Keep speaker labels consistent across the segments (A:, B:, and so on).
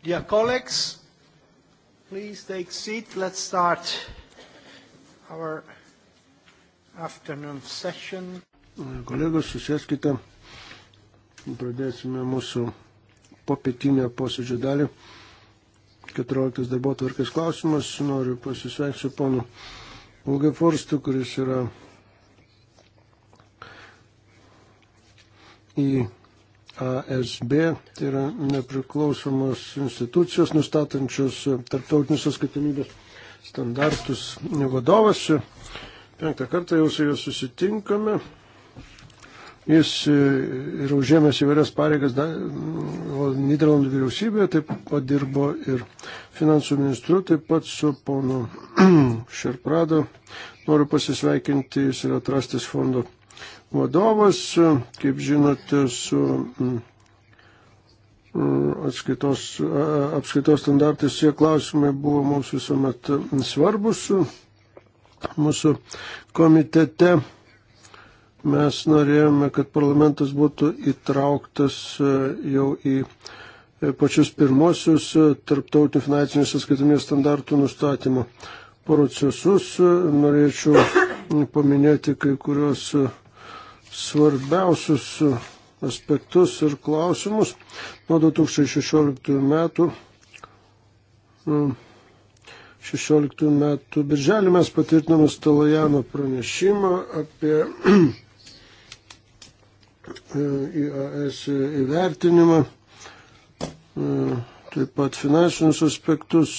A: Dear colleagues, please take seat. Let's start our afternoon session. Kolegos, susėskite. Pradėsime mūsų popietinę posėdžio dalį. 14 darbo tvarkės klausimas. Noriu pasisveikti su ponu Olga Forstu, kuris yra į ASB, tai yra nepriklausomos institucijos nustatančios tarptautinius atskaitomybės standartus vadovas. Penktą kartą jau su juo susitinkame. Jis e, yra užėmęs įvairias pareigas Niderlandų vyriausybėje, taip pat dirbo ir finansų ministru, taip pat su ponu Šerprado. Noriu pasisveikinti, jis yra atrastas fondo vadovas, kaip žinote, su mm, mm, atskaitos, apskaitos standartais šie klausimai buvo mums visuomet svarbus mūsų komitete. Mes norėjome, kad parlamentas būtų įtrauktas e, jau į e, pačius pirmosius e, tarptautinių finansinės atskaitomės standartų nustatymo procesus. Norėčiau paminėti kai kurios svarbiausius e, aspektus ir klausimus nuo 2016 metų. 16 e, metų birželį mes patvirtiname Stalojano pranešimą apie e, IAS įvertinimą, taip pat finansinius aspektus.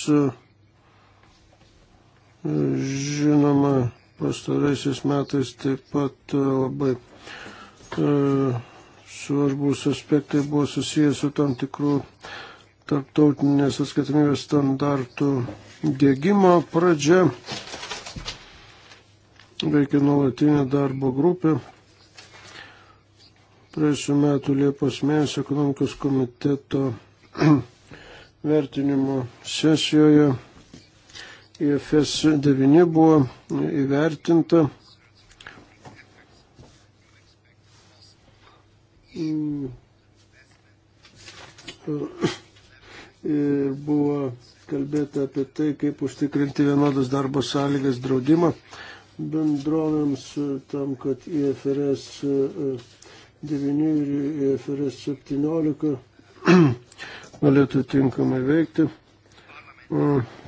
A: Žinoma, pastaraisiais metais taip pat labai E, svarbus aspektai buvo susijęs su tam tikrų tarptautinės atskaitomybės standartų dėgymo pradžia. Veikia nuolatinė darbo grupė. Praėjusiu metu Liepos mėnesį ekonomikos komiteto vertinimo sesijoje IFS 9 buvo įvertinta ir buvo kalbėta apie tai, kaip užtikrinti vienodas darbo sąlygas draudimą bendrovėms e, tam, kad IFRS 9 e, ir IFRS 17 galėtų tinkamai veikti. E,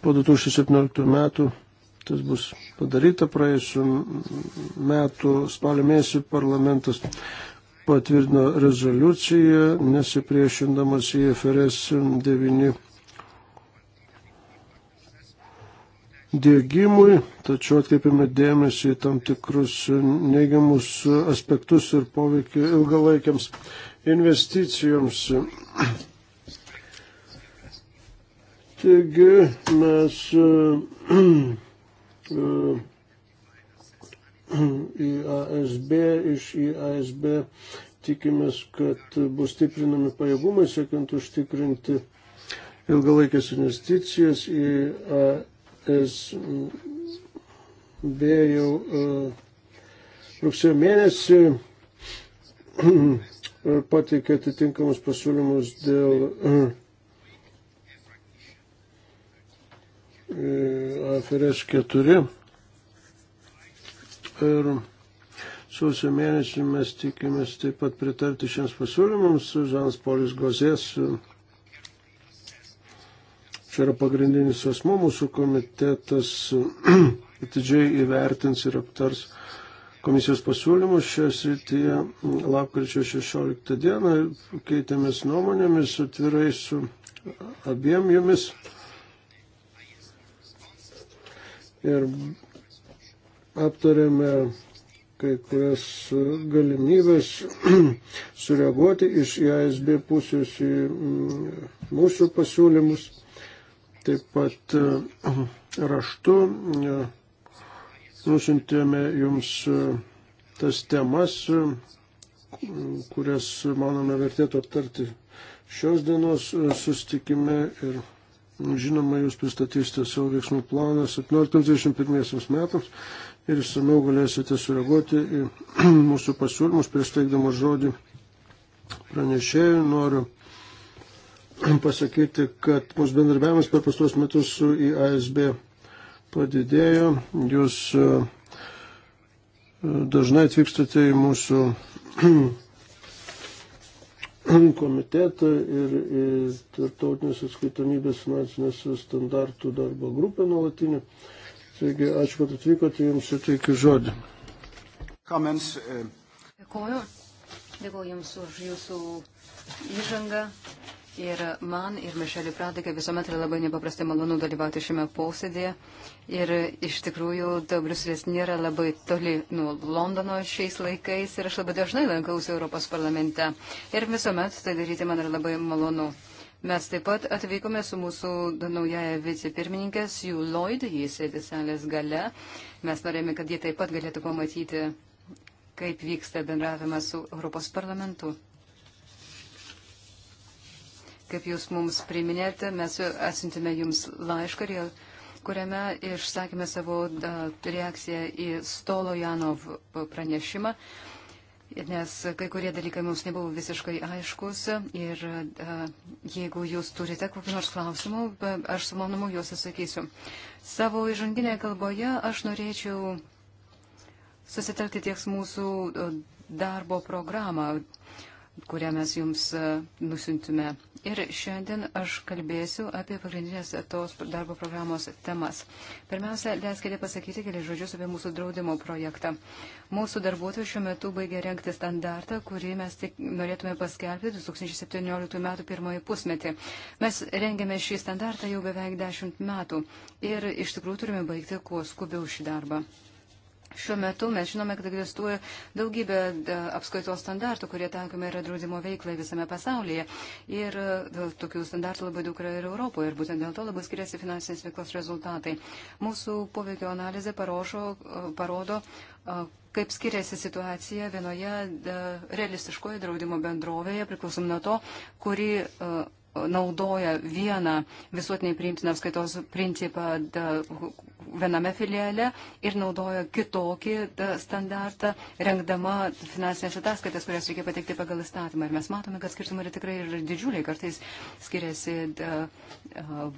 A: po 2017 metų tas bus padaryta praėjusiu metu spalio mėnesį parlamentas patvirtino rezoliuciją, nesipriešindamas į FRS 9 dėgymui, tačiau atkreipiame dėmesį į tam tikrus neigiamus aspektus ir poveikį ilgalaikiams investicijoms. Taigi mes uh, į ASB, iš IASB tikimės, kad bus stiprinami pajėgumai, siekiant užtikrinti ilgalaikės investicijas į ASB jau e, rugsėjo mėnesį pateikė atitinkamus pasiūlymus dėl e, AFRS 4 ir sausio mėnesį mes tikimės taip pat pritarti šiems pasiūlymams. Žanas Polis Gozės, čia yra pagrindinis asmo, mūsų komitetas atidžiai įvertins ir aptars komisijos pasiūlymus šioje srityje lapkričio 16 dieną keitėmės nuomonėmis atvirai su abiem jumis. Ir aptarėme kai kurias galimybės sureaguoti iš ESB pusės į mm, mūsų pasiūlymus, taip pat e, raštu e, nusintėme jums e, tas temas, kurias, manome, vertėtų aptarti šios dienos sustikime ir žinoma, jūs pristatysite savo veiksmų planą 17-21 metams ir išsameu galėsite sureaguoti į mūsų pasiūlymus, pristeigdamas žodį pranešėjų. Noriu pasakyti, kad mūsų bendarbiavimas per pastos metus su IASB padidėjo. Jūs e, dažnai atvykstate į mūsų komitetą ir į tarptautinės atskaitomybės finansinės standartų darbo grupę nuolatinį. Taigi, ačiū, kad atvykote, jums suteikiu žodį. Comments, uh...
B: Dėkoju. Dėkoju Jums už Jūsų įžangą. Ir man ir Mišeliu Pradikai visuomet yra labai nepaprastai malonu dalyvauti šiame posėdėje. Ir iš tikrųjų, Briuselis nėra labai toli nuo Londono šiais laikais ir aš labai dažnai lankausi Europos parlamente. Ir visuomet tai daryti man yra labai malonu. Mes taip pat atvykome su mūsų naujaja vicepirmininkė, Sue Lloyd, jis sėdi salės gale. Mes norėjome, kad jie taip pat galėtų pamatyti, kaip vyksta bendravimas su Europos parlamentu. Kaip jūs mums priminėte, mes atsintime jums laišką, kuriame išsakėme savo reakciją į Stolojano pranešimą nes kai kurie dalykai mums nebuvo visiškai aiškus ir jeigu jūs turite kokių nors klausimų, aš su manumu juos atsakysiu. Savo įžanginėje kalboje aš norėčiau susitelkti ties mūsų darbo programą kurią mes jums e, nusintume. Ir šiandien aš kalbėsiu apie pagrindinės tos darbo programos temas. Pirmiausia, leiskite pasakyti keli žodžius apie mūsų draudimo projektą. Mūsų darbuotojai šiuo metu baigia renkti standartą, kurį mes tik norėtume paskelbti 2017 m. pirmąjį pusmetį. Mes rengiame šį standartą jau beveik dešimt metų ir iš tikrųjų turime baigti kuo skubiau šį darbą. Šiuo metu mes žinome, kad egzistuoja daugybė apskaitos standartų, kurie taikomi yra draudimo veiklai visame pasaulyje. Ir e, tokių standartų labai daug yra ir Europoje. Ir būtent dėl to labai skiriasi finansinės veiklos rezultatai. Mūsų poveikio analizė parošo, e, parodo, e, kaip skiriasi situacija vienoje realistiškoje draudimo bendrovėje, priklausom nuo to, kuri naudoja vieną visuotinai priimtiną apskaitos principą, viename filiale ir naudoja kitokį standartą, rengdama finansinės ataskaitas, kurias reikia pateikti pagal įstatymą. Ir mes matome, kad skirtumai yra tikrai ir didžiuliai. Kartais skiriasi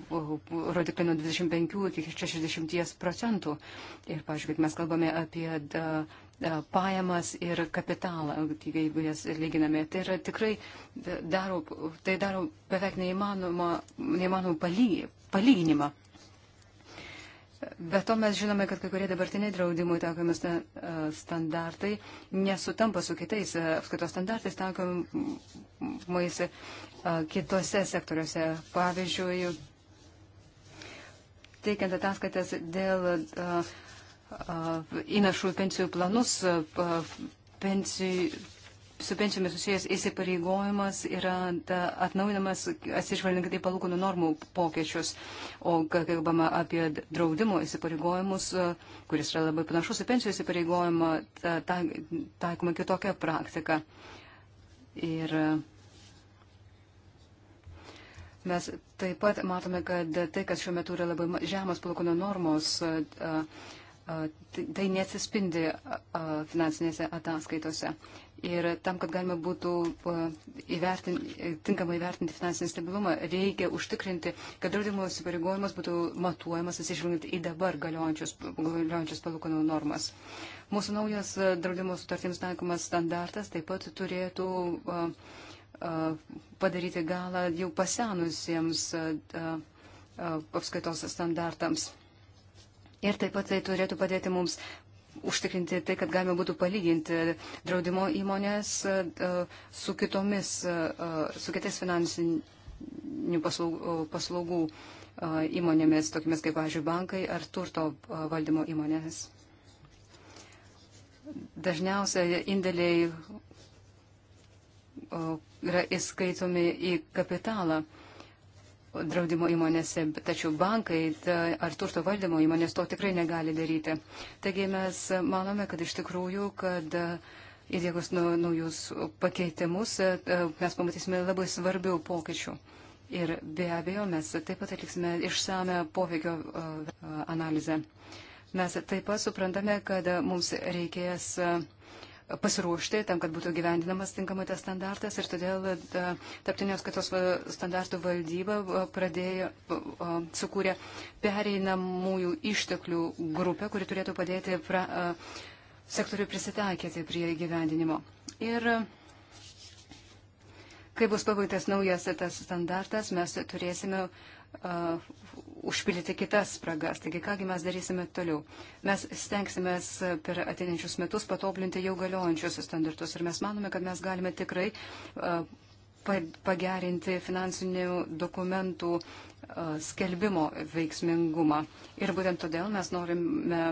B: rodikliai nuo 25 iki 60 procentų. Ir, pažiūrėk, mes kalbame apie da, pajamas ir kapitalą, tai jeigu jas lyginame. Tai yra tikrai daro, tai daro beveik neįmanoma, neįmanoma palyginimą. Be to mes žinome, kad kai kurie dabartiniai draudimų taikomi e, standartai nesutampa su kitais e, apskaitos standartais taikomais e, kitose sektoriuose. Pavyzdžiui, teikiant ataskaitas dėl įnašų į pensijų planus, pensijų su pensijomis susijęs įsipareigojimas yra atnaujinamas atsižvelgiant į tai palūkanų normų pokyčius, o kai kalbama apie draudimo įsipareigojimus, e, kuris yra labai panašus į pensijų įsipareigojimą, taikoma ta, ta, kitokia praktika. Ir e, Mes taip pat matome, kad tai, kas šiuo metu yra labai žemas palūkanų normos, e, tai, tai neatsispindi finansinėse ataskaitose. Ir tam, kad galima būtų e, įvertinti, e, tinkamai įvertinti finansinį stabilumą, reikia užtikrinti, kad draudimo įsipareigojimas būtų matuojamas atsižvelgiant į dabar galiojančius, galiojančius palūkanų normas. Mūsų naujas e, draudimo sutartims taikomas standartas taip pat turėtų padaryti galą jau pasenusiems apskaitos standartams. Ir taip pat tai turėtų padėti mums užtikrinti tai, kad galima būtų palyginti draudimo įmonės e, su kitomis, e, e, su kitais finansinių paslaugų, paslaugų įmonėmis, tokiamis kaip, pavyzdžiui, bankai ar turto valdymo įmonės. Dažniausiai indėliai yra įskaitomi į kapitalą draudimo įmonėse, tačiau bankai ar turto valdymo įmonės to tikrai negali daryti. Taigi mes manome, kad iš tikrųjų, kad e, įdėgus naujus pakeitimus, e, e, mes pamatysime labai svarbių pokyčių. Ir be abejo, mes taip pat atliksime išsame poveikio analizę. Mes taip pat suprantame, kad mums reikės pasiruošti tam, kad būtų gyvendinamas tinkamai tas standartas ir todėl e, taptinios kitos standartų valdyba e, pradėjo, e, sukūrė pereinamųjų išteklių grupę, kuri turėtų padėti pra, sektoriui prisitaikyti prie gyvendinimo. Ir kai bus pabaigtas naujas tas standartas, mes turėsime uh, užpildyti kitas spragas. Taigi, kągi mes darysime toliau? Mes stengsime per ateinančius metus patoblinti jau galiojančius standartus ir mes manome, kad mes galime tikrai pagerinti finansinių dokumentų skelbimo veiksmingumą. Ir būtent todėl mes norime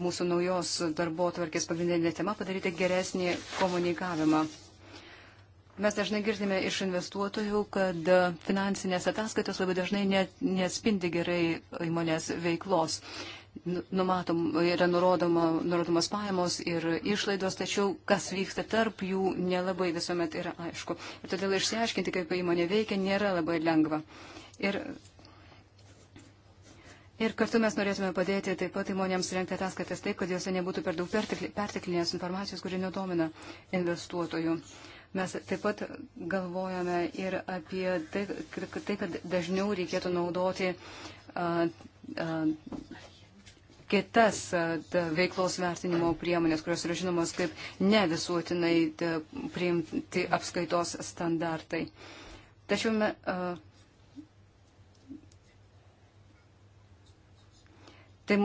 B: mūsų naujos darbo tvarkės pagrindinė tema padaryti geresnį komunikavimą. Mes dažnai girdime iš investuotojų, kad finansinės ataskaitos labai dažnai net, neatspindi gerai įmonės veiklos. Nu, numatom, yra nurodoma, nurodomas pajamos ir išlaidos, tačiau kas vyksta tarp jų nelabai visuomet yra aišku. Ir todėl išsiaiškinti, kaip įmonė veikia, nėra labai lengva. Ir Ir kartu mes norėtume padėti taip pat įmonėms rengti ataskaitas taip, kad juose nebūtų per daug perteklinės informacijos, kuri nedomina investuotojų. Mes taip pat galvojame ir apie tai, tai kad dažniau reikėtų naudoti a, a, kitas veiklos vertinimo priemonės, kurios yra žinomos kaip ne visuotinai priimti apskaitos standartai. Tačiau me, a, Tai,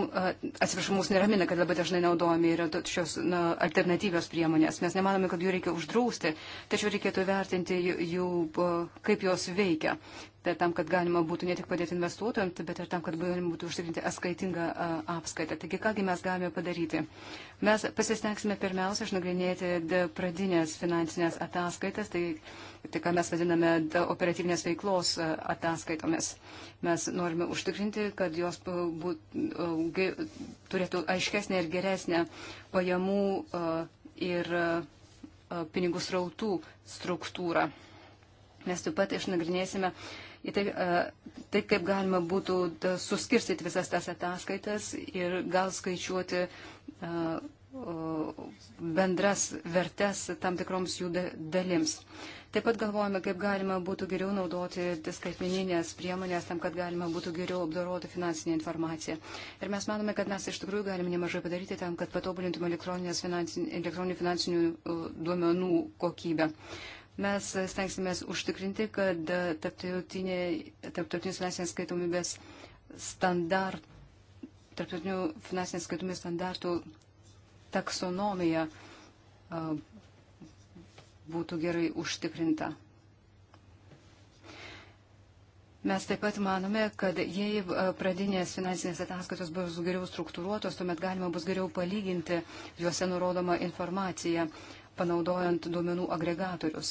B: atsiprašau, mūsų neramina, kad labai dažnai naudojami yra šios na, alternatyvios priemonės. Mes nemanome, kad jų reikia uždrausti, tačiau reikėtų vertinti jų, kaip jos veikia tai tam, kad galima būtų ne tik padėti investuotojams, bet ir tam, kad galima būtų užtikrinti atskaitingą apskaitą. Taigi, kągi mes galime padaryti? Mes pasistengsime pirmiausia išnagrinėti pradinės finansinės ataskaitas, tai, tai ką mes vadiname operatyvinės veiklos ataskaitomis. Mes norime užtikrinti, kad jos būt, turėtų aiškesnę ir geresnę pajamų ir pinigų srautų struktūrą. Mes taip pat išnagrinėsime uh, į tai, tai kaip galima būtų suskirstyti visas tas ataskaitas ir gal skaičiuoti bendras vertes tam tikroms jų dalims. Taip pat galvojame, kaip galima būtų geriau naudoti skaitmeninės priemonės tam, kad galima būtų geriau apdoroti finansinę informaciją. Ir mes manome, kad mes iš tikrųjų galime nemažai padaryti tam, kad patobulintume elektroninių finansinių duomenų kokybę. Mes stengsime užtikrinti, kad tarptautinių finansinės skaitomybės standart, tarptautinių finansinės skaitomybės standartų taksonomija būtų gerai užtikrinta. Mes taip pat manome, kad jei pradinės finansinės ataskaitos bus geriau struktūruotos, tuomet galima bus geriau palyginti juose nurodomą informaciją panaudojant duomenų agregatorius.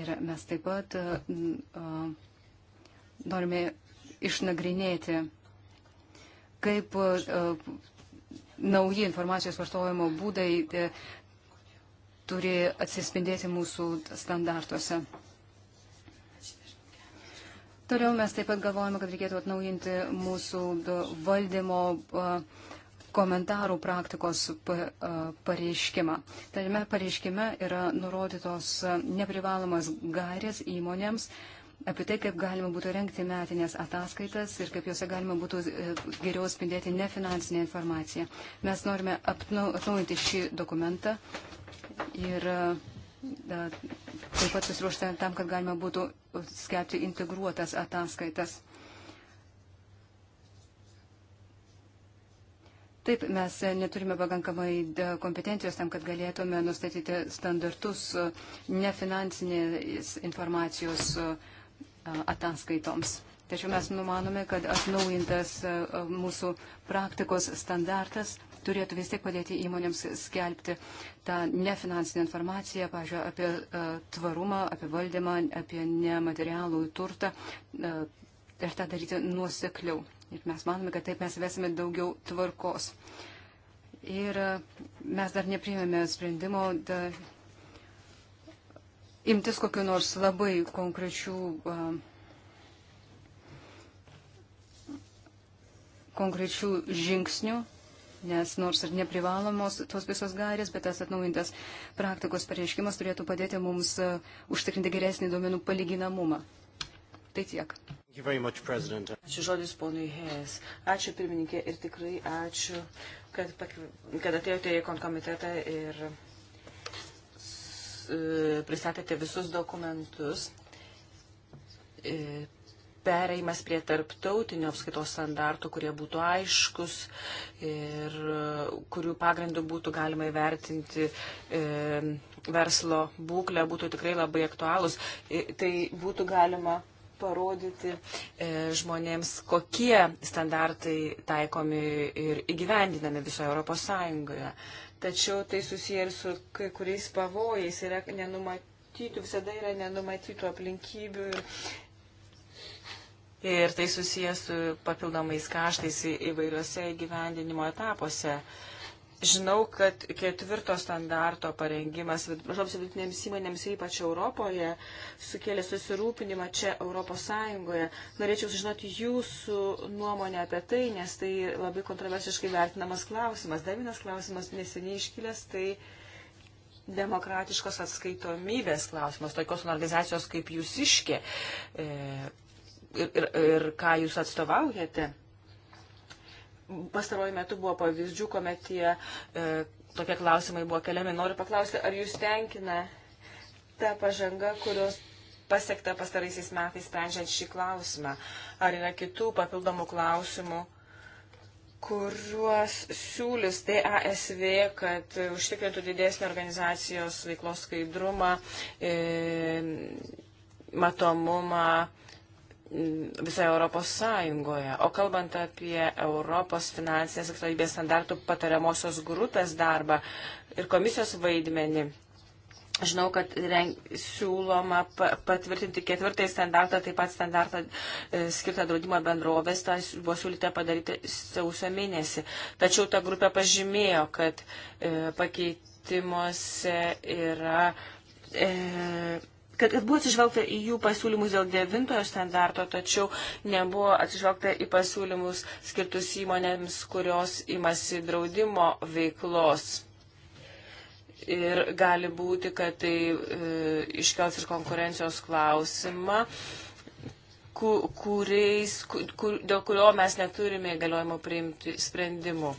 B: Ir mes taip pat e, norime išnagrinėti, kaip e, nauji informacijos vartojimo būdai e, turi atsispindėti mūsų standartuose. Toliau mes taip pat galvojame, kad reikėtų atnaujinti mūsų valdymo uh, komentarų praktikos pareiškimą. Tame pareiškime yra nurodytos neprivalomas gairės įmonėms apie tai, kaip galima būtų renkti metinės ataskaitas ir kaip juose galima būtų e, geriau spindėti nefinansinę informaciją. Mes norime atnaujinti šį dokumentą ir e, taip pat pasiruošti tam, kad galima būtų skelbti integruotas ataskaitas. Taip, mes neturime pakankamai e, kompetencijos tam, kad galėtume nustatyti standartus e, nefinansinės informacijos e, ataskaitoms. Tačiau mes numanome, kad atnaujintas mūsų praktikos standartas turėtų vis tiek padėti įmonėms skelbti tą nefinansinę informaciją, pažiūrėjau, apie tvarumą, apie valdymą, apie nematerialų turtą ir tą daryti nuosekliau. Ir mes manome, kad taip mes vesime daugiau tvarkos. Ir e, mes dar neprimėme sprendimo da, imtis kokiu nors labai konkrečių, a, e, konkrečių žingsnių, nes nors ir neprivalomos tos visos gairės, bet tas atnaujintas praktikos pareiškimas turėtų padėti mums a, e, užtikrinti geresnį duomenų
C: palyginamumą. Tai tiek. Much, President. ačiū žodis ponui Hės. Ačiū pirmininkė ir tikrai ačiū, kad, kad atėjote į konkomitetą ir pristatėte visus dokumentus. E, pereimas prie tarptautinio apskaitos standartų, kurie būtų aiškus ir e, kurių pagrindų būtų galima įvertinti e, verslo būklę, būtų tikrai labai aktualūs. Tai būtų galima parodyti e, žmonėms, kokie standartai taikomi ir įgyvendinami visoje Europos Sąjungoje. Tačiau tai susiję ir su kai kuriais pavojais yra nenumatytų, visada yra nenumatytų aplinkybių ir, ir tai susiję su papildomais kaštais įvairiuose įgyvendinimo etapuose. E, Žinau, kad ketvirto standarto parengimas mažoms vidutinėms įmonėms, ypač Europoje, sukėlė susirūpinimą čia Europos Sąjungoje. Norėčiau sužinoti jūsų nuomonę apie tai, nes tai labai kontroversiškai vertinamas klausimas. Dar vienas klausimas neseniai iškilęs, tai demokratiškos atskaitomybės klausimas, tokios organizacijos kaip jūs iškė e, ir, ir, ir ką jūs atstovaujate pastaruoju metu buvo pavyzdžių, kuomet tie e, tokie klausimai buvo keliami. Noriu paklausti, ar jūs tenkina ta pažanga, kurios pasiekta pastaraisiais metais sprendžiant šį klausimą? Ar yra kitų papildomų klausimų, kuriuos siūlis TASV, kad užtikrintų didesnį organizacijos veiklos skaidrumą, e, matomumą? visoje Europos Sąjungoje. O kalbant apie Europos finansinės atstovybės standartų patariamosios grupės darbą ir komisijos vaidmenį, žinau, kad renk, siūloma patvirtinti ketvirtąjį standartą, taip pat standartą e, skirtą draudimo bendrovės, tą buvo siūlyta padaryti sausio mėnesį. Tačiau ta grupė pažymėjo, kad e, pakeitimuose yra. E, kad, kad buvo atsižvelgta į jų pasiūlymus dėl devintojo standarto, tačiau nebuvo atsižvelgta į pasiūlymus skirtus įmonėms, kurios imasi draudimo veiklos. Ir gali būti, kad tai e, iškels ir konkurencijos klausimą, ku, kuriais, ku, kur, dėl kurio mes neturime įgaliojimo priimti sprendimų.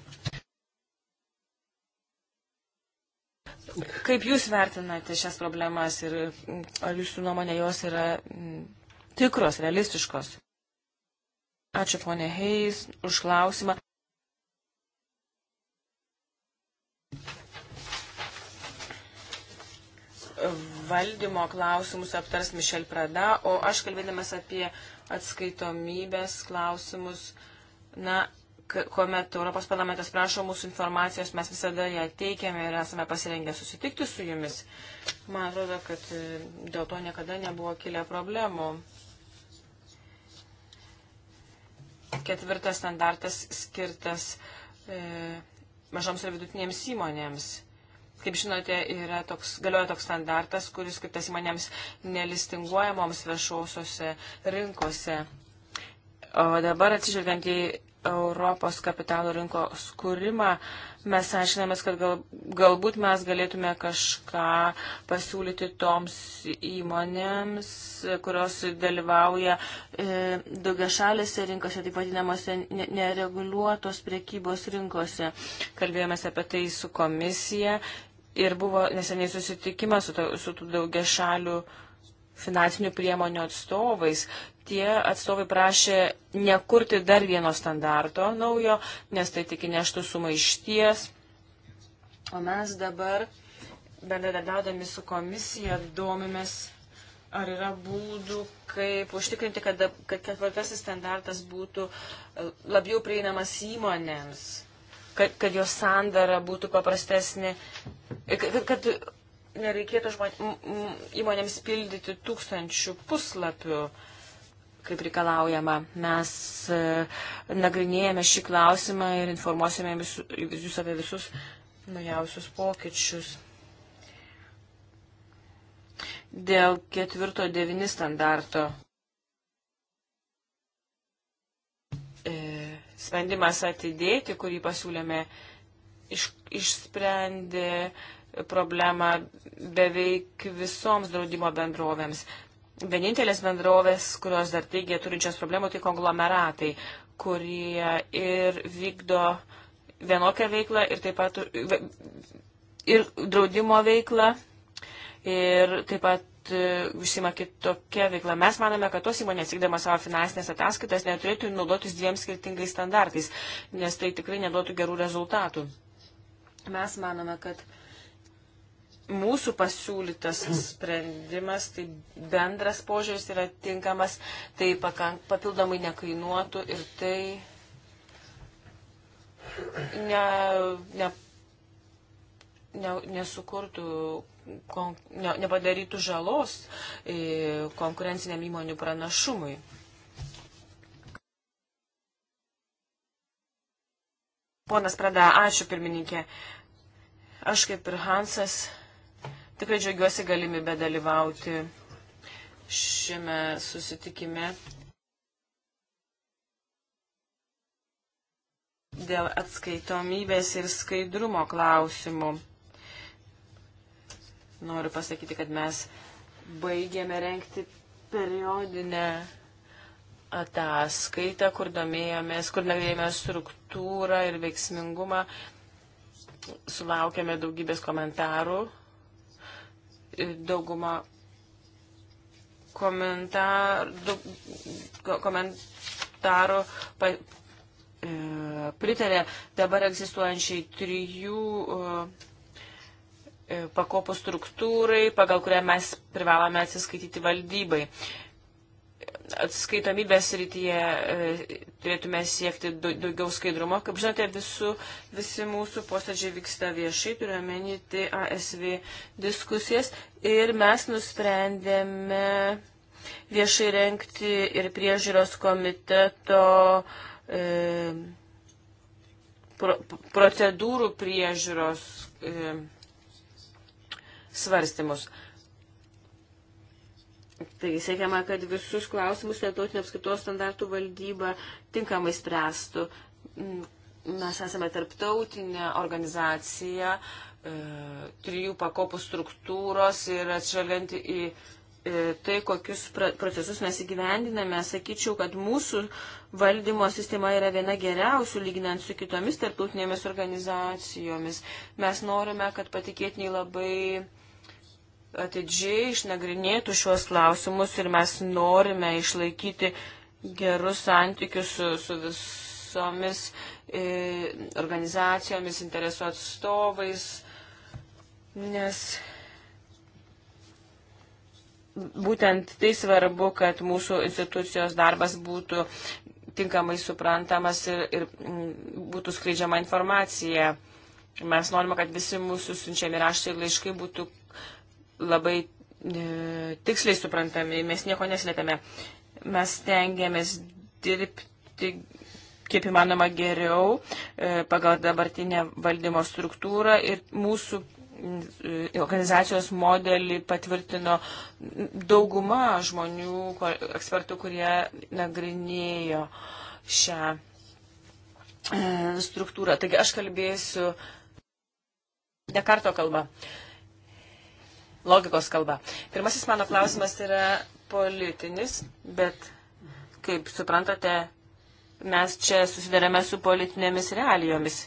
C: Kaip Jūs vertinate šias problemas ir ar Jūsų nuomonė jos yra tikros, realistiškos? Ačiū ponė Heis už klausimą. Valdymo klausimus aptars Mišel Prada, o aš kalbėdamas apie atskaitomybės klausimus, na, kuomet Europos parlamentas prašo mūsų informacijos, mes visada ją teikiame ir esame pasirengę susitikti su jumis. Man atrodo, kad e, dėl to niekada nebuvo kilę problemų. Ketvirtas standartas skirtas e, mažoms ir vidutinėms įmonėms. Kaip žinote, yra toks, galioja toks standartas, kuris skirtas įmonėms nelistinguojamoms viešosiuose rinkose. O dabar atsižvelgiant į Europos kapitalo rinkos skūrimą, mes aiškinamės, kad gal, galbūt mes galėtume kažką pasiūlyti toms įmonėms, kurios dalyvauja e, daugiašalėse rinkose, taip vadinamose nereguliuotos priekybos rinkose. Kalbėjomės apie tai su komisija ir buvo neseniai susitikimas su, ta, su tų daugiašalių šalių finansinių priemonių atstovais. Tie atstovai prašė nekurti dar vieno standarto naujo, nes tai tik neštų sumaišties. O mes dabar, bendradarbiaudami su komisija, domimės, ar yra būdų, kaip užtikrinti, kad, kad ketvirtasis standartas būtų e, labiau prieinamas įmonėms, kad, kad jos sandara būtų paprastesnė, e, kad, kad nereikėtų žmon, įmonėms pildyti tūkstančių puslapių, kaip reikalaujama. Mes e, nagrinėjame šį klausimą ir informuosime visus, visus apie visus naujausius pokyčius. Dėl ketvirto devini standarto. E, sprendimas atidėti, kurį pasiūlėme, iš, išsprendė uh, problemą beveik visoms draudimo bendrovėms. Vienintelės bendrovės, kurios dar teigia turinčios problemų, tai konglomeratai, kurie ir vykdo vienokią veiklą ir taip pat ir draudimo veiklą ir taip pat e, užsima kitokia veikla. Mes manome, kad tos įmonės, vykdama savo finansinės ataskaitas, neturėtų naudotis dviem skirtingais standartais, nes tai tikrai neduotų gerų rezultatų. Mes manome, kad uh, mūsų pasiūlytas sprendimas, tai bendras požiūris yra tinkamas, tai pakank, papildomai nekainuotų ir tai ne, ne, ne, nesukurtų, kon, ne, nepadarytų žalos e, konkurenciniam įmonių pranašumui. Ponas Prada, ačiū pirmininkė. Aš kaip ir Hansas Tikrai džiaugiuosi galimybę dalyvauti šiame susitikime. Dėl atskaitomybės ir skaidrumo klausimų. Noriu pasakyti, kad mes baigėme renkti periodinę ataskaitą, kur domėjomės, kur nagrinėjome struktūrą ir veiksmingumą. Sulaukėme daugybės komentarų dauguma komentar, daug, komentarų pa, e, pritarė dabar egzistuojančiai trijų e, e, pakopų struktūrai, pagal kurią mes privalome atsiskaityti valdybai. E, atskaitomybės rytyje e, turėtume siekti daugiau skaidrumo. Kaip žinote, visu, visi mūsų posėdžiai vyksta viešai, turiuomenį tai ASV diskusijas ir mes nusprendėme viešai renkti ir priežiūros komiteto e, pro, procedūrų priežiūros e, svarstymus. Tai siekiama, kad visus klausimus Lietuvos apskaitos standartų valdyba tinkamai spręstų. Mes esame tarptautinė organizacija, e, trijų pakopų struktūros ir atšvelgiant į e, tai, kokius procesus mes įgyvendiname, sakyčiau, kad mūsų valdymo sistema yra viena geriausių lyginant su kitomis tarptautinėmis organizacijomis. Mes norime, kad patikėtiniai labai atidžiai išnagrinėtų šiuos klausimus ir mes norime išlaikyti gerus santykius su, su visomis e, organizacijomis, interesų atstovais, nes būtent tai svarbu, kad mūsų institucijos darbas būtų tinkamai suprantamas ir, ir mm, būtų skleidžiama informacija. Mes norime, kad visi mūsų siunčiami raštai ir laiškai būtų labai e, tiksliai suprantami, mes nieko neslėpiame. Mes tengiamės dirbti kaip įmanoma geriau e, pagal dabartinę valdymo struktūrą ir mūsų e, organizacijos modelį patvirtino dauguma žmonių, ekspertų, kurie nagrinėjo šią e, struktūrą. Taigi aš kalbėsiu Dekarto kalba. E, logikos kalba. Pirmasis mano klausimas yra politinis, bet, kaip suprantate, mes čia susidarėme su politinėmis realijomis.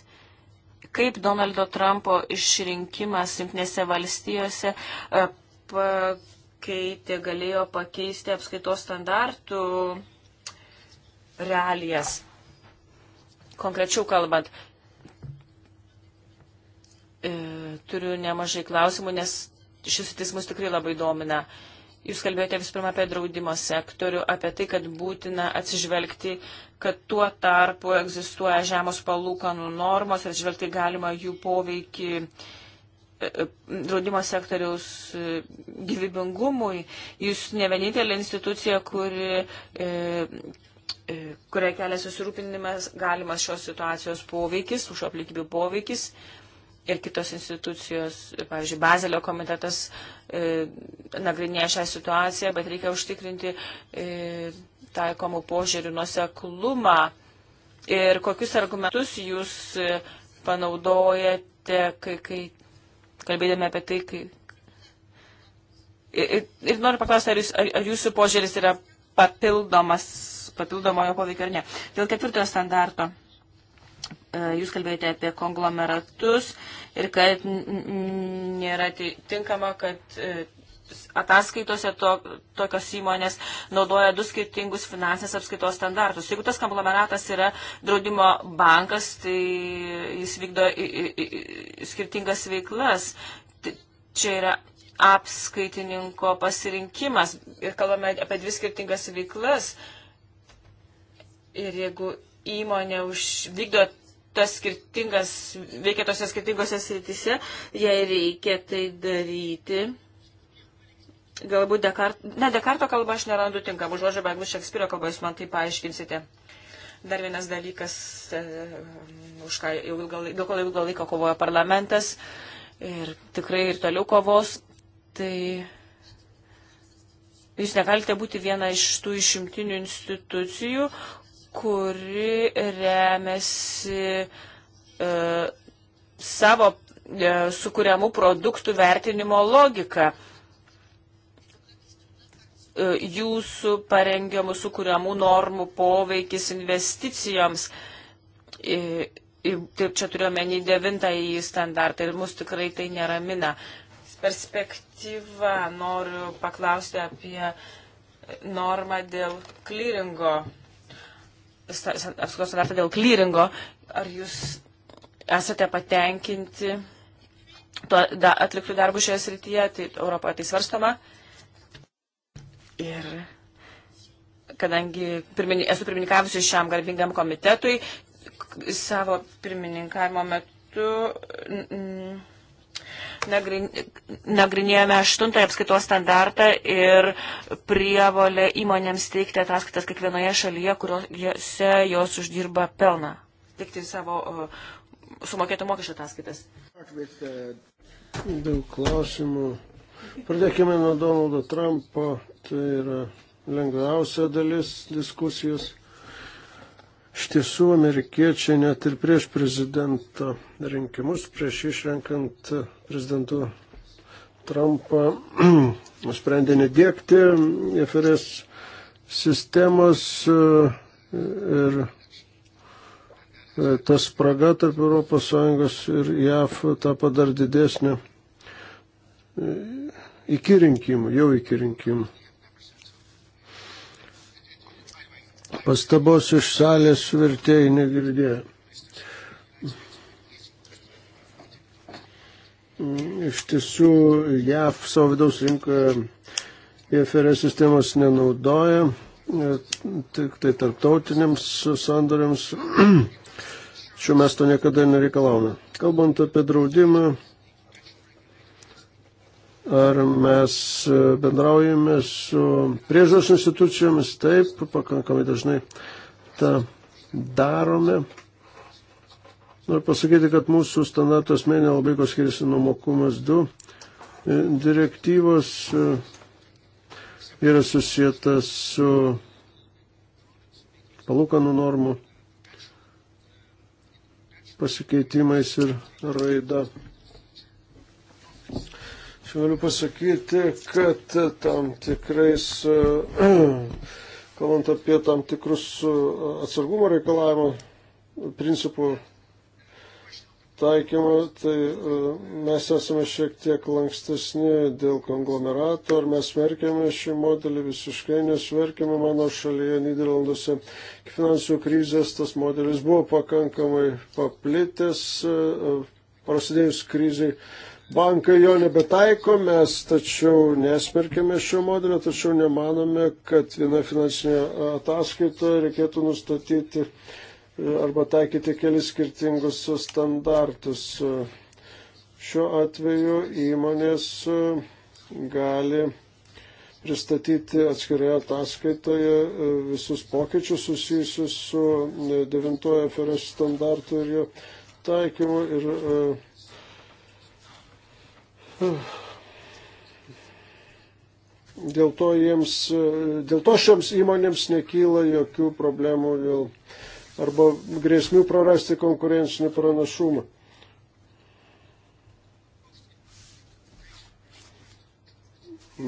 C: Kaip Donaldo Trumpo išrinkimas Junktinėse valstijose e, pakeitė, galėjo pakeisti apskaitos standartų realijas? Konkrečiau kalbant, e, turiu nemažai klausimų, nes šis tis mus tikrai labai domina. Jūs kalbėjote vis pirma apie draudimo sektorių, apie tai, kad būtina atsižvelgti, kad tuo tarpu egzistuoja žemos palūkanų normos ir atsižvelgti galima jų poveikį e, e, draudimo sektoriaus e, gyvybingumui. Jūs ne vienintelė institucija, kuri, e, kuria kelia susirūpinimas galimas šios situacijos poveikis, už aplikybį poveikis ir kitos institucijos, pavyzdžiui, Bazelio komitetas e, nagrinėja šią situaciją, bet reikia užtikrinti e, taikomų požiūrių nuseklumą ir kokius argumentus jūs e, panaudojate, kai, kai kalbėdami apie tai, kai. Ir, ir, ir noriu paklausti, ar, jūs, ar, ar jūsų požiūris yra papildomas, papildomojo poveikio ar ne. Dėl ketvirtojo standarto. E, jūs kalbėjote apie konglomeratus ir kad nėra tinkama, kad e, ataskaitose to, tokios įmonės naudoja du skirtingus finansinės apskaitos standartus. Jeigu tas konglomeratas yra draudimo bankas, tai jis vykdo į, į, į, skirtingas veiklas. Čia yra apskaitininko pasirinkimas ir kalbame apie dvi skirtingas veiklas. Ir jeigu įmonė už, vykdo tas skirtingas, veikia tose skirtingose srityse, jei reikia tai daryti. Galbūt Dekarto, ne, Dekarto kalba aš nerandu tinkamų žodžių, bet galbūt Šekspyro kalba jūs man tai paaiškinsite. Dar vienas dalykas, e, už ką ilgą, dėl ko ilgą laiką kovojo parlamentas ir tikrai ir toliau kovos, tai jūs negalite būti viena iš tų išimtinių institucijų, kuri remiasi e, savo e, sukūriamų produktų vertinimo logiką. E, jūsų parengiamų sukūriamų normų poveikis investicijoms. E, Taip čia turiuomenį devintąjį standartą ir mus tikrai tai neramina. Perspektyvą noriu paklausti apie normą dėl klyringo apskaitos standartą dėl klyringo, ar jūs esate patenkinti tuo da, atliktų darbų šioje srityje, tai Europoje tai svarstama. Ir kadangi pirmini, esu pirmininkavusi šiam garbingam komitetui, savo pirmininkavimo metu. Mm, nagrinėjome aštuntąją apskaitos standartą ir prievolę įmonėms teikti ataskaitas kiekvienoje šalyje, kuriuose jos uždirba pelną. Teikti savo uh, sumokėtų mokesčių ataskaitas.
A: Daug klausimų. Pradėkime nuo Donaldo Trumpo. Tai yra lengviausia dalis diskusijos. Iš tiesų, amerikiečiai net ir prieš prezidento rinkimus, prieš išrenkant prezidentų Trumpą, nusprendė nedėkti FRS sistemos e, ir e, tas spraga tarp ES ir JAF tapo dar didesnė e, iki rinkimų, jau iki rinkimų. Pastabos iš salės vertėjai negirdėjo. Iš tiesų, JAV savo vidaus rinkoje IFRS sistemos nenaudoja, tik tai tarptautiniams sandoriams. Šiuo mes to niekada nereikalavome. Kalbant apie draudimą, Ar mes e, bendraujame su priežos institucijomis? Taip, pakankamai dažnai tą darome. Noriu pasakyti, kad mūsų standartas mėnė labai ko skiriasi nuo mokumas 2. E, direktyvos e, yra susijęs su palūkanų normų pasikeitimais ir raida. Galiu pasakyti, kad tam tikrais, kalbant apie tam tikrus uh, atsargumo reikalavimo principų taikymą, tai uh, mes esame šiek tiek lankstesni dėl konglomerato, ar mes smerkėme šį modelį visiškai, nesmerkėme mano šalyje, Niderlanduose. Finansų krizės tas modelis buvo pakankamai paplitęs, uh, prasidėjus kriziai bankai jo nebetaiko, mes tačiau nesmerkėme šio modelio, tačiau nemanome, kad viena finansinė ataskaita reikėtų nustatyti e, arba taikyti kelis skirtingus standartus. Šiuo atveju įmonės e, gali pristatyti atskiroje ataskaitoje e, visus pokyčius susijusius su 9 FRS standartu ir jo taikymu. Ir, Dėl to, jiems, dėl to šioms įmonėms nekyla jokių problemų dėl, arba grėsmių prarasti konkurencinį pranašumą.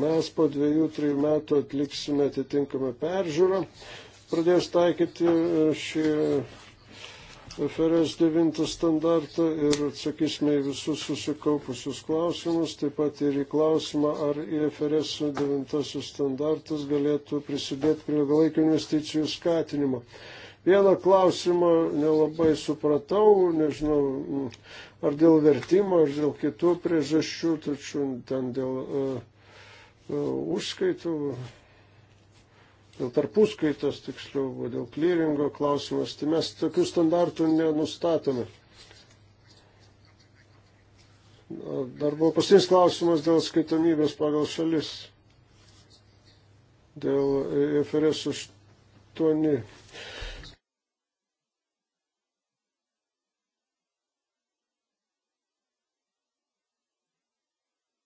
A: Mes po dviejų, trijų metų atliksime atitinkamą peržiūrą, pradės taikyti e, šį FRS 9 standartą ir atsakysime į visus susikaupusius klausimus, taip pat ir į klausimą, ar IFRS 9 standartas galėtų prisidėti prie ilgalaikio investicijų skatinimo. Vieną klausimą nelabai supratau, nežinau, ar dėl vertimo, ar dėl kitų priežasčių, tačiau ten dėl uh, uh, užskaitų dėl tarpuskaitos, tiksliau, buvo dėl klyringo klausimas, tai mes tokių standartų nenustatome. Dar buvo pasis klausimas dėl skaitomybės pagal šalis, dėl e FRS 8.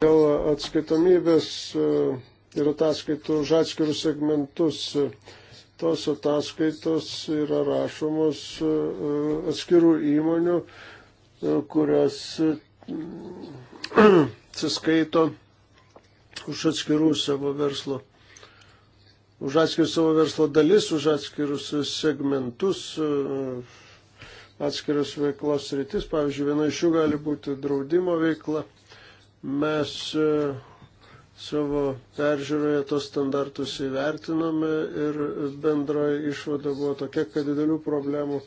A: Dėl atskaitomybės uh, ir ataskaitų už atskirus segmentus. Tos ataskaitos yra rašomos e, atskirų įmonių, e, kurios e, atsiskaito už atskirų savo verslo už atskirus savo verslo dalis, už atskirus segmentus, atskirus veiklos rytis. Pavyzdžiui, viena iš jų gali būti draudimo veikla. Mes savo peržiūroje tos standartus įvertinome ir bendroji išvada buvo tokia, kad didelių problemų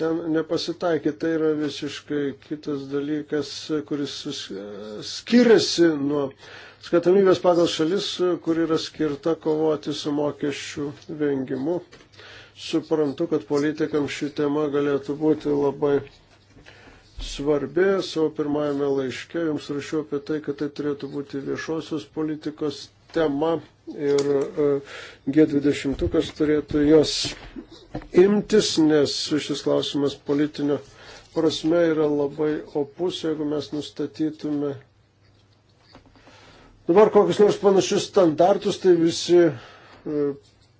A: ten nepasitaikė. Tai yra visiškai kitas dalykas, kuris skiriasi nuo skatomybės pagal šalis, kur yra skirta kovoti su mokesčių vengimu. Suprantu, kad politikams ši tema galėtų būti labai svarbi. Savo pirmajame laiške jums rašiau apie tai, kad tai turėtų būti viešosios politikos tema ir e, G20 turėtų jos imtis, nes šis klausimas politinio prasme yra labai opus, jeigu mes nustatytume. Dabar kokius nors panašius standartus, tai visi e,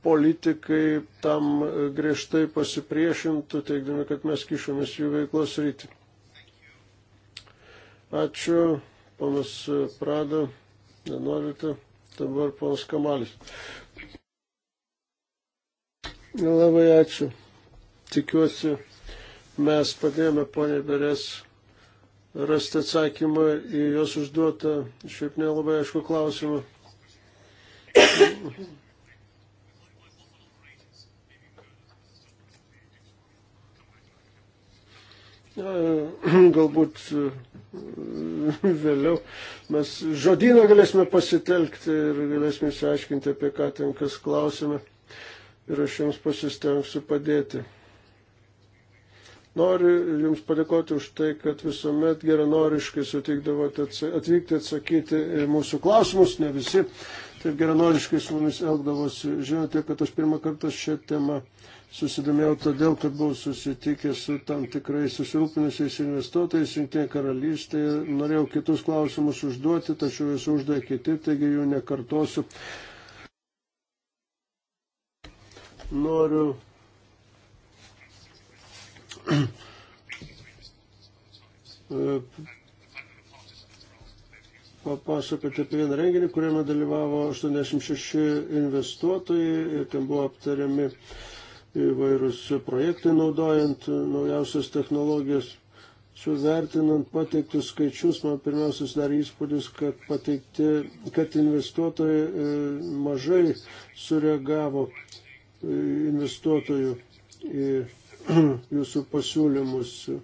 A: politikai tam e, griežtai pasipriešintų, teikdami, kad mes kišomės jų veiklos rytį. Ačiū, ponas Prada, nenorite, dabar ponas Kamalis. Labai ačiū. Tikiuosi, mes padėjome ponė Beres rasti atsakymą į jos užduotą, šiaip nelabai aišku klausimą. Galbūt vėliau mes žodyną galėsime pasitelkti ir galėsime išsiaiškinti, apie ką ten kas klausime. Ir aš jums pasistengsiu padėti. Noriu Jums padėkoti už tai, kad visuomet geranoriškai sutikdavote atvykti atsakyti mūsų klausimus, ne visi taip geranoriškai su mumis elgdavosi. Žinote, kad aš pirmą kartą šią temą Susidomėjau todėl, kad buvau susitikęs su tam tikrai susirūpinusiais investuotojais Junktinėje karalystėje. Norėjau kitus klausimus užduoti, tačiau jūs uždavė kiti, taigi jų nekartosiu. Noriu papasakoti apie vieną renginį, kuriame dalyvavo 86 investuotojai ir ten buvo aptariami uh, įvairūs projektai naudojant naujausias technologijas. Šiuo vertinant pateiktus skaičius, man pirmiausia sudarė įspūdis, kad, pateikti, kad investuotojai e, mažai sureagavo e, investuotojų į jūsų pasiūlymus e,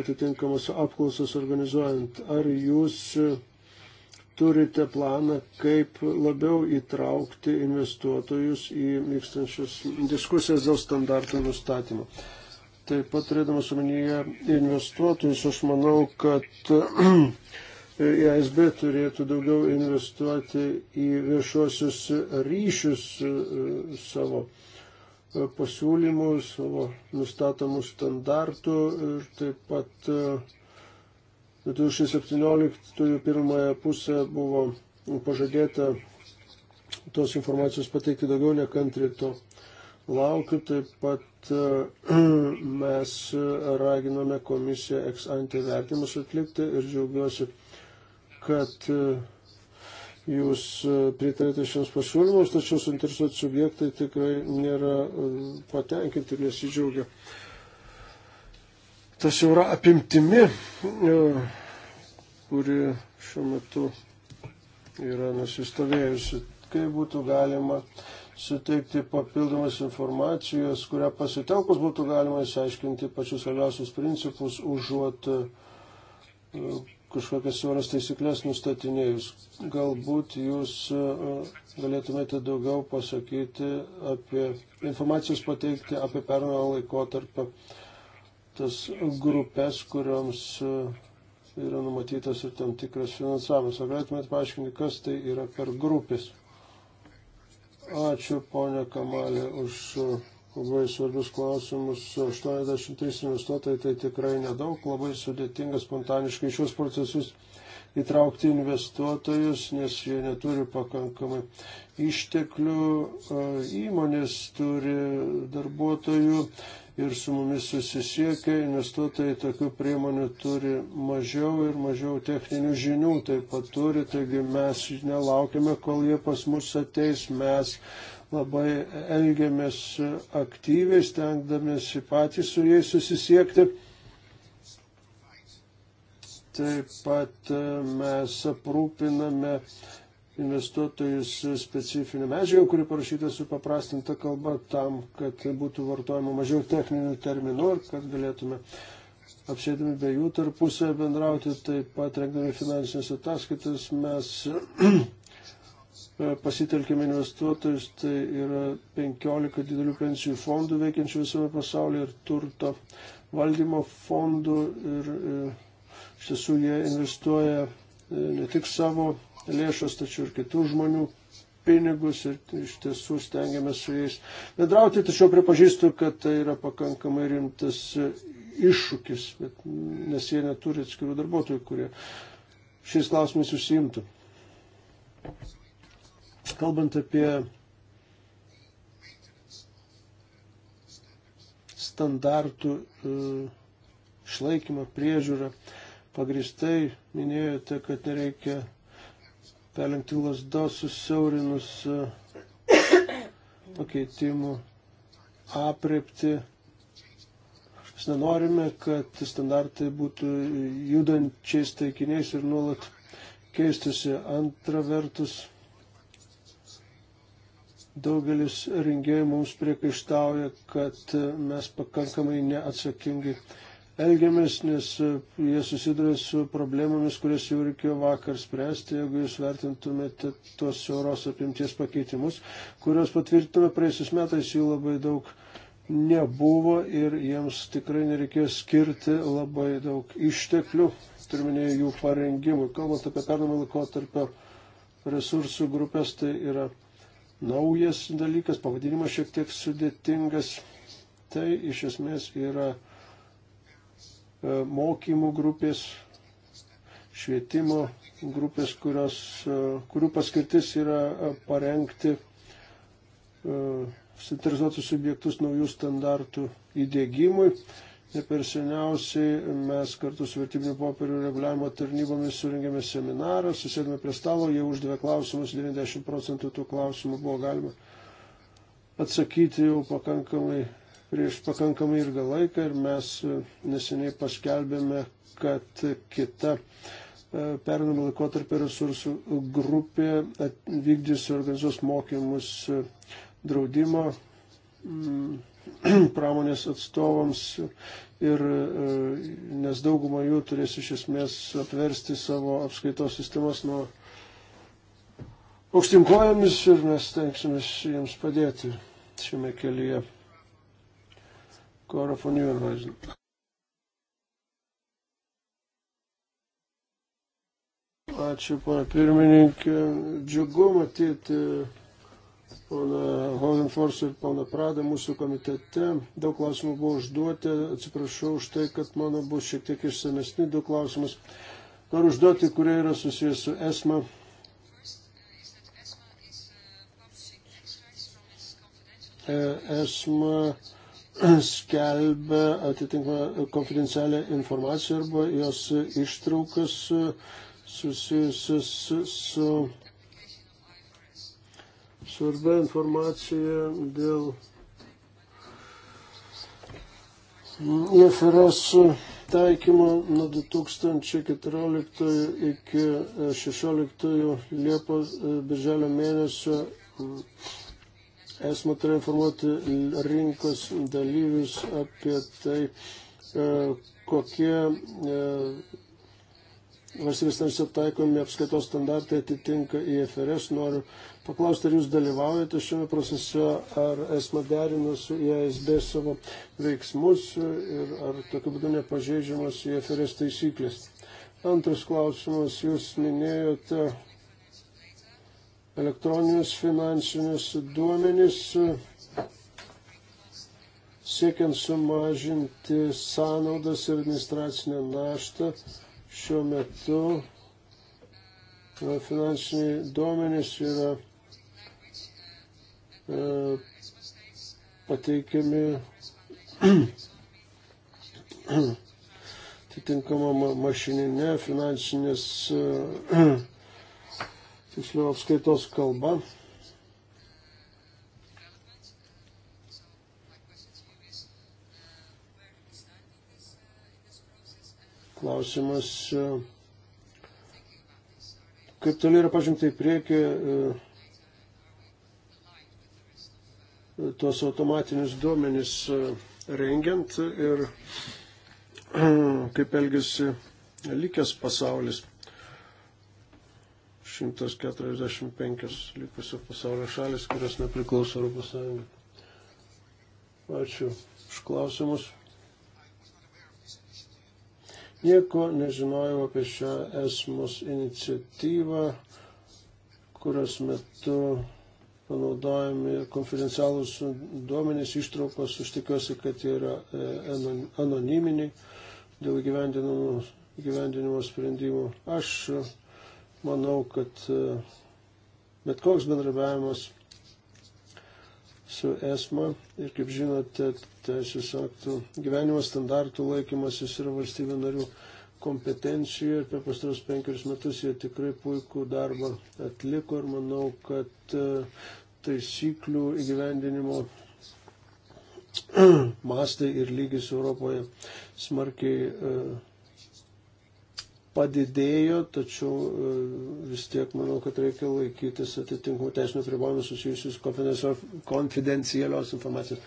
A: atitinkamas apklausas organizuojant. Ar jūs turite planą, kaip labiau įtraukti investuotojus į vykstančias diskusijas dėl standartų nustatymo. Taip pat turėdamas omenyje investuotojus, aš manau, kad ESB turėtų daugiau investuoti į viešuosius ryšius e, savo e, pasiūlymų, savo nustatomų standartų ir taip pat e, 2017 pirmąją pusę buvo pažadėta tos informacijos pateikti daugiau nekantri to laukiu. Taip pat mes raginome komisiją eks ante vertimus atlikti ir džiaugiuosi, kad jūs pritarėte šiems pasiūlymams, tačiau suinteresuoti subjektai tikrai nėra patenkinti ir nesidžiaugia ta siaura apimtimi, e, kuri šiuo metu yra nusistovėjusi, kaip būtų galima suteikti papildomas informacijos, kurią pasitelkus būtų galima išsiaiškinti pačius svarbiausius principus, užuot e, kažkokias svaras taisyklės nustatinėjus. Galbūt jūs e, galėtumėte daugiau pasakyti apie informacijos pateikti apie pernamą laikotarpį tas grupės, kurioms e, yra numatytas ir tam tikras finansavimas. Ar galėtumėte paaiškinti, kas tai yra per grupės? Ačiū, ponia Kamalė, už e, labai svarbius klausimus. 83 investuotojai tai tikrai nedaug, labai sudėtinga spontaniškai šios procesus įtraukti investuotojus, nes jie neturi pakankamai išteklių, įmonės turi darbuotojų ir su mumis susisiekia, investuotojai tokių priemonių turi mažiau ir mažiau techninių žinių taip pat turi, taigi mes nelaukime, kol jie pas mus ateis, mes labai elgiamės aktyviai, stengdamėsi patys su jais susisiekti Taip pat e, mes aprūpiname investuotojus specifinę medžiagą, kuri parašyta su paprastinta kalba tam, kad būtų vartojama mažiau techninių terminų ir kad galėtume apsėdami be jų tarpusavę bendrauti. Taip pat rengdami finansinės ataskaitas mes pasitelkime investuotojus, tai yra 15 didelių pensijų fondų veikiančių visame pasaulyje ir turto valdymo fondų ir, ir e, Iš tiesų jie investuoja e, ne tik savo lėšas, tačiau ir kitų žmonių pinigus ir iš tiesų stengiamės su jais bendrauti, tačiau pripažįstu, kad tai yra pakankamai rimtas e, iššūkis, bet, nes jie neturi atskirų darbuotojų, kurie šiais klausimais užsiimtų. Kalbant apie standartų e, išlaikymą, priežiūrą, pagristai minėjote, kad nereikia perlenkti lasdos susiaurinus e, pakeitimų apriepti. Mes nenorime, kad standartai būtų judančiais taikiniais ir nuolat keistusi. Antra vertus, daugelis rengėjų mums priekaištauja, kad mes pakankamai neatsakingai elgiamės, nes e, jie susiduria su problemomis, kurias jau reikėjo vakar spręsti, jeigu jūs vertintumėte tuos euros apimties pakeitimus, kuriuos patvirtinome praėjusius metais, jų labai daug nebuvo ir jiems tikrai nereikėjo skirti labai daug išteklių, turminėjau jų parengimui. Kalbant apie pernamą laikotarpio resursų grupės, tai yra naujas dalykas, pavadinimas šiek tiek sudėtingas. Tai iš esmės yra E, mokymų grupės, švietimo grupės, kurios, e, kurių paskirtis yra e, parengti suinteresuotus subjektus naujų standartų įdėgymui. Ne per seniausiai mes kartu su vertybinių popierių reguliavimo tarnybomis surinkėme seminarą, susėdėme prie stalo, jie uždavė klausimus, 90 procentų tų klausimų buvo galima atsakyti jau pakankamai prieš pakankamai ilgą laiką ir mes e, neseniai paskelbėme, kad kita e, pernamo laikotarpio resursų grupė vykdys organizuos mokymus e, draudimo mm, pramonės atstovams ir nes dauguma jų turės iš esmės atversti savo apskaitos sistemas nuo aukštinkojomis ir mes tenksimės jiems padėti šiame kelyje klorofonijų mažinti. Ačiū, pana pirmininkė. Džiugu matyti pana Hovenforsą ir pana Pradą mūsų komitete. Daug klausimų buvo užduoti. Atsiprašau už tai, kad mano bus šiek tiek išsamesni du klausimus. Noriu užduoti, kurie yra susijęs su ESMA. E, ESMA skelbia atitinkamą konfidencialią informaciją arba jos ištraukas susijusias su svarbia informacija dėl IFRS taikymo nuo 2014 iki 16 Liepos birželio mėnesio esmą turėjo informuoti rinkos dalyvius apie tai, e, kokie e, valstybės narys aptaikomi apskaitos standartai atitinka IFRS. Noriu paklausti, ar jūs dalyvaujate šiame procese, ar esmą derina su IASB savo veiksmus ir ar tokiu būdu nepažeidžiamas IFRS taisyklės. Antras klausimas, jūs minėjote elektroninius finansinius duomenis siekiant sumažinti sąnaudas ir administracinę naštą. Šiuo metu e, finansiniai duomenys yra e, pateikiami atitinkama mašininė finansinės e, tiksliau apskaitos kalba. Klausimas, e, kaip toli yra pažengta į priekį e, e, tuos automatinius duomenys rengiant ir kaip elgesi likęs pasaulis. 145 likusio pasaulio šalis, kurios nepriklauso Europos Sąjungai. Ačiū už klausimus. Nieko nežinojau apie šią esmos iniciatyvą, kurios metu panaudojami konfidencialūs duomenys ištraukos, aš tikiuosi, kad jie yra e, anoniminiai dėl gyvendinimo sprendimų. Aš Manau, kad e, bet koks bendrabiavimas su ESMA ir kaip žinote, teisės aktų gyvenimo standartų laikymasis yra valstybė narių kompetencijų ir per pastarus penkerius metus jie tikrai puikų darbą atliko ir manau, kad e, taisyklių įgyvendinimo mastai ir lygis Europoje smarkiai e, padidėjo, tačiau e, vis tiek manau, kad reikia laikytis atitinkamų teisinių apribojimų susijusius konfidencialios informacijos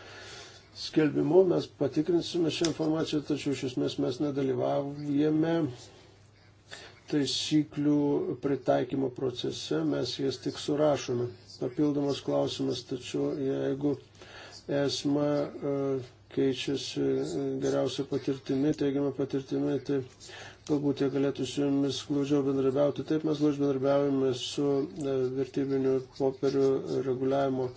A: skelbimu. Mes patikrinsime šią informaciją, tačiau iš esmės mes nedalyvaujame taisyklių pritaikymo procese, mes jas tik surašome. Papildomas klausimas, tačiau jeigu esma e, keičiasi e, geriausia patirtimi, teigiama patirtimi, tai galbūt jie galėtų su jumis glaudžiau bendrabiauti. Taip mes glaudžiau bendrabiaujame su e, vertybinių popierių reguliavimo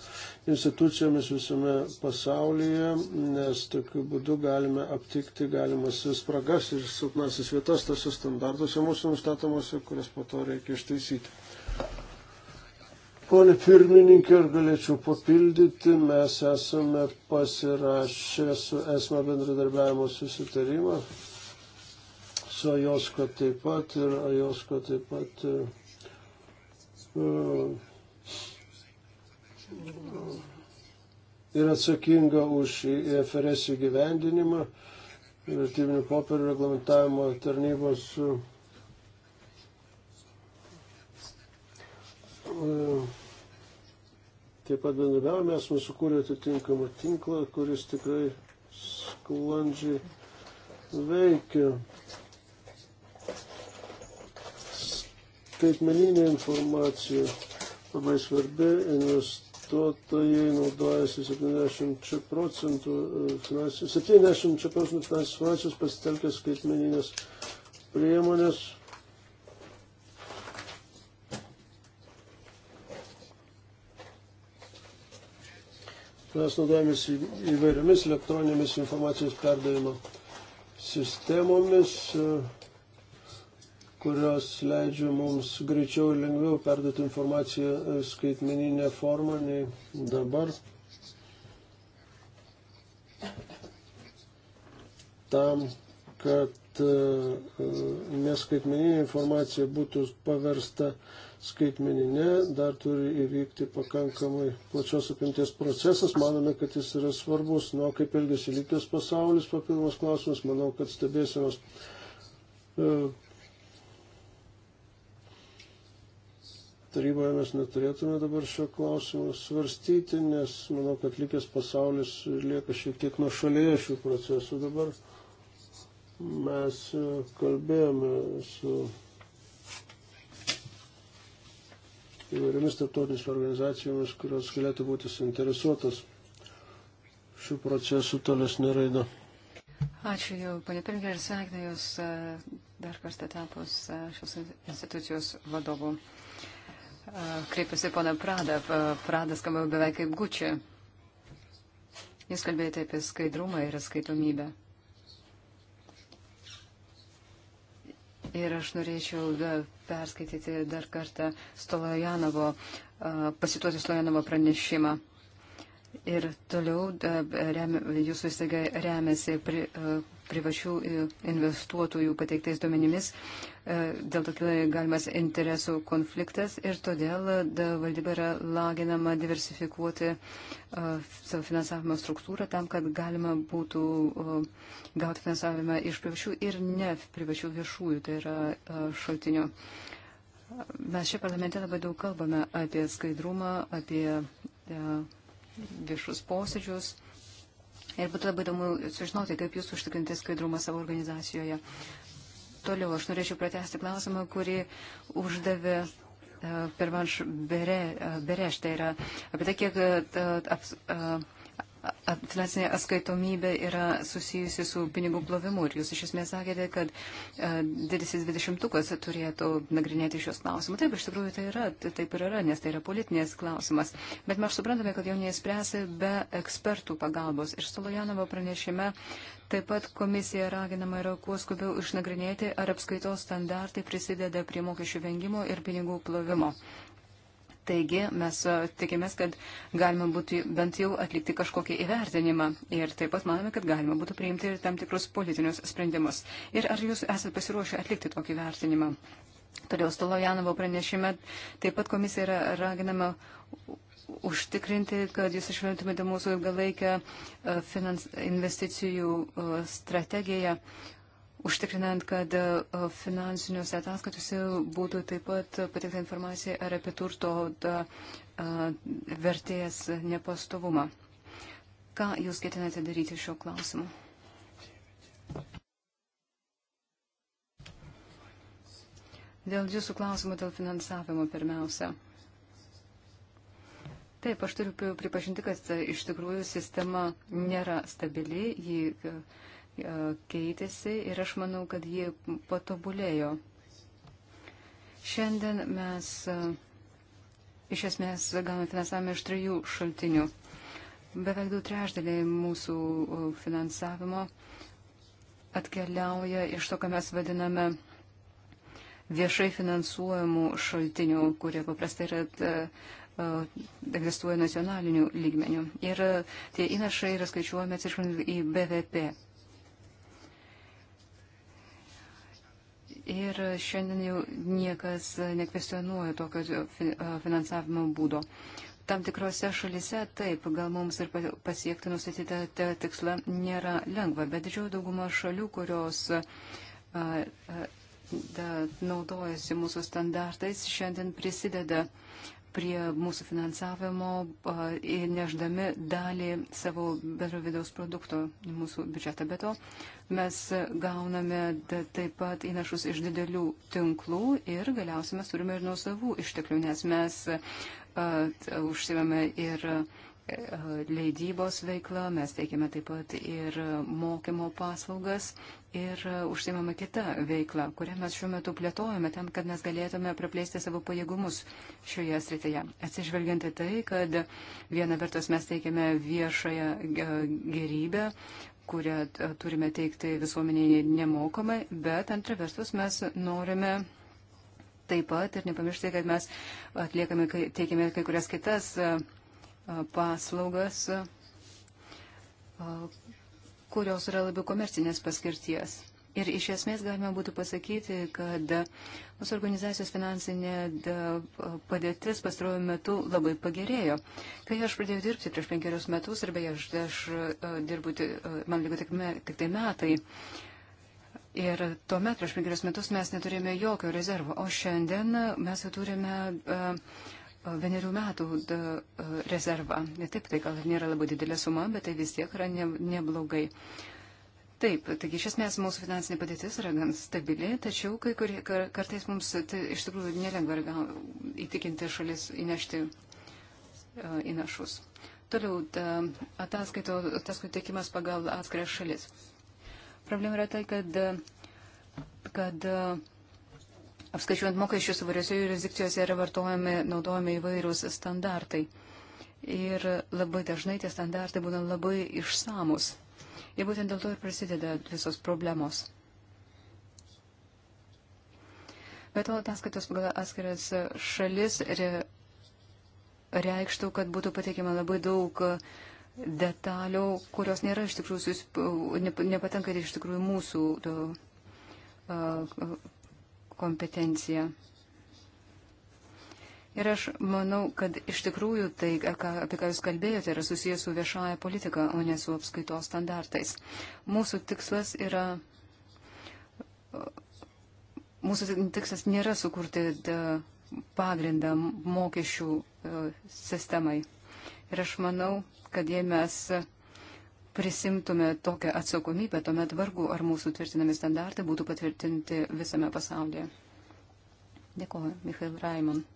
A: institucijomis visame pasaulyje, nes tokiu būdu galime aptikti galimas spragas ir silpnasis vietas tose standartuose mūsų nustatomuose, kurias po to reikia ištaisyti. Pone pirmininkė, ar galėčiau papildyti, mes esame pasirašę su esmo bendradarbiavimo susitarimą su Ajoska taip pat ir Ajoska taip pat ir e, e, atsakinga už IFRS e įgyvendinimą, vertybinių popierių reglamentavimo tarnybos taip pat bendradavome, esame sukūrę atitinkamą tinklą, kuris tikrai sklandžiai veikia. Skaitmeninė informacija labai svarbi, investuotojai naudojasi 70 procentų e, finansijos, 70 procentų finansijos informacijos pasitelkia skaitmeninės priemonės. Mes naudojamės įvairiomis elektroninėmis informacijos perdavimo sistemomis. Uh, kurios leidžia mums greičiau ir lengviau perduoti informaciją e, skaitmeninę formą nei dabar. Tam, kad e, e, neskaitmeninė informacija būtų paversta skaitmeninė, dar turi įvykti pakankamai plačios apimties procesas. Manome, kad jis yra svarbus. Nu, kaip elgesi lygtis pasaulis, papildomas klausimas. Manau, kad stebėsimas taryboje mes neturėtume dabar šio klausimo svarstyti, nes manau, kad likęs pasaulis lieka šiek tiek nuo šalyje šių procesų. Dabar mes e, kalbėjome su įvairiomis tarptautinėmis organizacijomis, kurios galėtų būti suinteresuotas šių procesų tolesnė raida.
B: Ačiū jau, ponė Pirmininkė, ir sveikinu Jūs e, dar kartą tapus e, šios institucijos vadovu kreipiasi pana Prada. Prada skamba beveik kaip gučia. Jūs kalbėjote apie skaidrumą ir skaitomybę. Ir aš norėčiau da, perskaityti dar kartą Stolojanovo, pasituoti Stolojanovo pranešimą. Ir toliau da, rem, jūsų įstaiga remiasi pri, privačių investuotojų pateiktais duomenimis. Uh, E, dėl to kila galimas interesų konfliktas ir todėl valdyba yra laginama diversifikuoti e, savo finansavimo struktūrą tam, kad galima būtų e, gauti finansavimą iš privačių ir ne privačių viešųjų, tai yra šaltinių. Mes čia parlamente labai daug kalbame apie skaidrumą, apie viešus posėdžius. Ir būtų labai įdomu sužinoti, kaip jūs užtikrinti skaidrumą savo organizacijoje toliau aš norėčiau pratesti klausimą, kurį uždavė e, pirmanš bere, e, bereš, tai yra apie tai, kiek e, aps, Finansinė atskaitomybė yra susijusi su pinigų plovimu ir jūs iš esmės sakėte, kad e, didysis dvidešimtukas turėtų nagrinėti šios klausimus. Taip, iš tikrųjų tai yra, taip ir yra, nes tai yra politinės klausimas. Bet mes suprantame, kad jau neįspręsi be ekspertų pagalbos. Ir Solojanovo pranešime taip pat komisija raginama yra kuo skubiau išnagrinėti, ar apskaitos standartai prisideda prie mokesčių vengimo ir pinigų plovimo. Mhm. Taigi mes e, tikimės, kad galima būtų bent jau atlikti kažkokį įvertinimą. Ir taip pat manome, kad galima būtų priimti ir tam tikrus politinius sprendimus. Ir ar jūs esate pasiruošę atlikti tokį vertinimą? Todėl Stolojanovo pranešime taip pat komisija yra raginama užtikrinti, kad jūs išvelgtumėte mūsų ilgalaikę e, finans, investicijų e, strategiją, užtikrinant, kad e, finansiniuose ataskatuose būtų taip pat patikta informacija ir apie turto vertės nepastovumą. Ką jūs ketinate daryti šiuo klausimu? Dėl jūsų klausimų dėl finansavimo pirmiausia. Taip, aš turiu pripažinti, kad e, iš tikrųjų sistema nėra stabili, ji e, keitėsi ir aš manau, kad ji patobulėjo. Šiandien mes iš esmės gauname finansavimą iš trijų šaltinių. Beveik du trešdėliai mūsų finansavimo atkeliauja iš to, ką mes vadiname viešai finansuojamų šaltinių, kurie paprastai yra egzistuoja nacionalinių lygmenių. Ir tie įnašai yra skaičiuojami atsižvelgiant į BVP. Ir šiandien jau niekas nekvestionuoja tokio finansavimo būdo. Tam tikrose šalise taip, gal mums ir pasiekti nustatytą tikslą nėra lengva, bet didžioji dauguma šalių, kurios a, a, da, naudojasi mūsų standartais, šiandien prisideda prie mūsų finansavimo ir neždami dalį savo bendro vidaus produkto mūsų biudžetą. Be to, Mes gauname taip pat įnašus iš didelių tinklų ir galiausiai mes turime ir nuosavų išteklių, nes mes užsimame ir leidybos veikla, mes teikiame taip pat ir mokymo paslaugas ir užsimame kitą veiklą, kurią mes šiuo metu plėtojame tam, kad mes galėtume praplėsti savo pajėgumus šioje srityje. Atsižvelgiant į tai, kad viena vertus mes teikiame viešąją gerybę, kurią e, turime teikti visuomeniai nemokamai, bet antra vertus mes norime taip pat ir nepamiršti, kad mes atliekame, teikiame kai kurias kitas e, e, paslaugas, kurios yra labiau komercinės paskirties. Ir iš esmės galima būtų pasakyti, kad mūsų organizacijos finansinė padėtis pastarojų metų labai pagerėjo. Kai aš pradėjau dirbti prieš penkerius metus, ir beje, aš, aš dirbu, man liko tik, me, tik tai metai, ir tuomet prieš penkerius metus mes neturėjome jokio rezervo, o šiandien mes jau turime. Uh, vienerių metų rezervą. Taip, tai gal ir nėra labai didelė suma, bet tai vis tiek yra neblogai. Ne Taip, taigi iš esmės mūsų finansinė padėtis yra gan stabili, tačiau kai kurie kartais mums tai, iš tikrųjų nelengva įtikinti šalis įnešti e, įnašus. Toliau ta, ataskaito, ataskaito teikimas pagal atskiras šalis. Problema yra tai, kad, kad apskaičiuojant mokesčius įvairiose jurisdikcijose yra vartojami, naudojami įvairūs standartai. Ir labai dažnai tie standartai būna labai išsamus. Ir būtent dėl to ir prasideda visos problemos. Bet to ataskaitos pagal atskiras šalis re, reikštų, kad būtų pateikiama labai daug detalių, kurios nėra iš tikrųjų, nepatenka iš tikrųjų mūsų to, kompetencija. Ir aš manau, kad iš tikrųjų tai, apie ką Jūs kalbėjote, yra susijęs su viešoja politika, o ne su apskaitos standartais. Mūsų tikslas yra. Mūsų tikslas nėra sukurti pagrindą mokesčių e, sistemai. Ir aš manau, kad jei mes prisimtume tokią atsakomybę, tuomet vargu ar mūsų tvirtinami standartai būtų patvirtinti visame pasaulyje. Dėkuoju, Michail Raimond.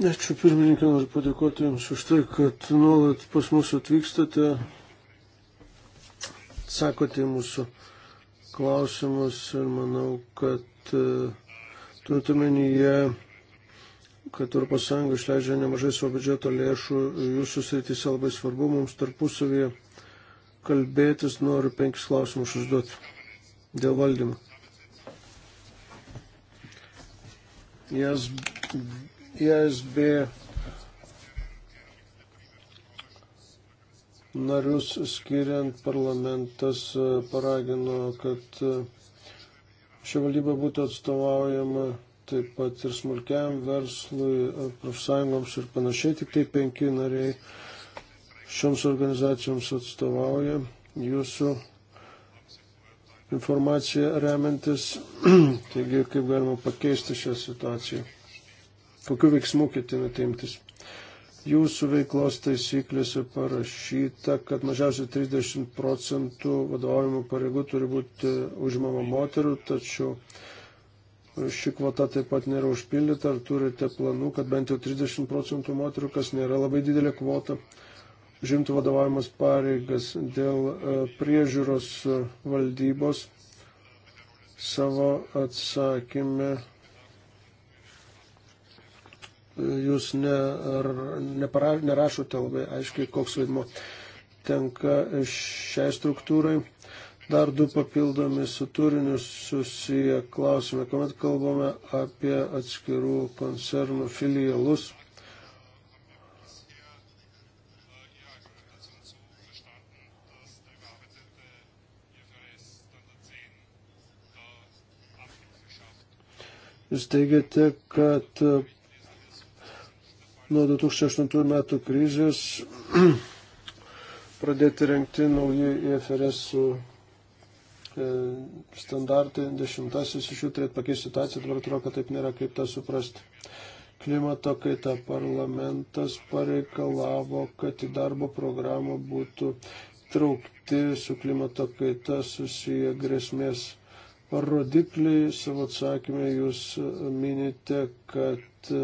A: Ačiū pirmininkai, noriu padėkoti Jums už tai, kad nuolat pas mus atvykstate, sakote mūsų klausimus ir manau, kad e, turite menyje, kad ES išleidžia nemažai savo biudžeto lėšų, jūsų srityse labai svarbu mums tarpusavėje kalbėtis, noriu penkis klausimus užduoti dėl valdymo. Jas ISB narius skiriant parlamentas e, paragino, kad e, ši valdyba būtų atstovaujama taip pat ir smulkiam verslui, e, profsąjungoms ir panašiai, tik tai penki nariai šioms organizacijoms atstovauja. Jūsų informacija remiantis, taigi kaip galima pakeisti šią situaciją kokiu veiksmu ketinate imtis? Jūsų veiklos taisyklėse parašyta, kad mažiausiai 30 procentų vadovavimo pareigų turi būti užimama moterų, tačiau ši kvota taip pat nėra užpildyta. Ar turite planų, kad bent jau 30 procentų moterų, kas nėra labai didelė kvota, žimtų vadovavimas pareigas dėl e, priežiūros e, valdybos savo atsakymę jūs ne, nepara, nerašote labai aiškiai, koks vaidmo tenka šiai struktūrai. Dar du papildomi su turiniu susiję klausimai, kuomet kalbame apie atskirų koncernų filialus. Jūs teigiate, kad nuo 2008 metų krizės pradėti renkti nauji IFRS e, standartai, dešimtasis iš jų turėtų pakeisti situaciją, dabar atrodo, kad taip nėra kaip tą suprasti. Klimato kaita parlamentas pareikalavo, kad į darbo programą būtų traukti su klimato kaita susiję grėsmės rodikliai savo atsakymę jūs minite, kad e,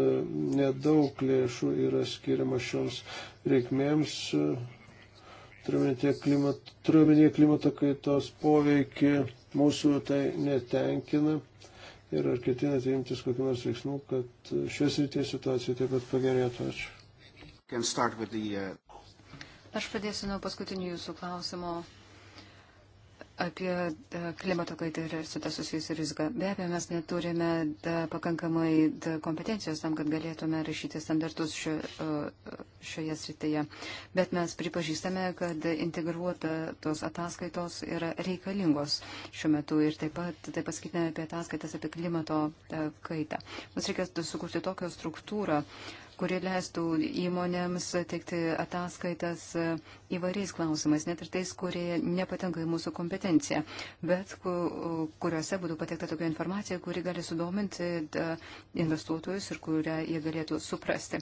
A: nedaug lėšų yra skiriama šioms reikmėms. E, Turiuomenėje klimato, klimato kaitos poveikį mūsų tai netenkina. Ir ar ketinate imtis kokių nors veiksmų, kad e, šios ryties situacija taip pat pagerėtų? Ačiū. The, uh... Aš
B: pradėsiu nuo paskutinių jūsų klausimo apie e, klimato kaitą ir su tą susijusią riziką. Be abejo, mes neturime da, e, pakankamai da, e, kompetencijos tam, kad galėtume rašyti standartus šio, šioje srityje. Bet mes pripažįstame, kad integruota tos ataskaitos yra reikalingos šiuo metu ir taip pat taip pasakytume apie ataskaitas apie klimato kaitą. Mums reikia sukurti tokią struktūrą, uh, kuri leistų įmonėms teikti ataskaitas įvairiais klausimais, net ir tais, kurie nepatenka į mūsų kompetenciją, bet kuriuose būtų patekta tokia informacija, kuri gali sudominti investuotojus ir kurią jie galėtų suprasti.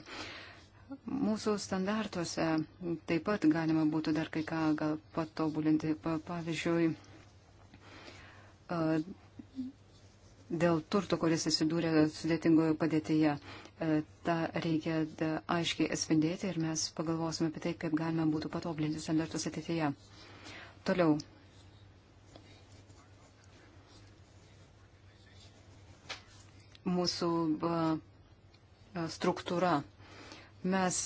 B: Mūsų standartuose taip pat galima būtų dar kai ką gal patobulinti. Pavyzdžiui, dėl turto, kuris atsidūrė sudėtingoje padėtyje. E, tą reikia aiškiai atspindėti ir mes pagalvosime apie tai, kaip galima būtų patoblinti standartus ateityje. Toliau. Mūsų struktūra. Mes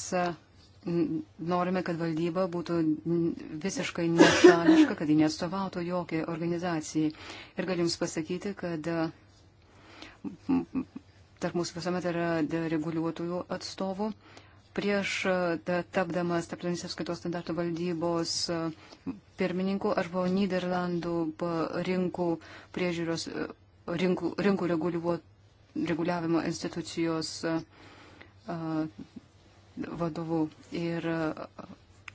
B: norime, kad valdyba būtų visiškai nešališka, kad ji neatstovautų jokiai organizacijai. Ir galiu Jums pasakyti, kad tarp mūsų visuomet yra reguliuotojų atstovų. Prieš e, tapdamas tarptautinės apskaitos standartų valdybos e, pirmininku, aš buvau Niderlandų rinkų priežiūros, e, rinkų, rinkų reguliavimo institucijos vadovu. Ir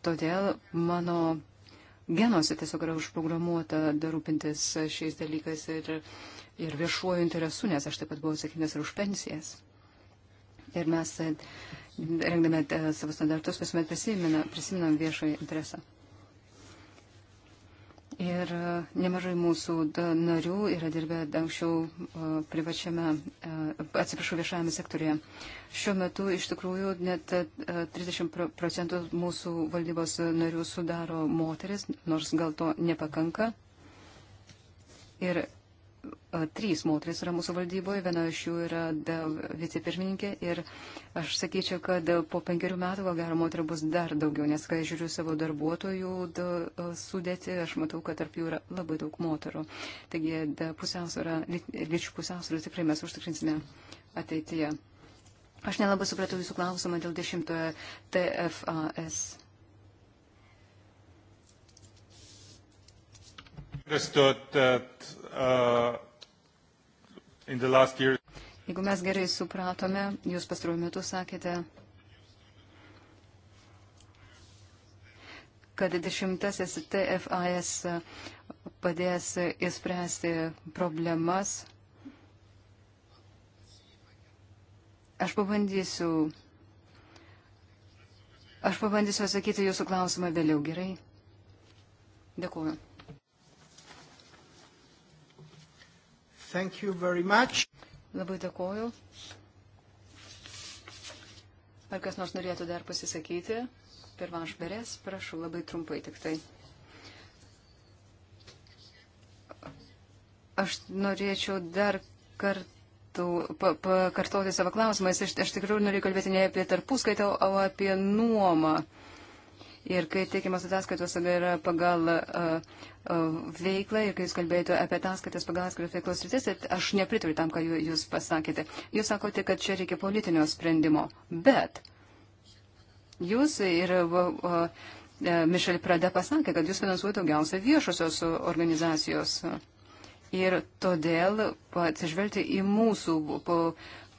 B: todėl mano genuose tiesiog yra užprogramuota rūpintis šiais dalykais ir, ir viešuoju interesu, nes aš taip pat buvau atsakingas ir už pensijas. Ir mes, rengdami e, savo standartus, visuomet prisiminam, prisiminam viešojo interesą. Ir e, nemažai mūsų narių yra dirbę anksčiau e, privačiame, e, atsiprašau, viešajame sektorėje. Šiuo metu iš tikrųjų net 30 procentų mūsų valdybos narių sudaro moteris, nors gal to nepakanka. Ir trys moteris yra mūsų valdyboje, viena iš jų yra vicepirmininkė ir aš sakyčiau, kad po penkerių metų gal gero moterų bus dar daugiau, nes kai žiūriu savo darbuotojų da, sudėti, aš matau, kad tarp jų yra labai daug moterų. Taigi pusiausvara, lyčių pusiausvara tikrai mes užtikrinsime ateityje. Aš nelabai supratau jūsų klausimą dėl dešimtojo TFAS.
C: Understood that uh, in the last year.
B: Jeigu mes gerai supratome, jūs pastaruoju metu sakėte, kad dešimtasis TFAS padės įspręsti problemas. Aš pabandysiu, aš pabandysiu atsakyti jūsų klausimą vėliau, gerai? Dėkuoju. Thank you very much. Labai dėkoju. Ar kas nors norėtų dar pasisakyti? Pirma, aš berės, prašau, labai trumpai tik tai. Aš norėčiau dar kartu pakartoti savo klausimą. Aš, aš tikrai noriu kalbėti ne apie tarpuskaitą, o apie nuomą. Uh, Ir kai teikiamas ataskaitos yra pagal uh, uh, veiklą ir kai jūs kalbėjote apie ataskaitas pagal atskiras veiklos rytis, tai aš nepritariu tam, ką jūs pasakėte. Jūs sakote, kad čia reikia politinio sprendimo. Bet jūs ir. Uh, Mišel Prada pasakė, kad jūs finansuojate daugiausia viešosios organizacijos. Ir todėl atsižvelgti į mūsų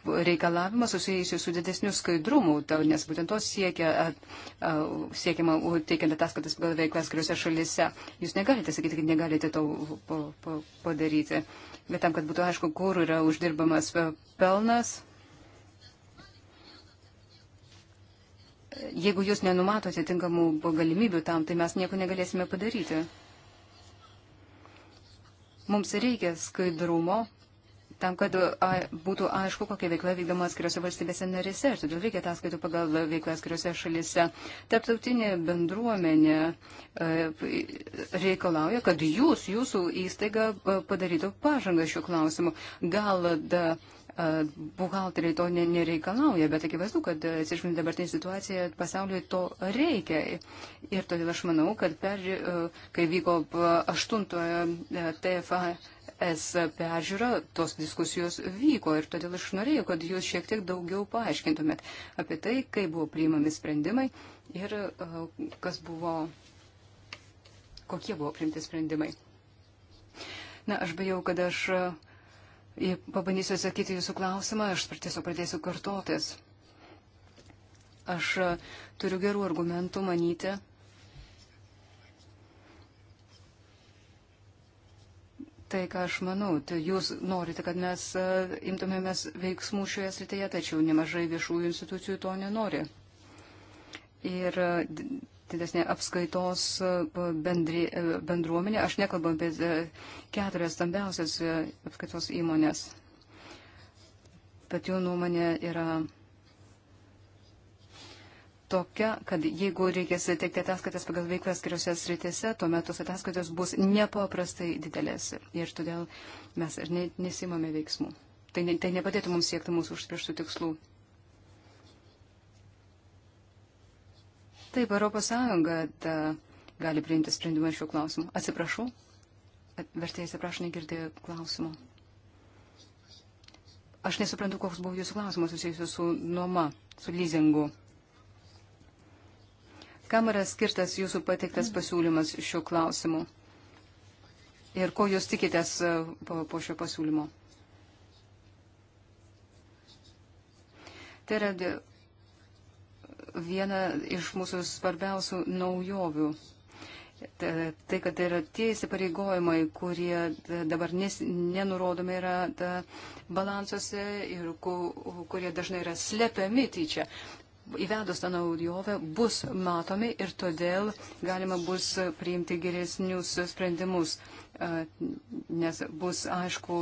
B: reikalavimą susijusiu su didesniu skaidrumu, nes būtent to siekia, siekiama teikiant ataskaitas pagal veiklas kuriuose šalise. Jūs negalite sakyti, kad negalite to padaryti. Bet tam, kad būtų aišku, kur yra uždirbamas pelnas, jeigu jūs nenumatote tinkamų galimybių tam, tai mes nieko negalėsime padaryti. Mums reikia skaidrumo, tam, kad būtų aišku, kokia veikla vykdoma atskiriuose valstybėse narėse. Ir todėl reikia ataskaitų pagal veiklą atskiriuose šalyse. Tarptautinė bendruomenė reikalauja, kad jūs, jūsų įstaiga padarytų pažangą šiuo klausimu. Gal da, buhalteriai to nereikalauja, bet akivaizdu, kad atsižvelgiant dabartinį situaciją pasauliui to reikia. Ir todėl aš manau, kad per, kai vyko aštuntojo TFA ETS peržiūrą, tos diskusijos vyko ir todėl aš norėjau, kad jūs šiek tiek daugiau paaiškintumėt apie tai, kaip buvo priimami sprendimai ir uh, kas buvo, kokie buvo priimti sprendimai. Na, aš bejau, kad aš uh, pabandysiu atsakyti jūsų klausimą, aš tiesiog pradėsiu kartotis. Aš uh, turiu gerų argumentų manyti, tai, ką aš manau. Tai jūs norite, kad mes e, imtumėmės veiksmų šioje srityje, tačiau nemažai viešųjų institucijų to nenori. Ir e, didesnė apskaitos e, bendri, bendruomenė, aš nekalbu apie keturias stambiausias apskaitos įmonės, bet jų nuomonė yra tokia, kad jeigu reikės teikti ataskaitas pagal veiklą skiriuose sritise, tuomet tos ataskaitos bus nepaprastai didelės ir todėl mes ir ne, nesimame veiksmų. Tai, ne, tai nepadėtų mums siekti mūsų užsipriešų tikslų. Taip, Europos Sąjunga ta, gali priimti sprendimą šiuo klausimu. Atsiprašau, vertėjai atsiprašau, negirdėjau klausimo. Aš nesuprantu, koks buvo jūsų klausimas susijusiu su nuoma, su leasingu. Kam yra skirtas jūsų pateiktas pasiūlymas šiuo klausimu? Ir ko jūs tikitės e, po, po šio pasiūlymo? Tai yra viena iš mūsų svarbiausių naujovių. Tai, kad tai yra tie įsipareigojimai, kurie e, dabar nes, nenurodomi yra e, balansuose ir ku, kurie dažnai yra slepiami tyčia įvedus tą naujovę bus matomi ir todėl galima bus priimti geresnius sprendimus, nes bus aišku,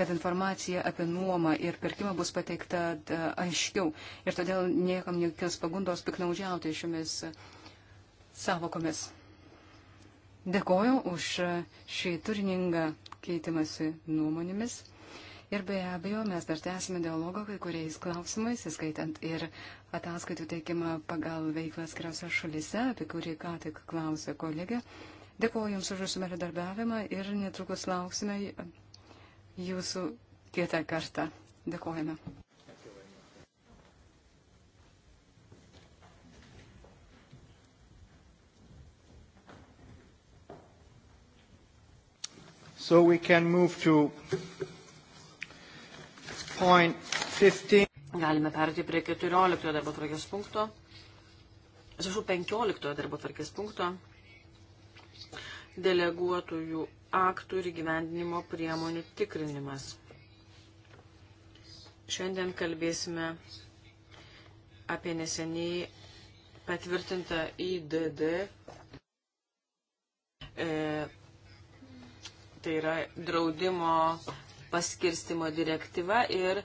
B: kad informacija apie nuomą ir pirkimą bus pateikta aiškiau ir todėl niekam nekils pagundos piknaudžiauti šiomis savokomis. Dėkoju už šį turiningą keitimąsi nuomonėmis. Ir be abejo, mes dar tęsime dialogą kai kuriais klausimais, įskaitant ir ataskaitų teikimą pagal veiklą skiriausios šalise, apie kurį ką tik klausė kolegė. Dėkuoju Jums už Jūsų bendradarbiavimą ir netrukus lauksime Jūsų kitą kartą. Dėkuojame.
A: So we can move to
C: Galime perėti prie 14 darbo tvarkės punkto. Atsiprašau, 15 darbo tvarkės punkto. Deleguotųjų aktų ir gyvendinimo priemonių tikrinimas. Šiandien kalbėsime apie neseniai patvirtintą IDD. E, tai yra draudimo paskirstimo direktyva ir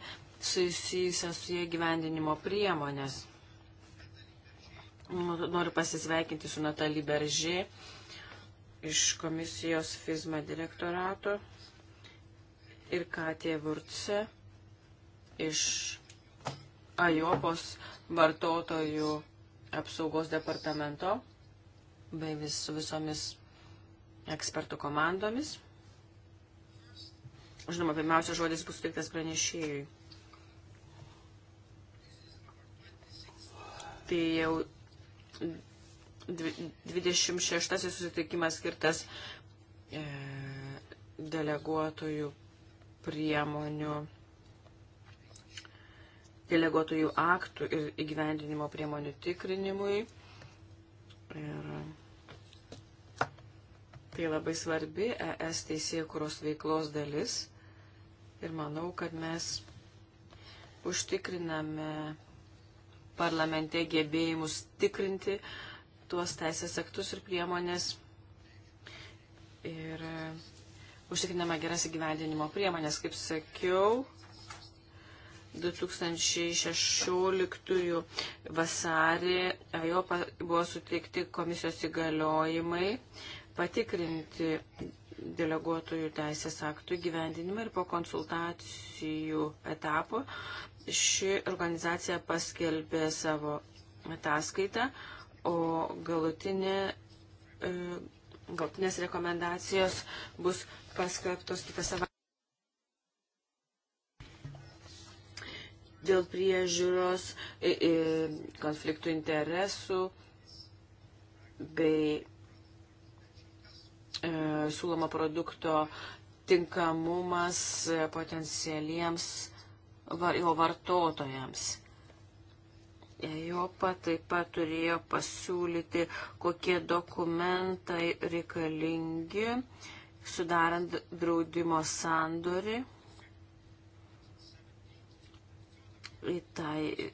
C: susijusios su jie gyvendinimo priemonės. Noriu pasisveikinti su Natali Berži iš komisijos FISMA direktorato ir Katė Vurtse iš Ajopos vartotojų apsaugos departamento bei vis, visomis ekspertų komandomis. Žinoma, pirmiausia žodis bus suteiktas pranešėjui. Tai jau 26 susitikimas skirtas e, deleguotojų priemonių, deleguotojų aktų ir įgyvendinimo priemonių tikrinimui. Ir tai labai svarbi ES teisėjų kuros veiklos dalis ir manau, kad mes užtikriname parlamente gebėjimus tikrinti tuos teisės aktus ir priemonės ir užtikriname geras įgyvendinimo priemonės. Kaip sakiau, 2016 vasarį jo buvo suteikti komisijos įgaliojimai patikrinti deleguotojų teisės aktų gyvendinimą ir po konsultacijų etapo ši organizacija paskelbė savo ataskaitą, o galutinė, e, galutinės rekomendacijos bus paskelbtos kitą savaitę. Dėl priežiūros, konfliktų interesų bei E, siūloma produkto tinkamumas potencialiems jo vartotojams. Jopa taip pat turėjo pasiūlyti, kokie dokumentai reikalingi, sudarant draudimo sandorį tą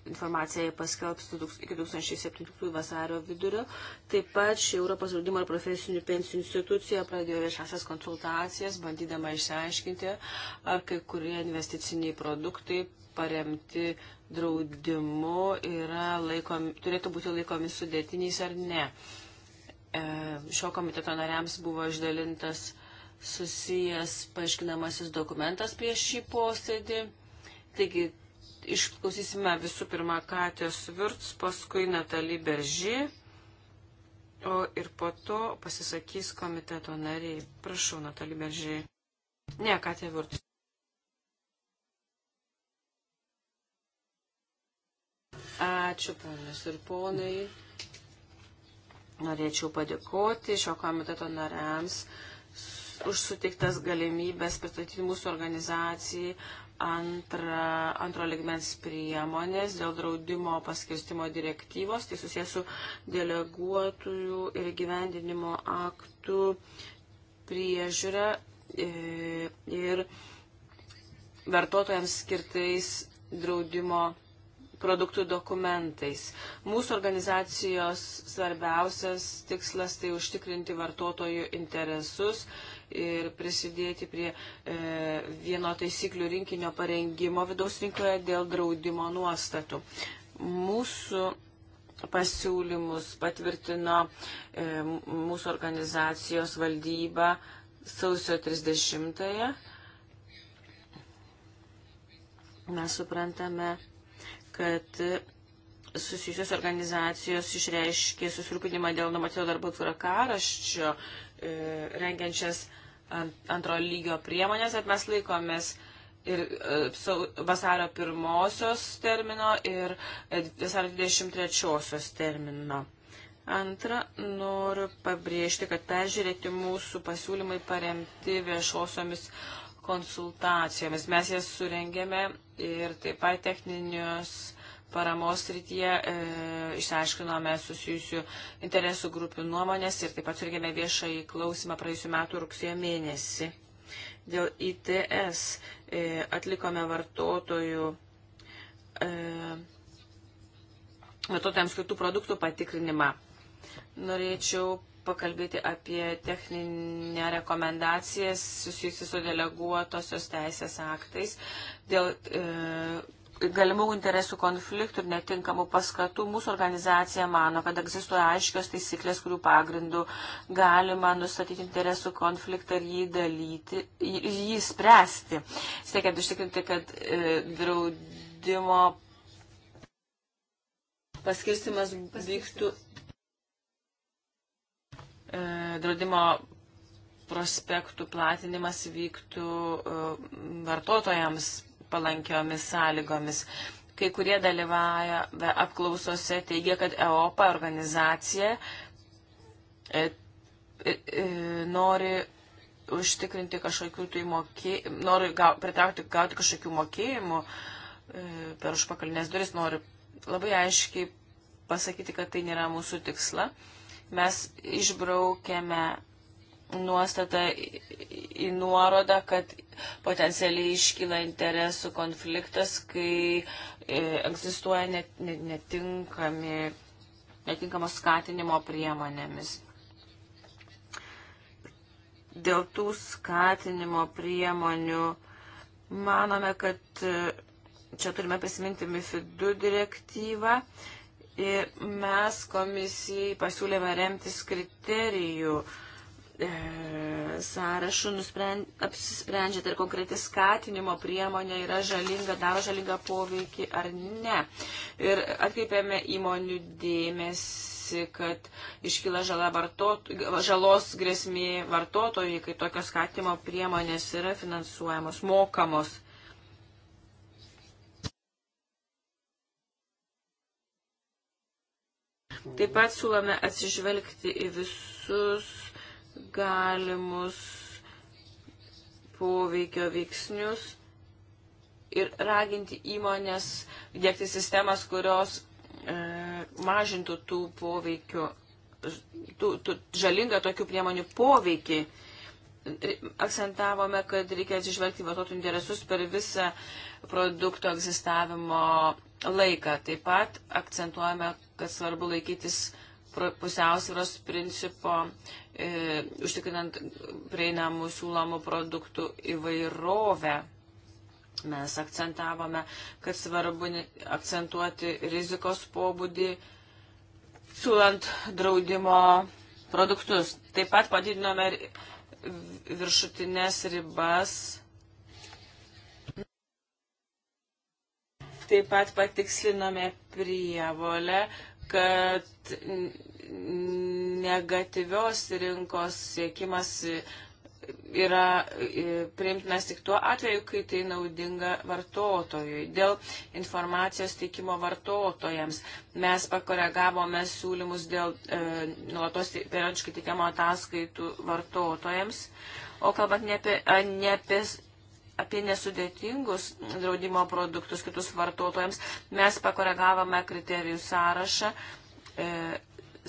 C: informaciją paskelbs iki 2017 vasario vidurio. Taip pat ši Europos draudimo ir profesinių pensijų institucija pradėjo viešasias konsultacijas, bandydama išsiaiškinti, ar kai kurie investiciniai produktai paremti draudimu laikomi, turėtų būti laikomi sudėtiniais ar ne. E, šio komiteto nariams buvo išdalintas susijęs paaiškinamasis dokumentas prieš šį posėdį. Taigi Išklausysime visų pirma Katijos Virts, paskui Natalį Beržį, o ir po to pasisakys komiteto nariai. Prašau, Natalį Beržį. Ne, Katija Virts. Ačiū, ponios ir ponai. Norėčiau padėkoti šio komiteto nariams už sutiktas galimybės pristatyti mūsų organizacijai antra, antro ligmens priemonės dėl draudimo paskirstimo direktyvos, tai susijęs su deleguotųjų ir gyvendinimo aktų priežiūra e, ir vartotojams skirtais draudimo produktų dokumentais. Mūsų organizacijos svarbiausias tikslas tai užtikrinti vartotojų interesus, ir prisidėti prie e, vieno taisyklių rinkinio parengimo vidaus rinkoje dėl draudimo nuostatų. Mūsų pasiūlymus patvirtino e, mūsų organizacijos valdyba sausio 30-ąją. Mes suprantame, kad susijusios organizacijos išreiškė susirūpinimą dėl numatyto darbų tvarkaraščio, e, rengiančias antro lygio priemonės, bet mes laikomės ir e, vasario pirmosios termino ir e, vasario 23 termino. Antra, noriu pabrėžti, kad peržiūrėti mūsų pasiūlymai paremti viešosiomis konsultacijomis. Mes jas surengėme ir taip pat techninius paramos rytyje e, išsiaiškinome susijusių interesų grupių nuomonės ir taip pat surgėme viešai klausimą praėjusiu metu rugsėjo mėnesį. Dėl ITS e, atlikome vartotojų. E, vartotojams skirtų produktų patikrinimą. Norėčiau pakalbėti apie techninę rekomendacijas susijusi su deleguotosios teisės aktais dėl e, galimų interesų konfliktų ir netinkamų paskatų, mūsų organizacija mano, kad egzistuoja aiškios taisyklės, kurių pagrindų galima nustatyti interesų konfliktą ir jį dalyti, jį spręsti, siekiant ištikrinti, kad e, draudimo paskirstimas vyktų e, draudimo prospektų platinimas vyktų e, vartotojams palankiomis sąlygomis. Kai kurie dalyvauja apklausose teigia, kad EOPA organizacija e, e, e, nori užtikrinti kažkokių tai mokėjimų, nori gau, pritraukti, gauti kažkokių mokėjimų per užpakalinės duris, nori labai aiškiai pasakyti, kad tai nėra mūsų tiksla. Mes išbraukėme nuostata į nuorodą, kad potencialiai iškyla interesų konfliktas, kai e, egzistuoja net, net, netinkami, netinkamos skatinimo priemonėmis. Dėl tų skatinimo priemonių manome, kad e, čia turime prisiminti MIFID 2 direktyvą ir mes komisijai pasiūlėme remtis kriterijų uh, E, sąrašų nusprend, apsisprendžiate, ar konkreti skatinimo priemonė yra žalinga, daro žalingą poveikį ar ne. Ir atkreipiame įmonių dėmesį kad iškyla žala vartot, žalos grėsmė vartotojai, kai tokios skatimo priemonės yra finansuojamos, mokamos. Taip pat siūlome atsižvelgti į visus galimus poveikio veiksnius ir raginti įmonės dėkti sistemas, kurios e, mažintų tų poveikių, tų, tų žalingą tokių priemonių poveikį. E, akcentavome, kad reikia atsižvelgti vartotojų interesus per visą produkto egzistavimo laiką. Taip pat akcentuojame, kad svarbu laikytis pusiausvėros principo, e, užtikrinant prieinamų siūlomų produktų įvairovę. Mes akcentavome, kad svarbu akcentuoti rizikos pobūdį, siūlant draudimo produktus. Taip pat padidinome viršutinės ribas. Taip pat patikslinome prievolę kad negatyvios rinkos siekimas yra priimtinas tik tuo atveju, kai tai naudinga vartotojui. Dėl informacijos teikimo vartotojams mes pakoregavome siūlymus dėl e, nuolatos periodiškai teikiamo ataskaitų vartotojams. O kalbant ne apie, ne apie apie nesudėtingus draudimo produktus kitus vartotojams. Mes pakoregavome kriterijų sąrašą e,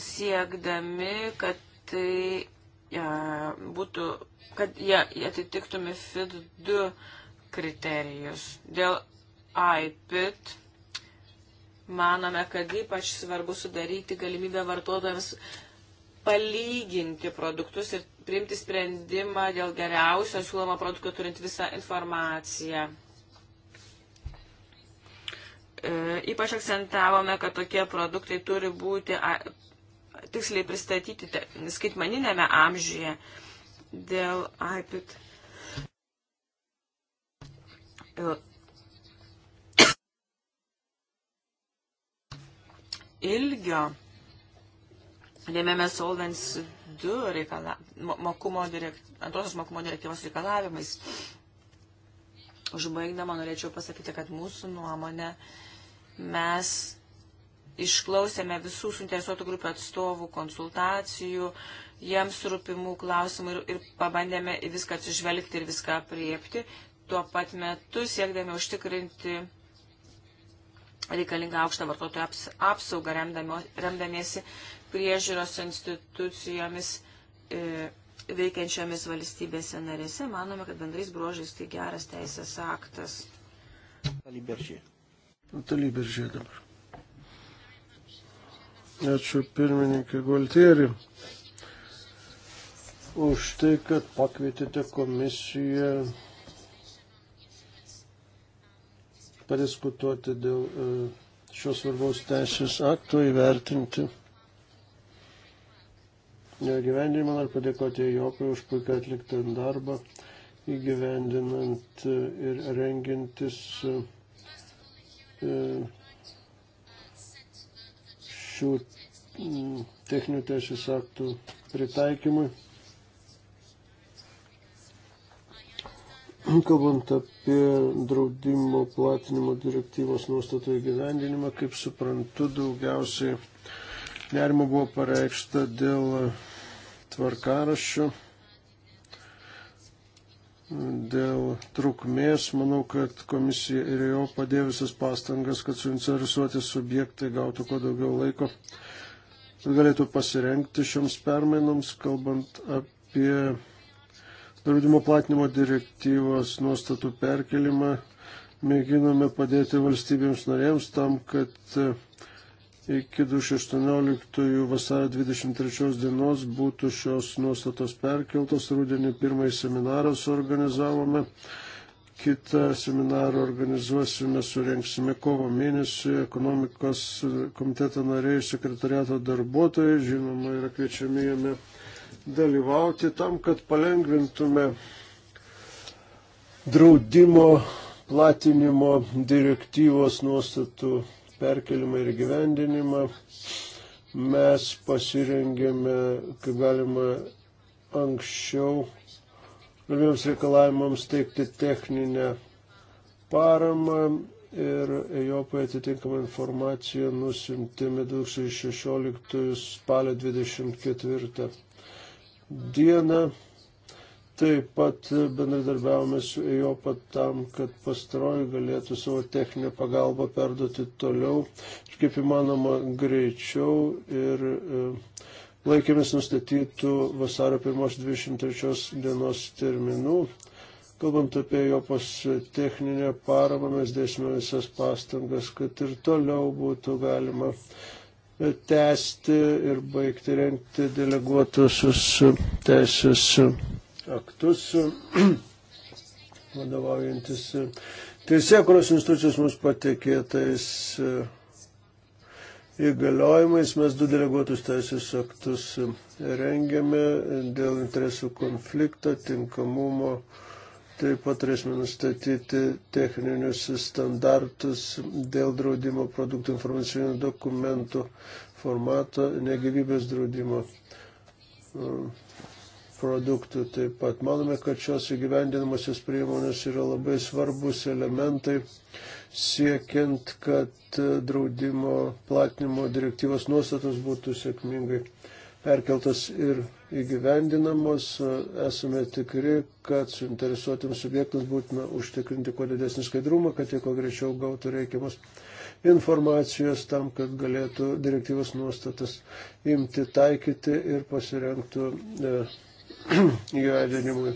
C: siekdami, kad tai e, būtų, kad jie atitiktų MIFID 2 kriterijus. Dėl IPIT manome, kad ypač svarbu sudaryti galimybę vartotojams palyginti produktus ir priimti sprendimą dėl geriausio siūlomo produkto turint visą informaciją. E, ypač akcentavome, kad tokie produktai turi būti a, tiksliai pristatyti te, skaitmaninėme amžiuje dėl iPad. E, ilgio. Rėmėme Solvens 2 reikala, mokumo direkt, antrosios mokumo direktyvos reikalavimais. Užbaigdama norėčiau pasakyti, kad mūsų nuomonė mes išklausėme visų suinteresuotų grupių atstovų, konsultacijų, jiems rūpimų klausimų ir, ir pabandėme viską atsižvelgti ir viską priepti, tuo pat metu siekdami užtikrinti reikalingą aukštą vartotojų aps, apsaugą, remdami, remdamiesi priežiūros institucijomis e, veikiančiomis valstybėse narėse. Manome, kad bendrais bruožais tai geras teisės aktas.
A: Taliberžė. Taliberžė dabar. Ačiū pirmininkai Gualtieri už tai, kad pakvietėte komisiją padiskutuoti dėl e, šios svarbaus teisės akto įvertinti gyvendinimą. Noriu padėkoti Jopai už puikiai atliktą darbą įgyvendinant e, ir rengintis e, šių techninių teisės aktų pritaikymui. Kalbant apie draudimo platinimo direktyvos nuostatų įgyvendinimą, kaip suprantu, daugiausiai nerimo buvo pareikšta dėl tvarkaraščių. Dėl trukmės, manau, kad komisija ir jo padėjo visas pastangas, kad suinteresuoti subjektai gautų kuo daugiau laiko, kad galėtų pasirenkti šioms permainoms, kalbant apie draudimo platinimo direktyvos nuostatų perkelimą. Mėginome padėti valstybėms norėms tam, kad iki 2018 vasario 23 dienos būtų šios nuostatos perkeltos. Rūdienį pirmąjį seminarą suorganizavome. Kitą seminarą organizuosime, surenksime kovo mėnesį. Ekonomikos komiteto nariai, sekretariato darbuotojai, žinoma, yra kviečiami jame dalyvauti tam, kad palengvintume draudimo platinimo direktyvos nuostatų perkelimą ir gyvendinimą mes pasirengėme, kaip galima anksčiau, galimiems reikalavimams teikti techninę paramą ir Ejopai atitinkamą informaciją nusintėme 2016 spalio 24 dieną. Taip pat bendradarbiavome su EJOPA tam, kad pastaroji galėtų savo techninę pagalbą perduoti toliau, kaip įmanoma, greičiau ir e, laikėmės nustatytų vasario 1-23 dienos terminų. Kalbant apie Jopos techninę paramą, mes dėsime visas pastangas, kad ir toliau būtų galima e, tęsti ir baigti renkti deleguotusius teisės aktus, vadovaujantis e, teisėkuros institucijos mums patikėtais e, įgaliojimais. Mes du deleguotus teisės aktus e, rengiame dėl interesų konflikto, tinkamumo. Taip pat turėsime nustatyti techninius standartus dėl draudimo produktų informacinių dokumentų formato, negyvybės draudimo produktų. Taip pat manome, kad šios įgyvendinamosios priemonės yra labai svarbus elementai siekiant, kad e, draudimo platinimo direktyvos nuostatos būtų sėkmingai perkeltas ir įgyvendinamos. E, esame tikri, kad suinteresuotėms subjektams būtina užtikrinti kuo didesnį skaidrumą, kad jie kuo greičiau gautų reikiamus informacijos tam, kad galėtų direktyvos nuostatas imti taikyti ir pasirengtų e, įgyvendinimui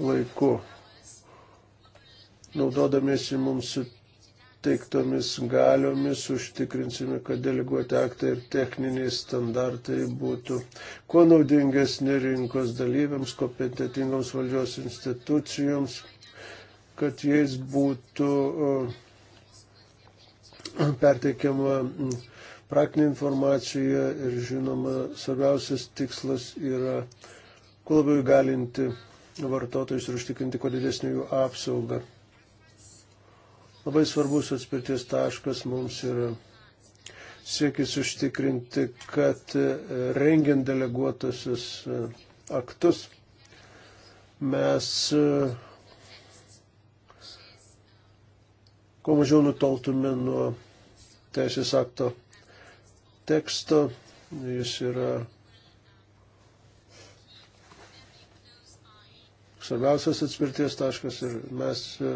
A: laiku, naudodamėsi mums suteiktomis galiomis, užtikrinsime, kad deleguoti aktai ir techniniai standartai būtų kuo naudingesni rinkos dalyviams, kompetitingoms valdžios institucijoms, kad jais būtų perteikiama praktinė informacija ir žinoma, svarbiausias tikslas yra uh, kuo labiau įgalinti vartotojus ir užtikrinti kuo didesnį jų apsaugą. Labai svarbus atspirties taškas mums yra siekis užtikrinti, kad e, rengiant deleguotusius e, aktus mes e, kuo mažiau nutoltume nuo teisės akto teksto. Jis yra svarbiausias atspirties taškas ir mes e,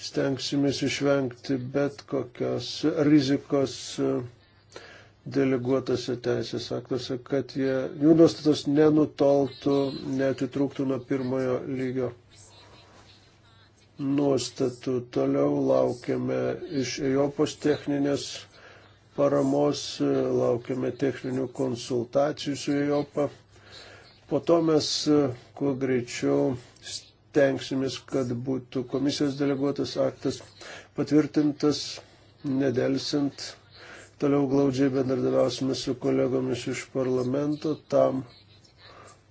A: stengsimės išvengti bet kokios rizikos e, deleguotose teisės aktuose, kad jie, jų nuostatos nenutoltų, netitrūktų nuo pirmojo lygio nuostatų. Toliau laukiame iš Ejopos techninės paramos, e, laukiame techninių konsultacijų su Ejopa. Po to mes kuo greičiau tenksimės, kad būtų komisijos deleguotas aktas patvirtintas, nedelsint. Toliau glaudžiai bendradaviausime su kolegomis iš parlamento tam,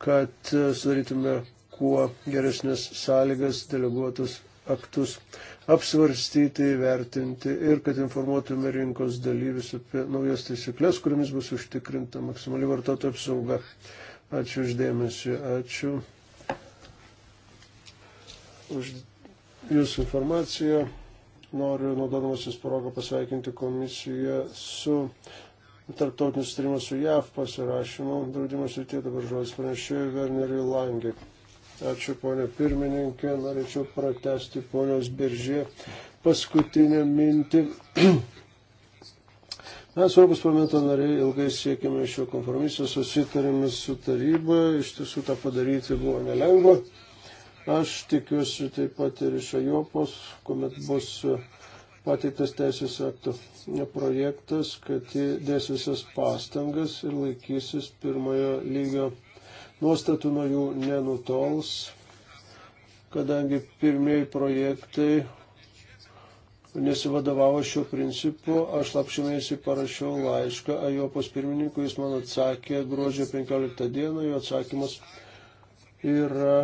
A: kad sudarytume kuo geresnės sąlygas deleguotus aktus apsvarstyti, įvertinti ir kad informuotume rinkos dalyvius apie naujas taisyklės, kuriamis bus užtikrinta maksimali vartotojų apsauga. Ačiū uždėmesi, ačiū už Jūsų informaciją. Noriu, naudodamasis progą, pasveikinti komisiją su tarptautiniu sutarimu su JAV pasirašymu. Draudimas ir tie dabar žodis pranešėjai Werneriui Langiai. Ačiū, ponė pirmininkė. Norėčiau pratesti ponios Biržė paskutinę mintį. Mes, Europos parlamento nariai, ilgai siekėme šio kompromiso, susitarėme su taryba. Iš tiesų tą padaryti buvo nelengva. Aš tikiuosi taip pat ir iš Ajopos, kuomet bus pateiktas teisės aktų projektas, kad jie dės visas pastangas ir laikysis pirmojo lygio nuostatų nuo jų nenutols, kadangi pirmieji projektai nesivadovavo šiuo principu. Aš lapšimėsi parašiau laišką Ajopos pirmininkui, jis man atsakė gruodžio 15 dieną, jo atsakymas yra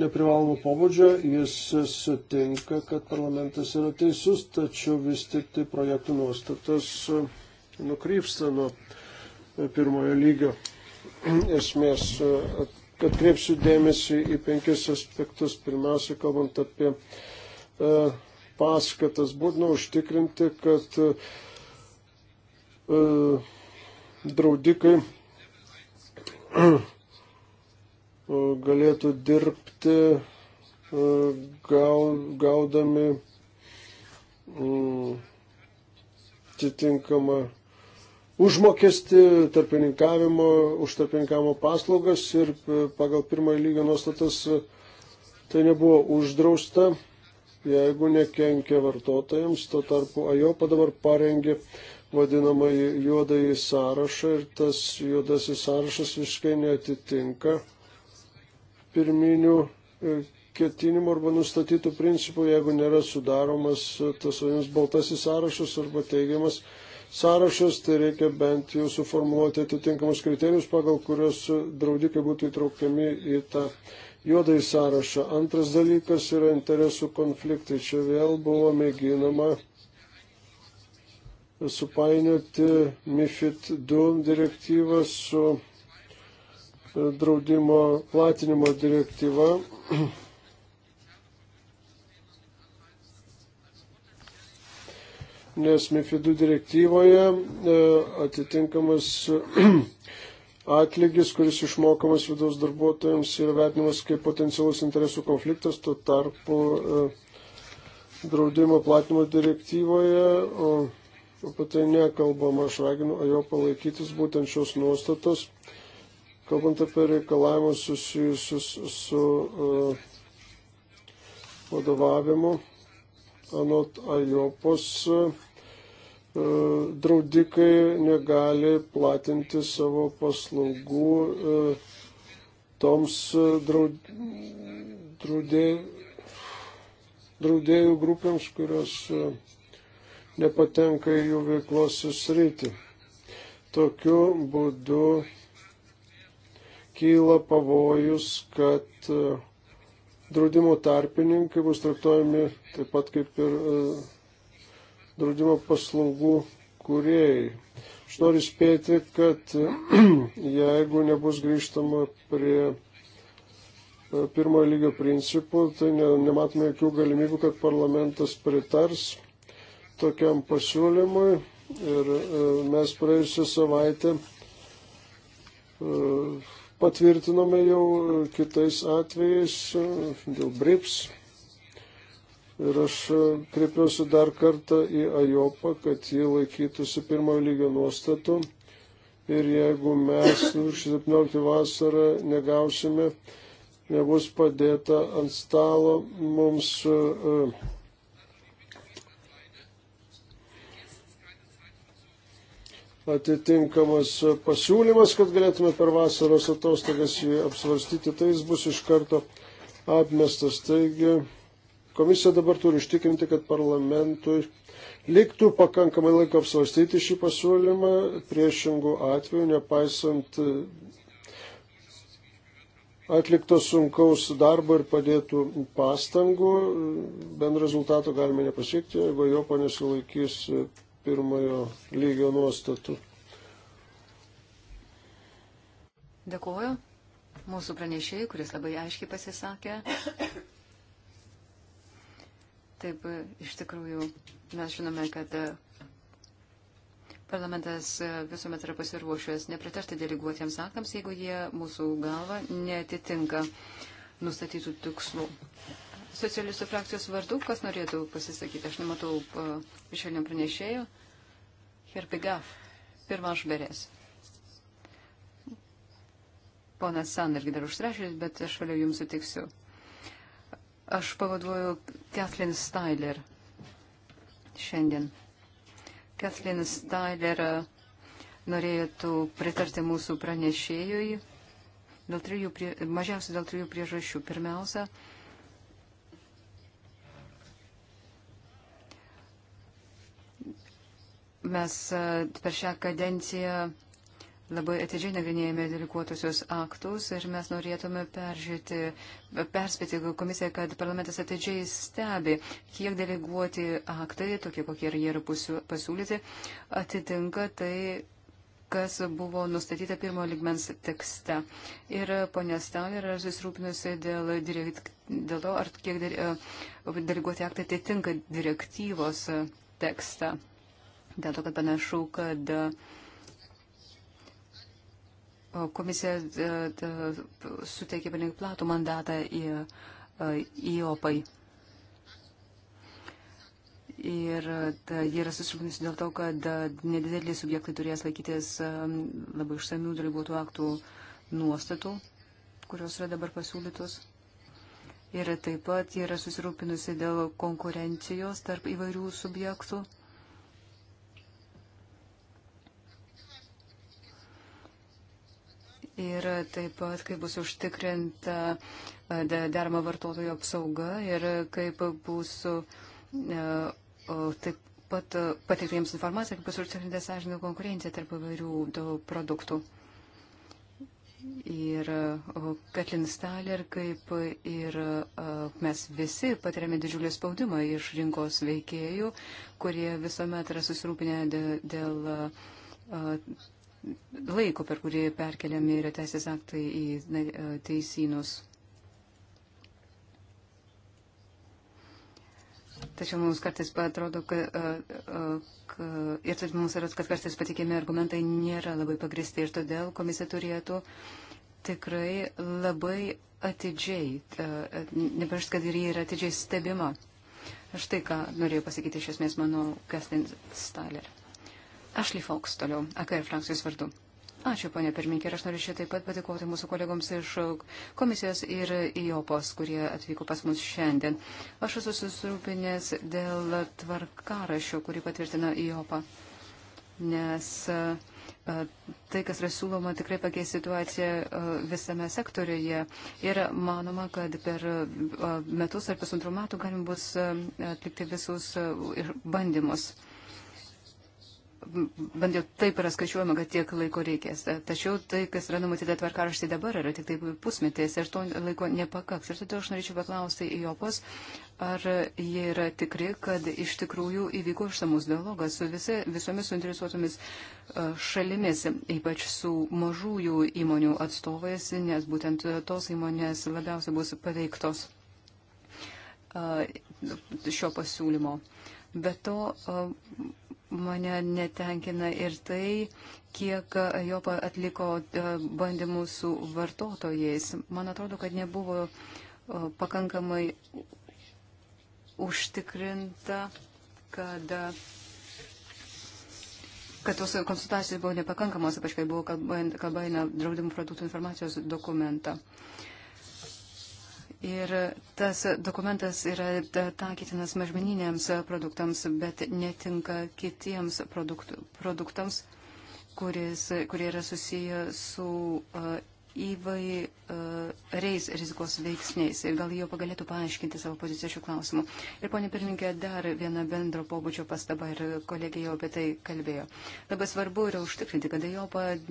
A: neprivalomo pobūdžio, jis sutinka, kad parlamentas yra teisus, tačiau vis tik tai projektų nuostatas e, nukrypsta nuo e, pirmojo lygio esmės. E, atkreipsiu dėmesį į penkis aspektus. Pirmiausia, kalbant apie paskatas, būtina užtikrinti, kad draudikai galėtų dirbti e, gaudami mm, atitinkamą užmokestį tarpininkavimo, už tarpininkavimo paslaugas ir e, pagal pirmąjį lygio nuostatas e, tai nebuvo uždrausta, jeigu nekenkia vartotojams. Tuo tarpu AJOPA dabar parengė vadinamąjį juodąjį sąrašą ir tas juodasis sąrašas visiškai netitinka pirminių e, ketinimų arba nustatytų principų, jeigu nėra sudaromas e, tas vadinamas baltasis sąrašas arba teigiamas sąrašas, tai reikia bent jau suformuoluoti atitinkamus kriterijus, pagal kurios draudikai būtų įtraukiami į tą juodai sąrašą. Antras dalykas yra interesų konfliktai. Čia vėl buvo mėginama supainioti MIFID 2 direktyvą su draudimo platinimo direktyva. Nes MIFIDų direktyvoje e, atitinkamas atlygis, kuris išmokamas vidaus darbuotojams, yra vertinamas kaip potencialus interesų konfliktas, tuo tarpu e, draudimo platinimo direktyvoje. O apie tai nekalbama, aš raginu jo palaikytis būtent šios nuostatos. Kalbant apie reikalavimus susijusius su uh, vadovavimu, anot Ajopos uh, draudikai negali platinti savo paslaugų uh, toms draud, draudė, draudėjų grupėms, kurios nepatenka į jų veiklos susritį. Tokiu būdu kyla pavojus, kad e, draudimo tarpininkai bus traktuojami taip pat kaip ir e, draudimo paslaugų kūrėjai. Aš noriu spėti, kad e, jeigu nebus grįžtama prie pirmojo lygio principų, tai ne, nematome jokių galimybių, kad parlamentas pritars tokiam pasiūlymui. Ir mes praėjusią savaitę patvirtinome jau kitais atvejais e, dėl BRIPS. Ir aš e, kreipiuosi dar kartą į AJOPą, kad jie laikytųsi pirmojo lygio nuostatų. Ir jeigu mes 2017 nu, vasarą negausime, nebus padėta ant stalo mums. Uh, atitinkamas pasiūlymas, kad galėtume per vasaros atostogas jį apsvarstyti, tai jis bus iš karto atmestas. Taigi komisija dabar turi ištikinti, kad parlamentui liktų pakankamai laiko apsvarstyti šį pasiūlymą, priešingų atveju, nepaisant atlikto sunkaus darbo ir padėtų pastangų, bendro rezultato galime nepasiekti, jeigu jo panesilaikys pirmojo lygio nuostatų.
B: Dėkuoju mūsų pranešėjai, kuris labai aiškiai pasisakė. Taip, iš tikrųjų, mes žinome, kad parlamentas visuomet yra pasiruošęs nepritarti deleguotiems aktams, jeigu jie mūsų galva netitinka nustatytų tikslų socialistų frakcijos vardu, kas norėtų pasisakyti? Aš nematau e, šiandien pranešėjo. Herbigaf, pirma aš berės. Ponas San irgi dar užsirašys, bet aš vėliau jums sutiksiu. Aš pavaduoju Kathleen Styler šiandien. Kathleen Styler e, norėtų pritarti mūsų pranešėjui dėl trijų, prie, mažiausiai dėl trijų priežasčių. Pirmiausia, uh, Mes e, per šią kadenciją labai atidžiai nagrinėjame delikuotusius aktus ir mes norėtume peržiūrėti, perspėti komisiją, kad parlamentas atidžiai stebi, kiek deleguoti aktai, tokie kokie ir jie yra pasiūlyti, atitinka tai, kas buvo nustatyta pirmo ligmens tekste. Ir ponė Stauner yra susirūpinusi dėl, direkt, dėl to, ar kiek e, deleguoti aktai atitinka direktyvos tekstą. Dėl to, kad panašu, kad e, komisija e, e, suteikė panink platų mandatą į, į OPAI. Ir ta, jie yra susirūpinusi dėl to, kad nedideliai subjektai turės laikytis labai išsamių dalyvuotų aktų nuostatų, kurios yra dabar pasiūlytos. Ir taip pat jie yra susirūpinusi dėl konkurencijos tarp įvairių subjektų. ir taip pat, kaip bus užtikrinta e, derma vartotojų apsauga ir kaip bus e, taip pat e, pateikti jiems informaciją, kaip bus užtikrinta sąžininė konkurencija tarp įvairių produktų. Ir Katlin Staler, kaip ir mes visi patiriame didžiulį spaudimą iš rinkos veikėjų, kurie visuomet yra susirūpinę dėl, dėl laiko, per kurį perkeliami yra teisės aktai į e, teisynus. Tačiau mums kartais atrodo, kad, e, e, kad ir mums atrodo, kad kartais patikimi argumentai nėra labai pagristi ir todėl komisija turėtų tikrai labai atidžiai, nepamiršt, kad ir jie yra atidžiai stebima. Aš tai, ką norėjau pasakyti iš esmės, manau, Kestin Staler. Ashley Fox toliau, AKR frakcijos vardu. Ačiū, ponė pirminkė, ir aš norėčiau taip pat padėkoti mūsų kolegoms iš komisijos ir IOPOS, kurie atvyko pas mus šiandien. Aš esu susirūpinęs dėl tvarkarašio, kurį patvirtina IOPA, nes e, tai, kas yra siūloma, tikrai pakeis situaciją e, visame sektoriuje ir manoma, kad per e, metus ar pusantrų metų galima bus atlikti visus bandymus bent jau taip yra skaičiuojama, kad tiek laiko reikės. Tačiau tai, kas yra numatyta tvarkaraštį dabar, yra tik taip pusmetis ir to laiko nepakaks. Ir todėl aš norėčiau paklausti Jopos, ar jie yra tikri, kad iš tikrųjų įvyko išsamus dialogas su visi, visomis suinteresuotomis e, šalimis, ypač su mažųjų įmonių atstovais, nes būtent tos įmonės labiausiai bus paveiktos e, šio pasiūlymo. Be to, e, mane netenkina ir tai, kiek Jopa atliko e, bandymų su vartotojais. Man atrodo, kad nebuvo e, pakankamai užtikrinta, kad kad tos konsultacijos buvo nepakankamos, ypač kai buvo kalba eina draudimų produktų informacijos dokumentą. Uh, Ir tas dokumentas yra taikytinas mažmeniniams produktams, bet netinka kitiems produktu, produktams, kuris, kurie yra susiję su uh, įvairiais rizikos veiksniais ir gal jau galėtų paaiškinti savo poziciją šių klausimų. Ir ponė pirmininkė, dar viena bendro pobūdžio pastaba ir kolegė jau apie tai kalbėjo. Labai svarbu yra užtikrinti, kad jo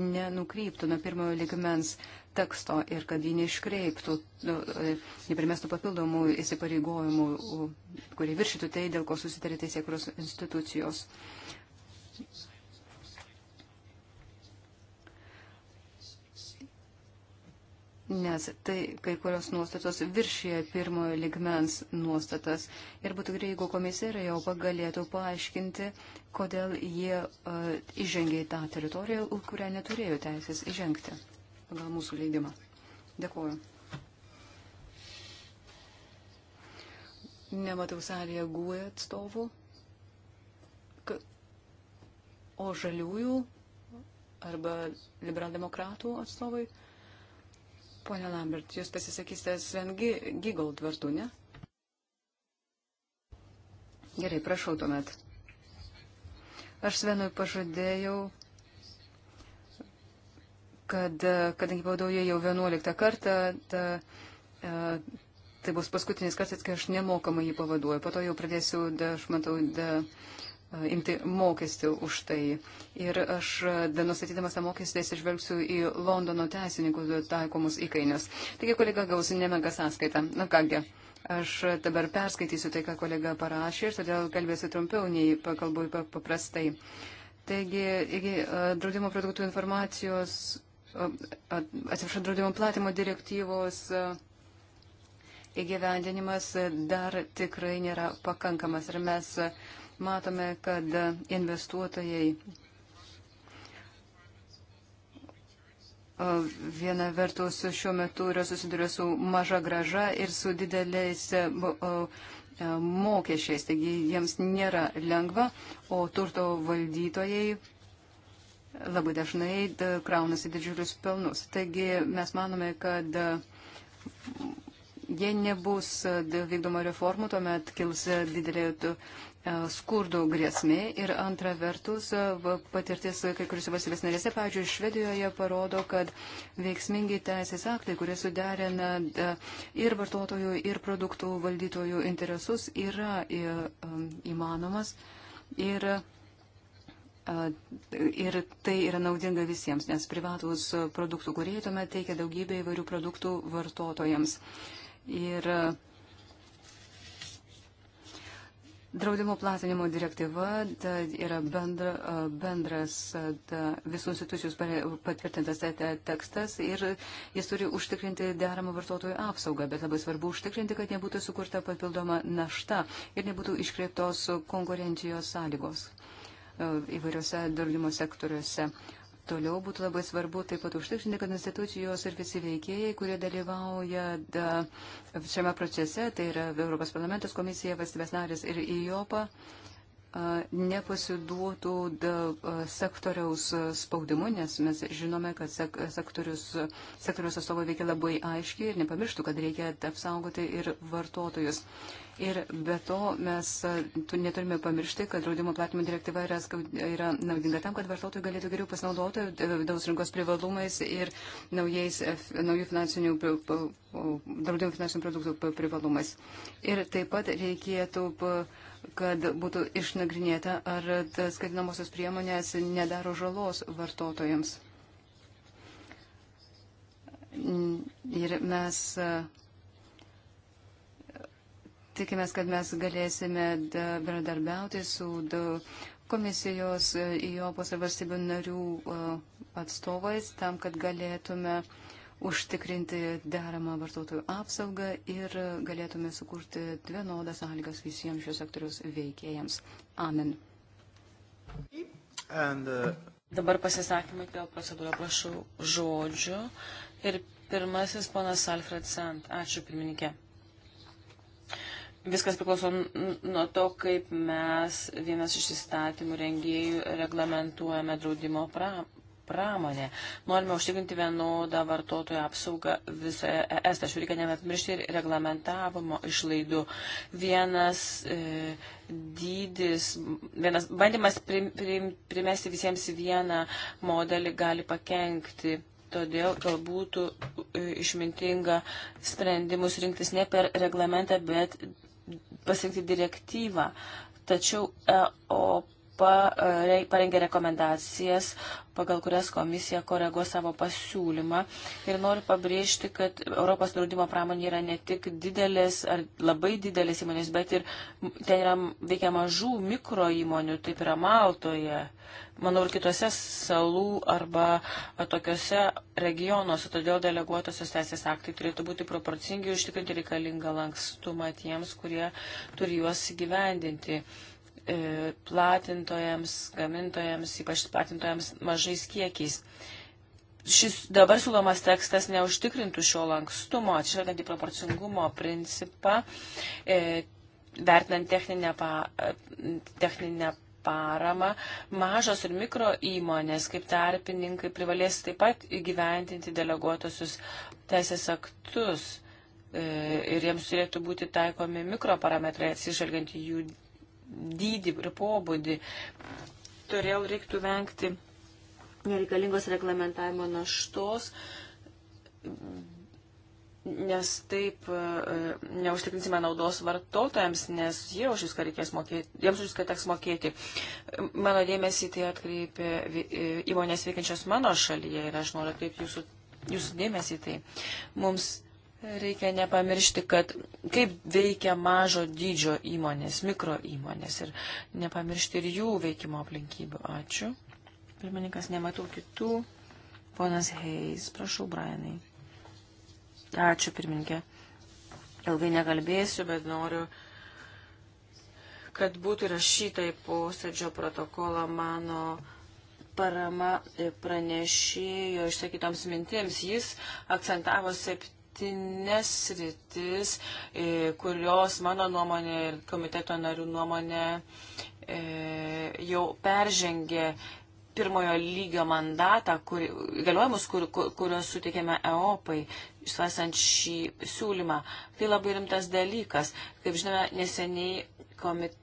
B: nenukryptų nuo pirmojo ligmens teksto ir kad jį neiškreiptų, nu, neprimestų papildomų įsipareigojimų, kurie viršytų tai, dėl ko susitarė teisėkuros institucijos. nes tai kai kurios nuostatos viršyje pirmojo ligmens nuostatas. Ir būtų gerai, jeigu komisarai jau galėtų paaiškinti, kodėl jie uh, įžengė į tą teritoriją, kurią neturėjo teisės įžengti pagal mūsų leidimą. Dėkuoju. Nematau salėje guoja e atstovų. O žaliųjų arba liberaldemokratų atstovai Pone Lambert, jūs pasisakysite Sven Gigold vardu, ne? Gerai, prašau tuomet. Aš Svenui pažadėjau, kad, kadangi pavaduoju jau 11 kartą, ta, e, tai bus paskutinis kartas, kai aš nemokamai jį pavaduoju. Po to jau pradėsiu, da, aš matau, da, imti mokestį už tai. Ir aš, nustatydamas tą mokestį, atsižvelgsiu į Londono teisininkų taikomus įkainius. Taigi kolega gaus nemenką sąskaitą. Na kągi, aš dabar perskaitysiu tai, ką kolega parašė ir todėl kalbėsiu trumpiau nei pakalbu paprastai. Taigi, iki, draudimo produktų informacijos, atsiprašau, draudimo platimo direktyvos įgyvendinimas dar tikrai nėra pakankamas. Ir mes matome, kad investuotojai viena vertus šiuo metu yra susiduria su maža graža ir su dideliais mokesčiais, taigi jiems nėra lengva, o turto valdytojai labai dažnai kraunasi didžiulius pelnus. Taigi mes manome, kad jei nebus vykdoma reformų, tuomet kils didelė E, skurdo grėsmė ir antra vertus e, patirtis kai kuriuose valstybės narėse, pavyzdžiui, Švedijoje parodo, kad veiksmingi teisės aktai, kurie suderina e, ir vartotojų, ir produktų valdytojų interesus, yra įmanomas ir, ir tai yra naudinga visiems, nes privatus produktų kurie tuomet teikia daugybę įvairių produktų vartotojams. Ir uh, Draudimo platinimo direktyva da, yra bendra, bendras da, visų institucijų patvirtintas tekstas ir jis turi užtikrinti deramą vartotojų apsaugą, bet labai svarbu užtikrinti, kad nebūtų sukurta papildoma našta ir nebūtų iškreiptos konkurencijos sąlygos įvairiose draudimo sektoriuose. Toliau būtų labai svarbu taip pat užtikrinti, kad institucijos ir visi veikėjai, kurie dalyvauja da, šiame procese, tai yra Europos parlamentas, komisija, valstybės narės ir IOPA, nepasiduotų da, sektoriaus spaudimu, nes mes žinome, kad sek, sektorius, sektorius atstovai veikia labai aiškiai ir nepamirštų, kad reikia apsaugoti ir vartotojus. Ir be to mes neturime pamiršti, kad draudimo platinimo direktyva yra, yra naudinga tam, kad vartotojai galėtų geriau pasinaudoti e, vidaus rinkos privalumais ir naujais, e, naujų finansinių, draudimo finansinių produktų privalumais. Ir taip pat reikėtų kad būtų išnagrinėta, ar skatinamosios priemonės nedaro žalos vartotojams. Ir mes Tikimės, kad mes galėsime bendradarbiauti su komisijos įjopos e, ir valstybių narių e, atstovais tam, kad galėtume užtikrinti deramą vartotojų apsaugą ir galėtume sukurti vienodas sąlygas visiems šios sektoriaus veikėjams. Amen.
C: And, uh... Dabar pasisakymai dėl procedūrą prašau žodžių. Ir pirmasis ponas Alfred Sant. Ačiū pirmininkė. Viskas priklauso nuo to, kaip mes vienas iš įstatymų rengėjų reglamentuojame draudimo pra pramonė. Norime užtikrinti vienodą vartotojų apsaugą visoje ES, tačiau reikia nepamiršti ir reglamentavimo išlaidų. Vienas e, dydis, vienas bandymas prim, prim, primesti visiems vieną modelį gali pakenkti todėl galbūt e, išmintinga sprendimus rinktis ne per reglamentą, bet pasirinkti direktyvą, tačiau EOP E, parengė rekomendacijas, pagal kurias komisija koreguos savo pasiūlymą. Ir noriu pabrėžti, kad Europos draudimo pramonė yra ne tik didelės ar labai didelės įmonės, bet ir ten yra veikia mažų mikro įmonių, taip yra Maltoje, manau, ir kitose salų arba tokiuose regionuose. Todėl deleguotosios teisės aktai turėtų būti proporcingi, užtikrinti reikalingą lankstumą tiems, kurie turi juos įgyvendinti. E, platintojams, gamintojams, ypač platintojams mažais kiekiais. Šis dabar siūlomas tekstas neužtikrintų šio lankstumo, atšvelgiant į proporcingumo principą, e, vertinant techninę, pa, e, techninę paramą, mažos ir mikro įmonės kaip tarpininkai privalės taip pat įgyventinti deleguotosius teisės aktus e, ir jiems turėtų būti taikomi mikroparametrai atsižvelgiant į jų dydį ir pobūdį. Todėl reiktų vengti nereikalingos reglamentavimo naštos, nes taip e, neužtikrinsime naudos vartotojams, nes jie už viską reikės mokėti, jiems už viską teks mokėti. Mano dėmesį tai atkreipė e, įmonės veikiančios mano šalyje ir aš noriu atkreipti jūsų, jūsų dėmesį tai. Mums Reikia nepamiršti, kad kaip veikia mažo dydžio įmonės, mikro įmonės ir nepamiršti ir jų veikimo aplinkybių. Ačiū. Pirmininkas, nematau kitų. Ponas Heis, prašau, Brianai. Ačiū, pirmininkė. Ilgai nekalbėsiu, bet noriu, kad būtų rašyta į posėdžio protokolą mano parama pranešėjo išsakytoms mintims. Jis akcentavo septynis išskirtines sritis, e, kurios mano nuomonė ir komiteto narių nuomonė e, jau peržengė pirmojo lygio mandatą, kur, galiojimus, kur, kur, kuriuos sutikėme EOPai, išsvarsant šį siūlymą. Tai labai rimtas dalykas. Kaip žinome, neseniai komit,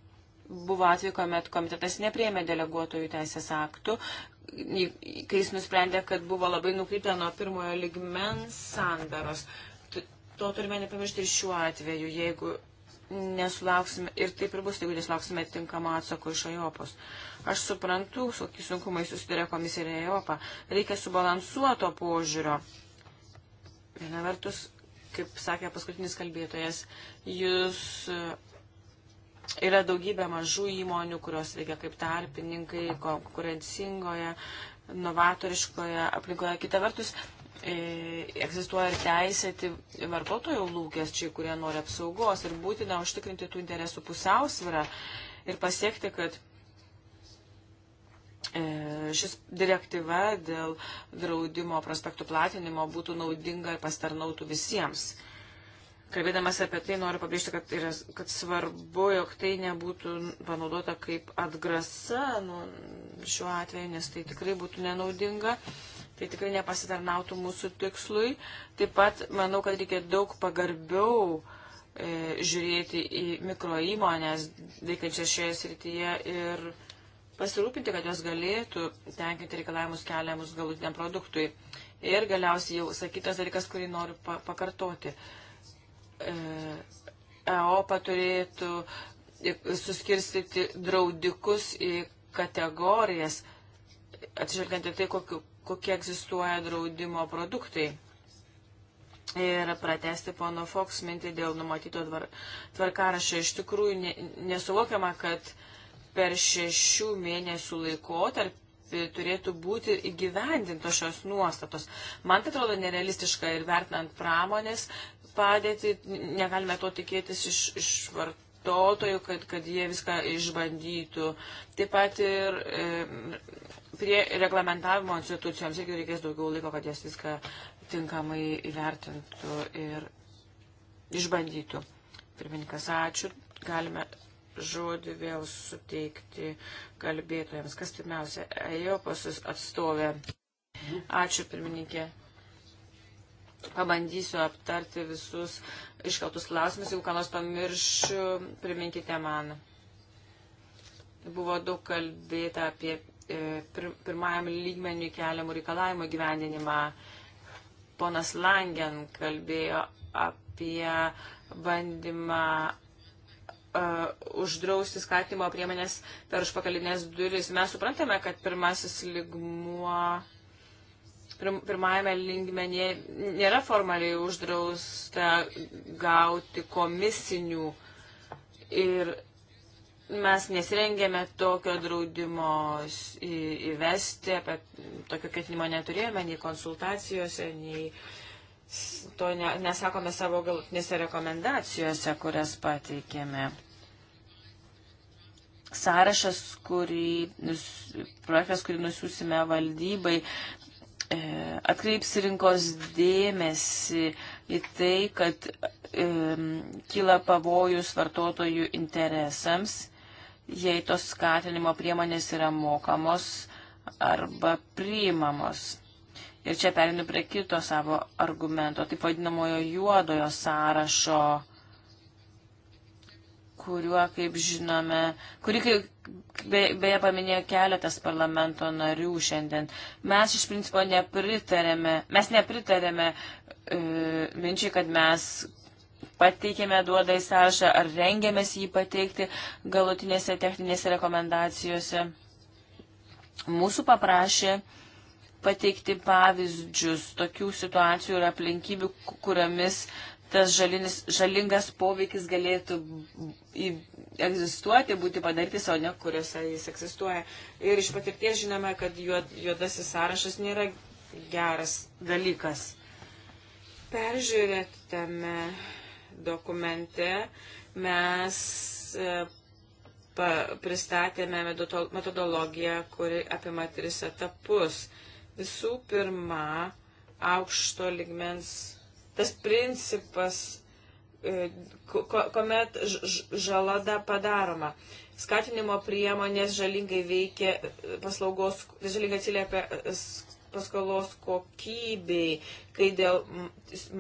C: buvo atveju, kuomet komitetas neprieėmė deleguotojų teisės aktų, kai jis nusprendė, kad buvo labai nukrypę nuo pirmojo ligmens sandaros. To turime nepamiršti ir šiuo atveju, jeigu nesulauksime, ir taip ir bus, jeigu nesulauksime tinkamą atsako iš Ajopos. Aš suprantu, kokie sunkumai susiduria komisija Ajopa. Reikia subalansuoto požiūrio. Viena vertus, kaip sakė paskutinis kalbėtojas, jūs Yra daugybė mažų įmonių, kurios veikia kaip tarpininkai konkurencingoje, novatoriškoje aplinkoje. Kita vertus, e, egzistuoja ir teisėti vartotojų lūkesčiai, kurie nori apsaugos ir būtina užtikrinti tų interesų pusiausvyrą ir pasiekti, kad e, šis direktyva dėl draudimo prospektų platinimo būtų naudinga ir pastarnautų visiems. Kalbėdamas apie tai, noriu pabrėžti, kad, yra, kad svarbu, jog tai nebūtų panaudota kaip atgrasa nu, šiuo atveju, nes tai tikrai būtų nenaudinga, tai tikrai nepasitarnautų mūsų tikslui. Taip pat manau, kad reikia daug pagarbiau e, žiūrėti į mikroįmonės veikiančias šioje srityje ir pasirūpinti, kad jos galėtų tenkinti reikalavimus keliamus galutiniam produktui. Ir galiausiai jau sakytas dalykas, kurį noriu pa pakartoti. E, EOPA e turėtų suskirstyti draudikus į kategorijas, atsižvelgiant į tai, kokiu, kokie egzistuoja draudimo produktai. Ir pratesti pono Fox mintį dėl numatyto tvar, tvarkarašio. Iš tikrųjų ne, nesuvokiama, kad per šešių mėnesių laikotarpį turėtų būti įgyvendintos šios nuostatos. Man tai atrodo nerealistiška ir vertinant pramonės padėtį, negalime to tikėtis iš, iš vartotojų, kad, kad jie viską išbandytų. Taip pat ir e, prie reglamentavimo institucijoms irgi reikės daugiau laiko, kad jas viską tinkamai įvertintų ir išbandytų. Pirmininkas, ačiū. Galime žodį vėl suteikti kalbėtojams. Kas pirmiausia, EJOPOS atstovė. Ačiū, pirmininkė. Pabandysiu aptarti visus iškeltus klausimus, jeigu ką nors pamiršiu, priminkite man. Buvo daug kalbėta apie e, pir, pirmajam lygmenių keliamų reikalavimų gyvendinimą. Ponas Langen kalbėjo apie bandymą uh, uždrausti skatimo priemonės per užpakalinės duris. Mes suprantame, kad pirmasis ligmuo pirmajame linkmenėje nėra formaliai uždrausta gauti komisinių ir mes nesirengėme tokio draudimo įvesti, apie tokio ketinimo neturėjome nei konsultacijose, nei to ne, nesakome savo galutinėse rekomendacijose, kurias pateikėme. Sąrašas, kurį, projektas, kurį nusiusime valdybai, E, atkreips rinkos dėmesį į tai, kad e, kyla pavojus vartotojų interesams, jei tos skatinimo priemonės yra mokamos arba priimamos. Ir čia perinu prie kito savo argumento, taip vadinamojo juodojo sąrašo kuriuo, kaip žinome, kurį be, beje paminėjo keletas parlamento narių šiandien. Mes iš principo nepritarėme, mes nepritarėme e, minčiai, kad mes pateikėme duodą į sąrašą ar rengėmės jį pateikti galutinėse techninėse rekomendacijose. Mūsų paprašė pateikti pavyzdžius tokių situacijų ir aplinkybių, kuriamis tas žalinis, žalingas poveikis galėtų į, egzistuoti, būti padarytis, o ne kuriuose jis egzistuoja. Ir iš patirties žinome, kad juod, juodasis sąrašas nėra geras dalykas. Peržiūrėtame dokumente mes e, pristatėme metodologiją, kuri apima tris etapus. Visų pirma, aukšto ligmens tas principas, e, kuomet žalada padaroma. Skatinimo priemonės žalingai veikia e, paslaugos, žalingai atsiliepia e, paskolos kokybei, kai dėl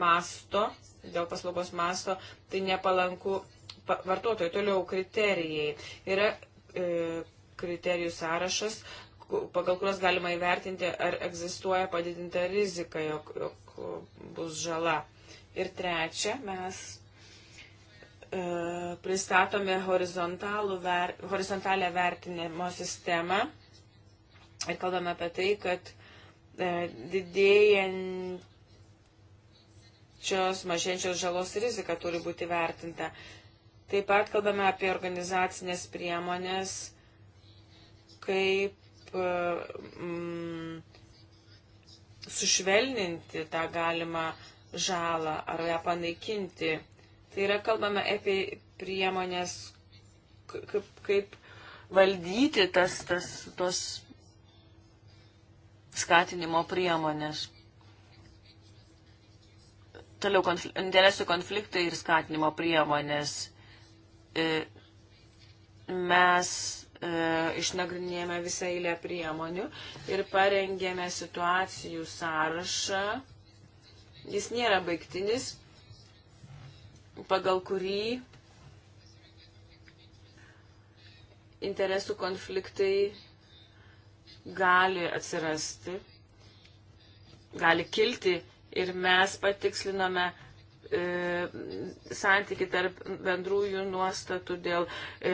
C: masto, dėl paslaugos masto, tai nepalanku vartotojai. Toliau kriterijai. Yra e, kriterijų sąrašas, pagal kuriuos galima įvertinti, ar egzistuoja padidinta rizika, jog, jog e, bus žala. Ir trečia, mes e, pristatome ver, horizontalę vertinimo sistemą ir kalbame apie tai, kad e, didėjančios, mažėjančios žalos rizika turi būti vertinta. Taip pat kalbame apie organizacinės priemonės, kaip E, mm, sušvelninti tą galimą žalą ar ją panaikinti. Tai yra kalbame apie priemonės, kaip, kaip valdyti tas, tas, tos skatinimo priemonės. Toliau konfl interesų konfliktai ir skatinimo priemonės. E, mes E, išnagrinėjame visą eilę priemonių ir parengėme situacijų sąrašą. Jis nėra baigtinis, pagal kurį interesų konfliktai gali atsirasti, gali kilti ir mes patikslinome E, santyki tarp bendrųjų nuostatų dėl e,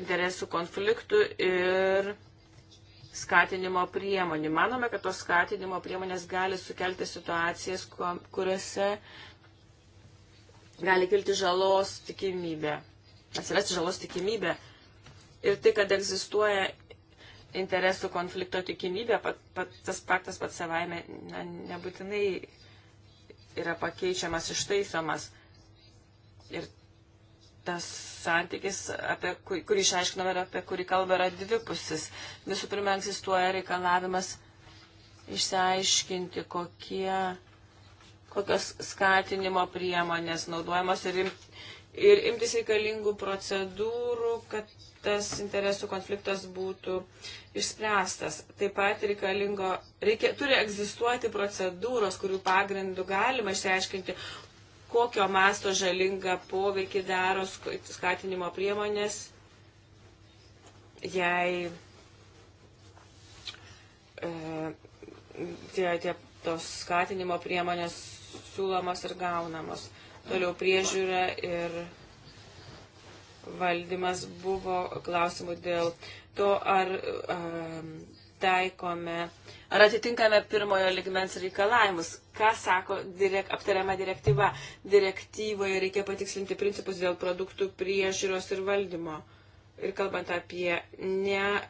C: interesų konfliktų ir skatinimo priemonių. Manome, kad tos skatinimo priemonės gali sukelti situacijas, kuriuose gali kilti žalos tikimybė, atsirasti žalos tikimybė. Ir tai, kad egzistuoja interesų konflikto tikimybė, pat, pat, tas faktas pats savaime na, nebūtinai yra pakeičiamas, ištaisomas. Ir tas santykis, apie kurį, kurį išaiškiname ir apie kurį kalba, yra dvipusis. Visų pirma, egzistuoja reikalavimas išsiaiškinti, kokie, kokios skatinimo priemonės naudojamos ir, im, ir imtis reikalingų procedūrų, kad tas interesų konfliktas būtų išspręstas. Taip pat reikalingo, reikia, turi egzistuoti procedūros, kurių pagrindų galima išsiaiškinti, kokio masto žalingą poveikį daro skatinimo priemonės, jei e, tie, tie tos skatinimo priemonės siūlomos ir gaunamos. Toliau priežiūra ir valdymas buvo klausimų dėl to, ar um, taikome, ar atitinkame pirmojo ligmens reikalavimus. Ką sako direk, aptariama direktyva? Direktyvoje reikia patikslinti principus dėl produktų priežiūros ir valdymo. Ir kalbant apie ne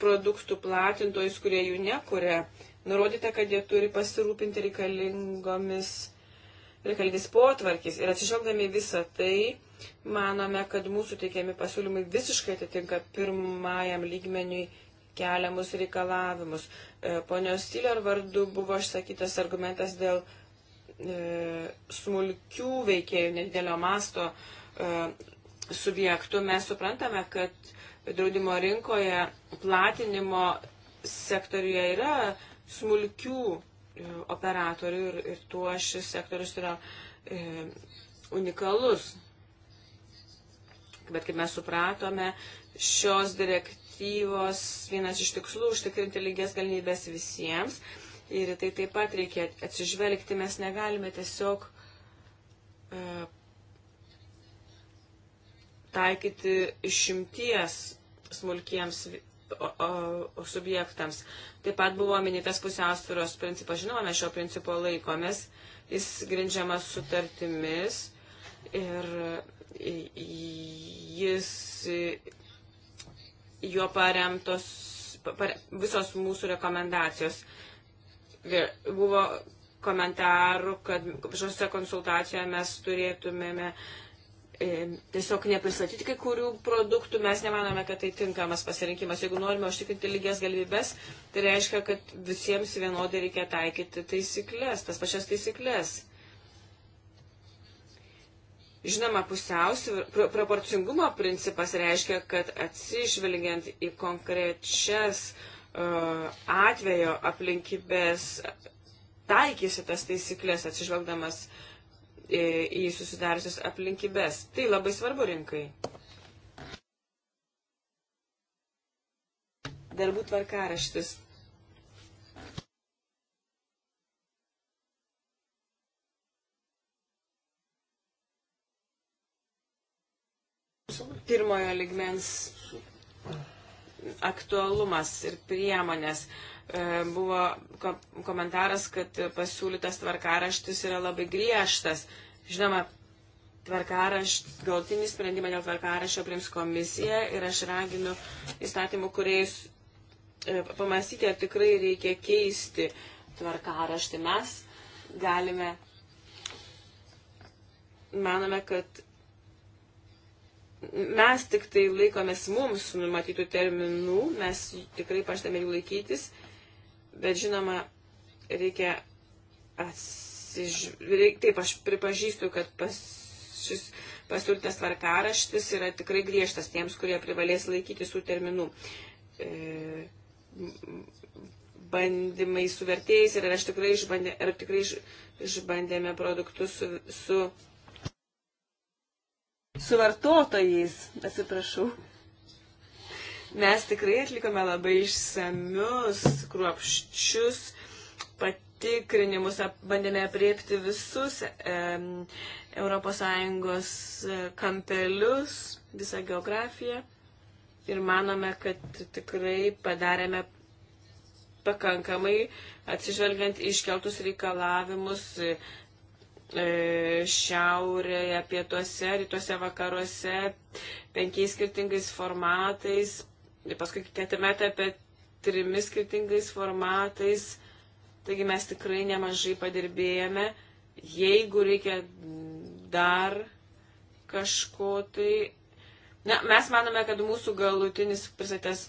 C: produktų platintojus, kurie jų nekuria, nurodyta, kad jie turi pasirūpinti reikalingomis reikalingas potvarkis. Ir atsižvelgdami visą tai, manome, kad mūsų teikiami pasiūlymai visiškai atitinka pirmajam lygmeniui keliamus reikalavimus. E, ponios Stiller vardu buvo išsakytas argumentas dėl e, smulkių veikėjų, nedidelio masto e, subjektų. Mes suprantame, kad draudimo rinkoje platinimo sektoriuje yra smulkių operatorių ir, ir tuo šis sektorius yra e, unikalus. Bet kaip mes supratome, šios direktyvos vienas iš tikslų užtikrinti lygias galimybės visiems ir tai taip pat reikia atsižvelgti, mes negalime tiesiog e, taikyti išimties smulkiems subjektams. Taip pat buvo minėtas pusiausvyros principas. Žinoma, mes šio principo laikomės. Jis grindžiamas sutartimis ir jis juo paremtos par, visos mūsų rekomendacijos. Buvo komentarų, kad šiuose konsultacijoje mes turėtumėme uh, E, tiesiog nepristatyti kai kurių produktų, mes nemanome, kad tai tinkamas pasirinkimas. Jeigu norime užtikrinti lygias galimybės, tai reiškia, kad visiems vienodai reikia taikyti taisyklės, tas pačias taisyklės. Žinoma, pusiausvyrą, proporcingumo principas reiškia, kad atsižvelgiant į konkrečias uh, atvejo aplinkybės, taikysi tas taisyklės atsižvelgdamas uh, į susidariusias aplinkybės. Tai labai svarbu rinkai. Darbų tvarkaraštis. Pirmojo ligmens aktualumas ir priemonės. E, buvo komentaras, kad pasiūlytas tvarkaraštis yra labai griežtas. Žinoma, tvarkaraštis, galtinį sprendimą dėl tvarkaraščio priims komisija ir aš raginu įstatymų, kuriais e, pamastyti, ar tikrai reikia keisti tvarkaraštį. Mes galime, manome, kad mes tik tai laikomės mums numatytų terminų, mes tikrai paštame jų laikytis, bet žinoma, reikia atsižvelgti. Taip, aš pripažįstu, kad pas, šis pasiūlytas tvarkaraštis yra tikrai griežtas tiems, kurie privalės laikytis tų terminų. E, bandymai su vertėjais ir aš tikrai, išbandė, ar tikrai išbandėme produktus su, su su vartotojais, atsiprašau. Mes tikrai atlikome labai išsamius, kruopščius patikrinimus, bandėme apriepti visus ES e, kampelius, visą geografiją ir manome, kad tikrai padarėme pakankamai atsižvelgiant iškeltus reikalavimus E, šiaurėje, pietuose, rytuose, vakaruose, penkiais skirtingais formatais, paskui kitame etape trimis skirtingais formatais. Taigi mes tikrai nemažai padirbėjome. Jeigu reikia dar kažko, tai. Na, mes manome, kad mūsų galutinis pristatęs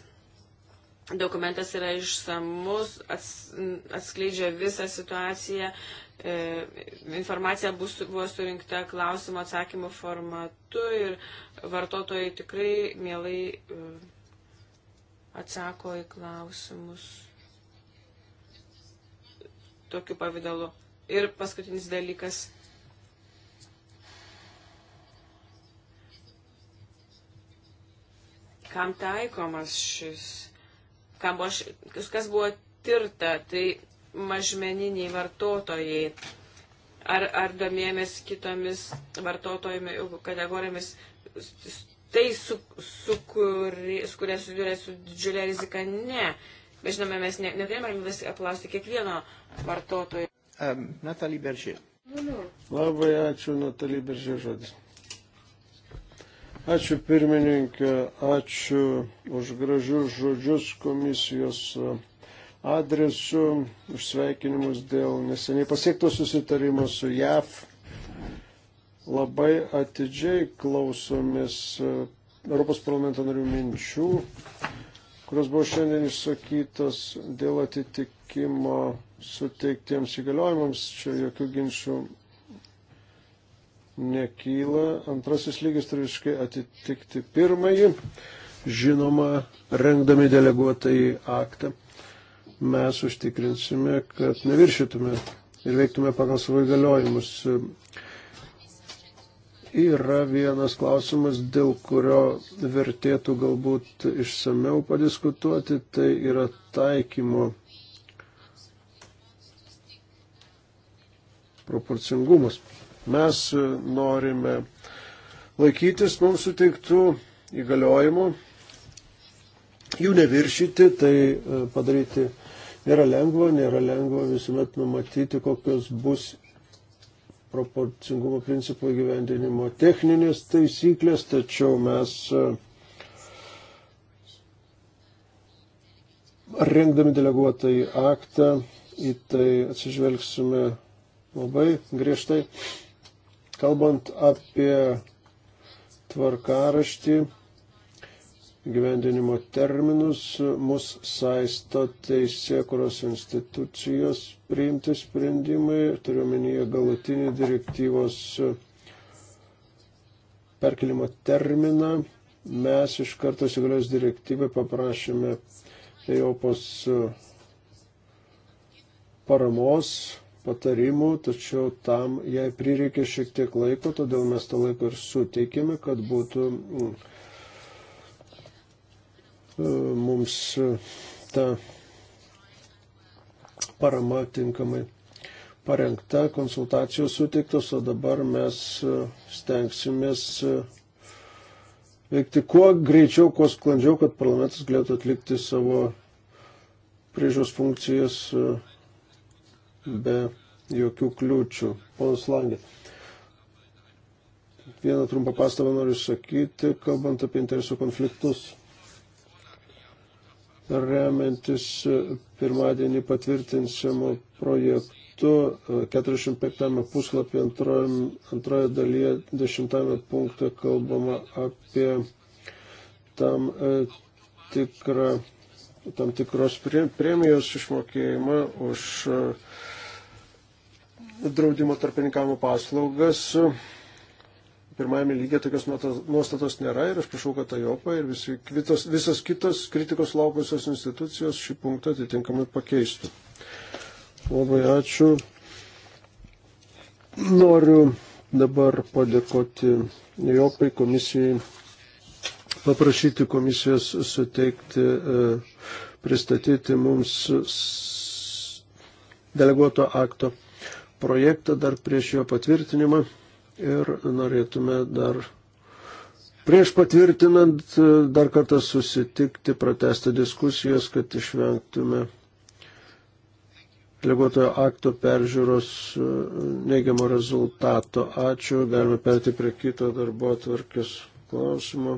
C: dokumentas yra išsamus, ats, atskleidžia visą situaciją, E, informacija bus, buvo surinkta klausimo atsakymų formatu ir vartotojai tikrai mielai e, atsako į klausimus tokiu pavydalu. Ir paskutinis dalykas. Kam taikomas šis, kam buvo, kas buvo tirta, tai mažmeniniai vartotojai. Ar, ar domėjomės kitomis vartotojų kategorijomis, tai su, su, kuri, su kuria susiduria su didžiulė rizika? Ne. Bet žinome, mes ne, negalime vis aplausti kiekvieno vartotojo.
A: Um, Natalija Beržė. Labai ačiū, Natalija Beržė žodis. Ačiū pirmininkė, ačiū už gražius žodžius komisijos. Uh, adresu už sveikinimus dėl neseniai pasiekto susitarimo su JAV. Labai atidžiai klausomės e, Europos parlamento narių minčių, kurios buvo šiandien išsakytos dėl atitikimo suteiktiems įgaliojimams. Čia jokių ginčių nekyla. Antrasis lygis turi visiškai atitikti pirmąjį, žinoma, rengdami deleguotąjį aktą mes užtikrinsime, kad neviršytume ir veiktume pagal savo įgaliojimus. Yra vienas klausimas, dėl kurio vertėtų galbūt išsameu padiskutuoti, tai yra taikymo proporcingumas. Mes norime laikytis mums suteiktų įgaliojimų, jų neviršyti, tai e, padaryti Nėra lengva, nėra lengva visuomet numatyti, kokios bus proporcingumo principų gyvendinimo techninės taisyklės, tačiau mes e, rengdami deleguotą į aktą į tai atsižvelgsime labai griežtai. Kalbant apie tvarkaraštį, gyvendinimo terminus, mus saisto teisė, kurios institucijos priimti sprendimai, turiuomenyje galutinį direktyvos perkelimo terminą. Mes iš karto įsigalios direktyvai paprašėme Europos paramos patarimų, tačiau tam jai prireikė šiek tiek laiko, todėl mes tą laiką ir suteikėme, kad būtų mm, mums e, ta parama tinkamai parengta, konsultacijos suteiktos, o dabar mes e, stengsimės e, veikti kuo greičiau, kuo sklandžiau, kad parlamentas galėtų atlikti savo priežios funkcijas be jokių kliūčių. Ponas Langė. Vieną trumpą pastabą noriu sakyti, kalbant apie interesų konfliktus remiantis e, pirmadienį patvirtinsiamo projektu 45 puslapį antroje dalyje 10 punkte kalbama apie tam e, tikrą tam tikros premijos išmokėjimą už e, draudimo tarpininkavimo paslaugas pirmajame lygiai tokios nuostatos nėra ir aš prašau, kad AJOPA ir visi, kvitos, visas kitos kritikos laukusios institucijos šį punktą atitinkamai pakeistų. Labai ačiū. Noriu dabar padėkoti AJOPai komisijai, paprašyti komisijos suteikti, e, pristatyti mums deleguoto akto projektą dar prieš jo patvirtinimą ir norėtume dar prieš patvirtinant e, dar kartą susitikti, pratesti diskusijas, kad išvengtume lygotojo akto peržiūros e, neigiamo rezultato. Ačiū, galime perti prie kito darbo atvarkės klausimo.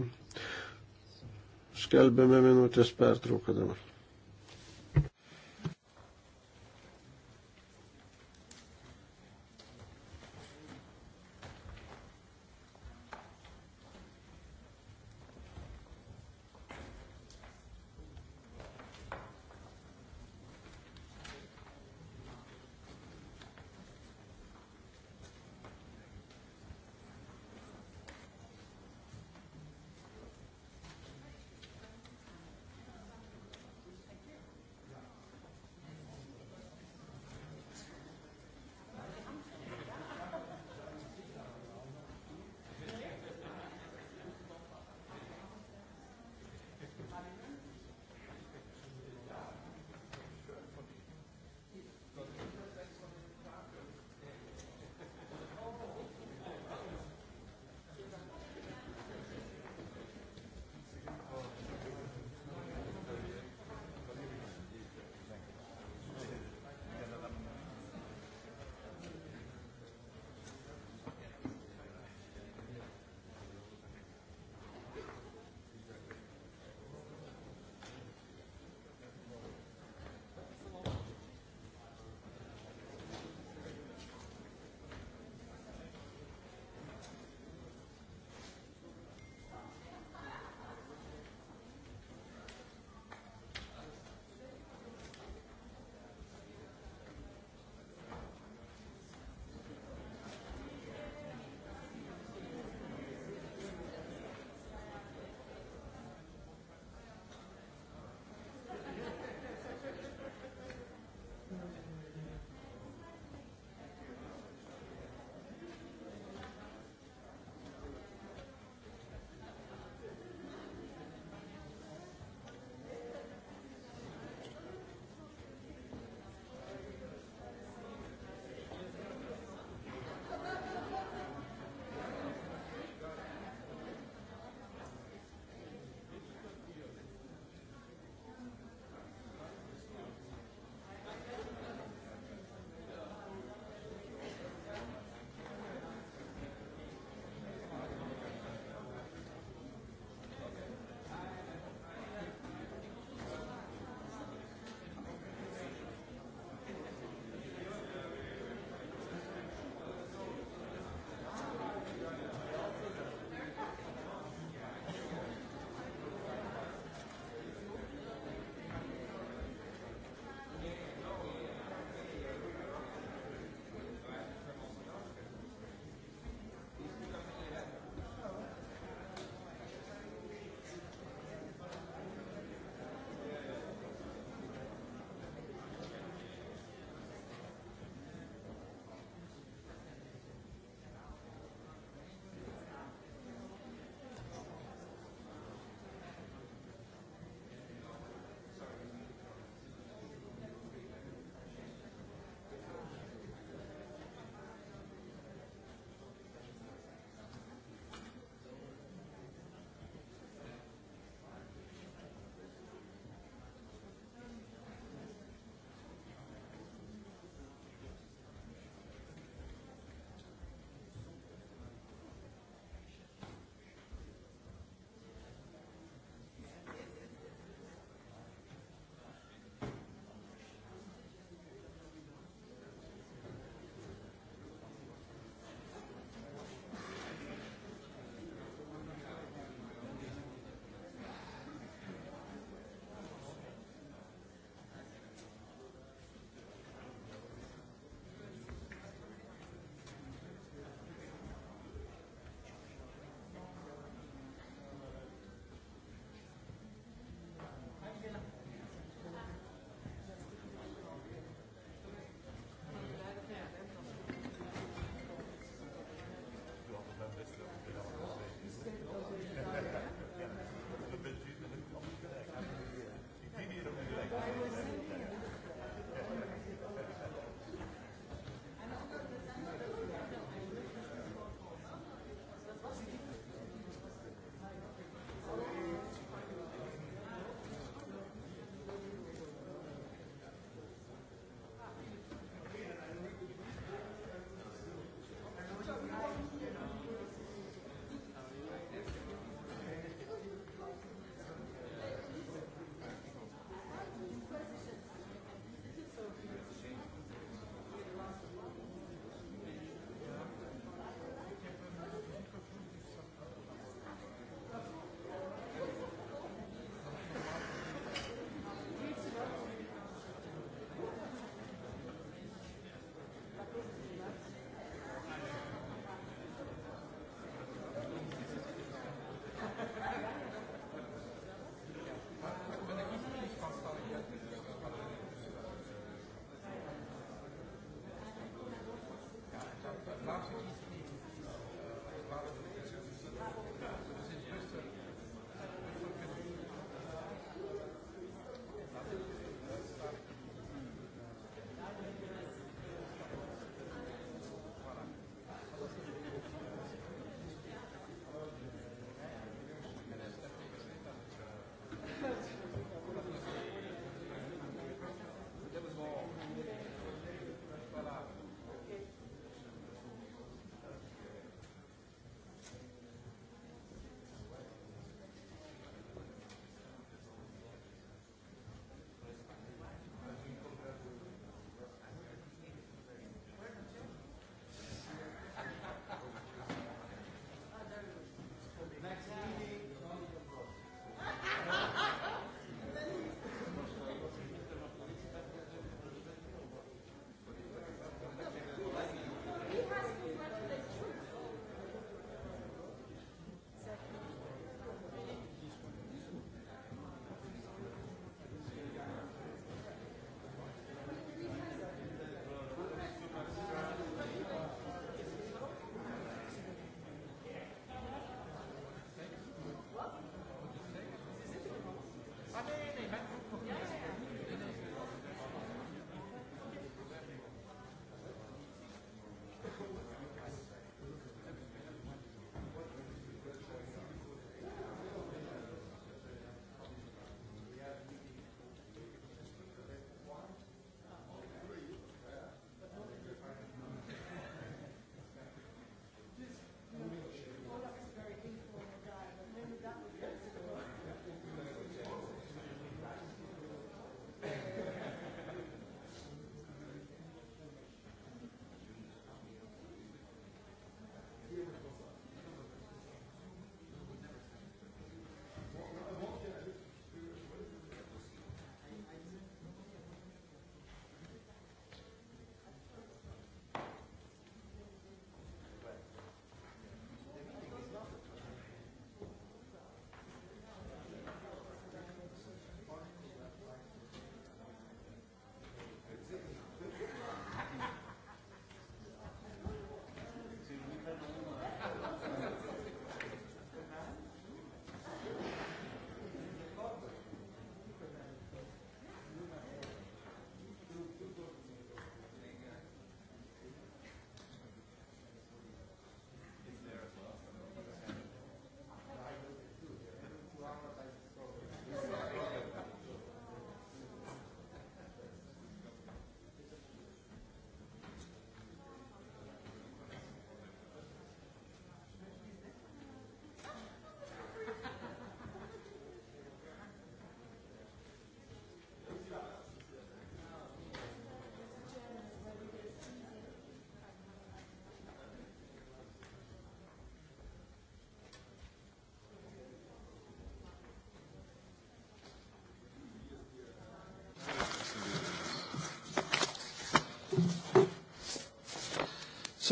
A: Skelbėme minutės pertrauką dabar.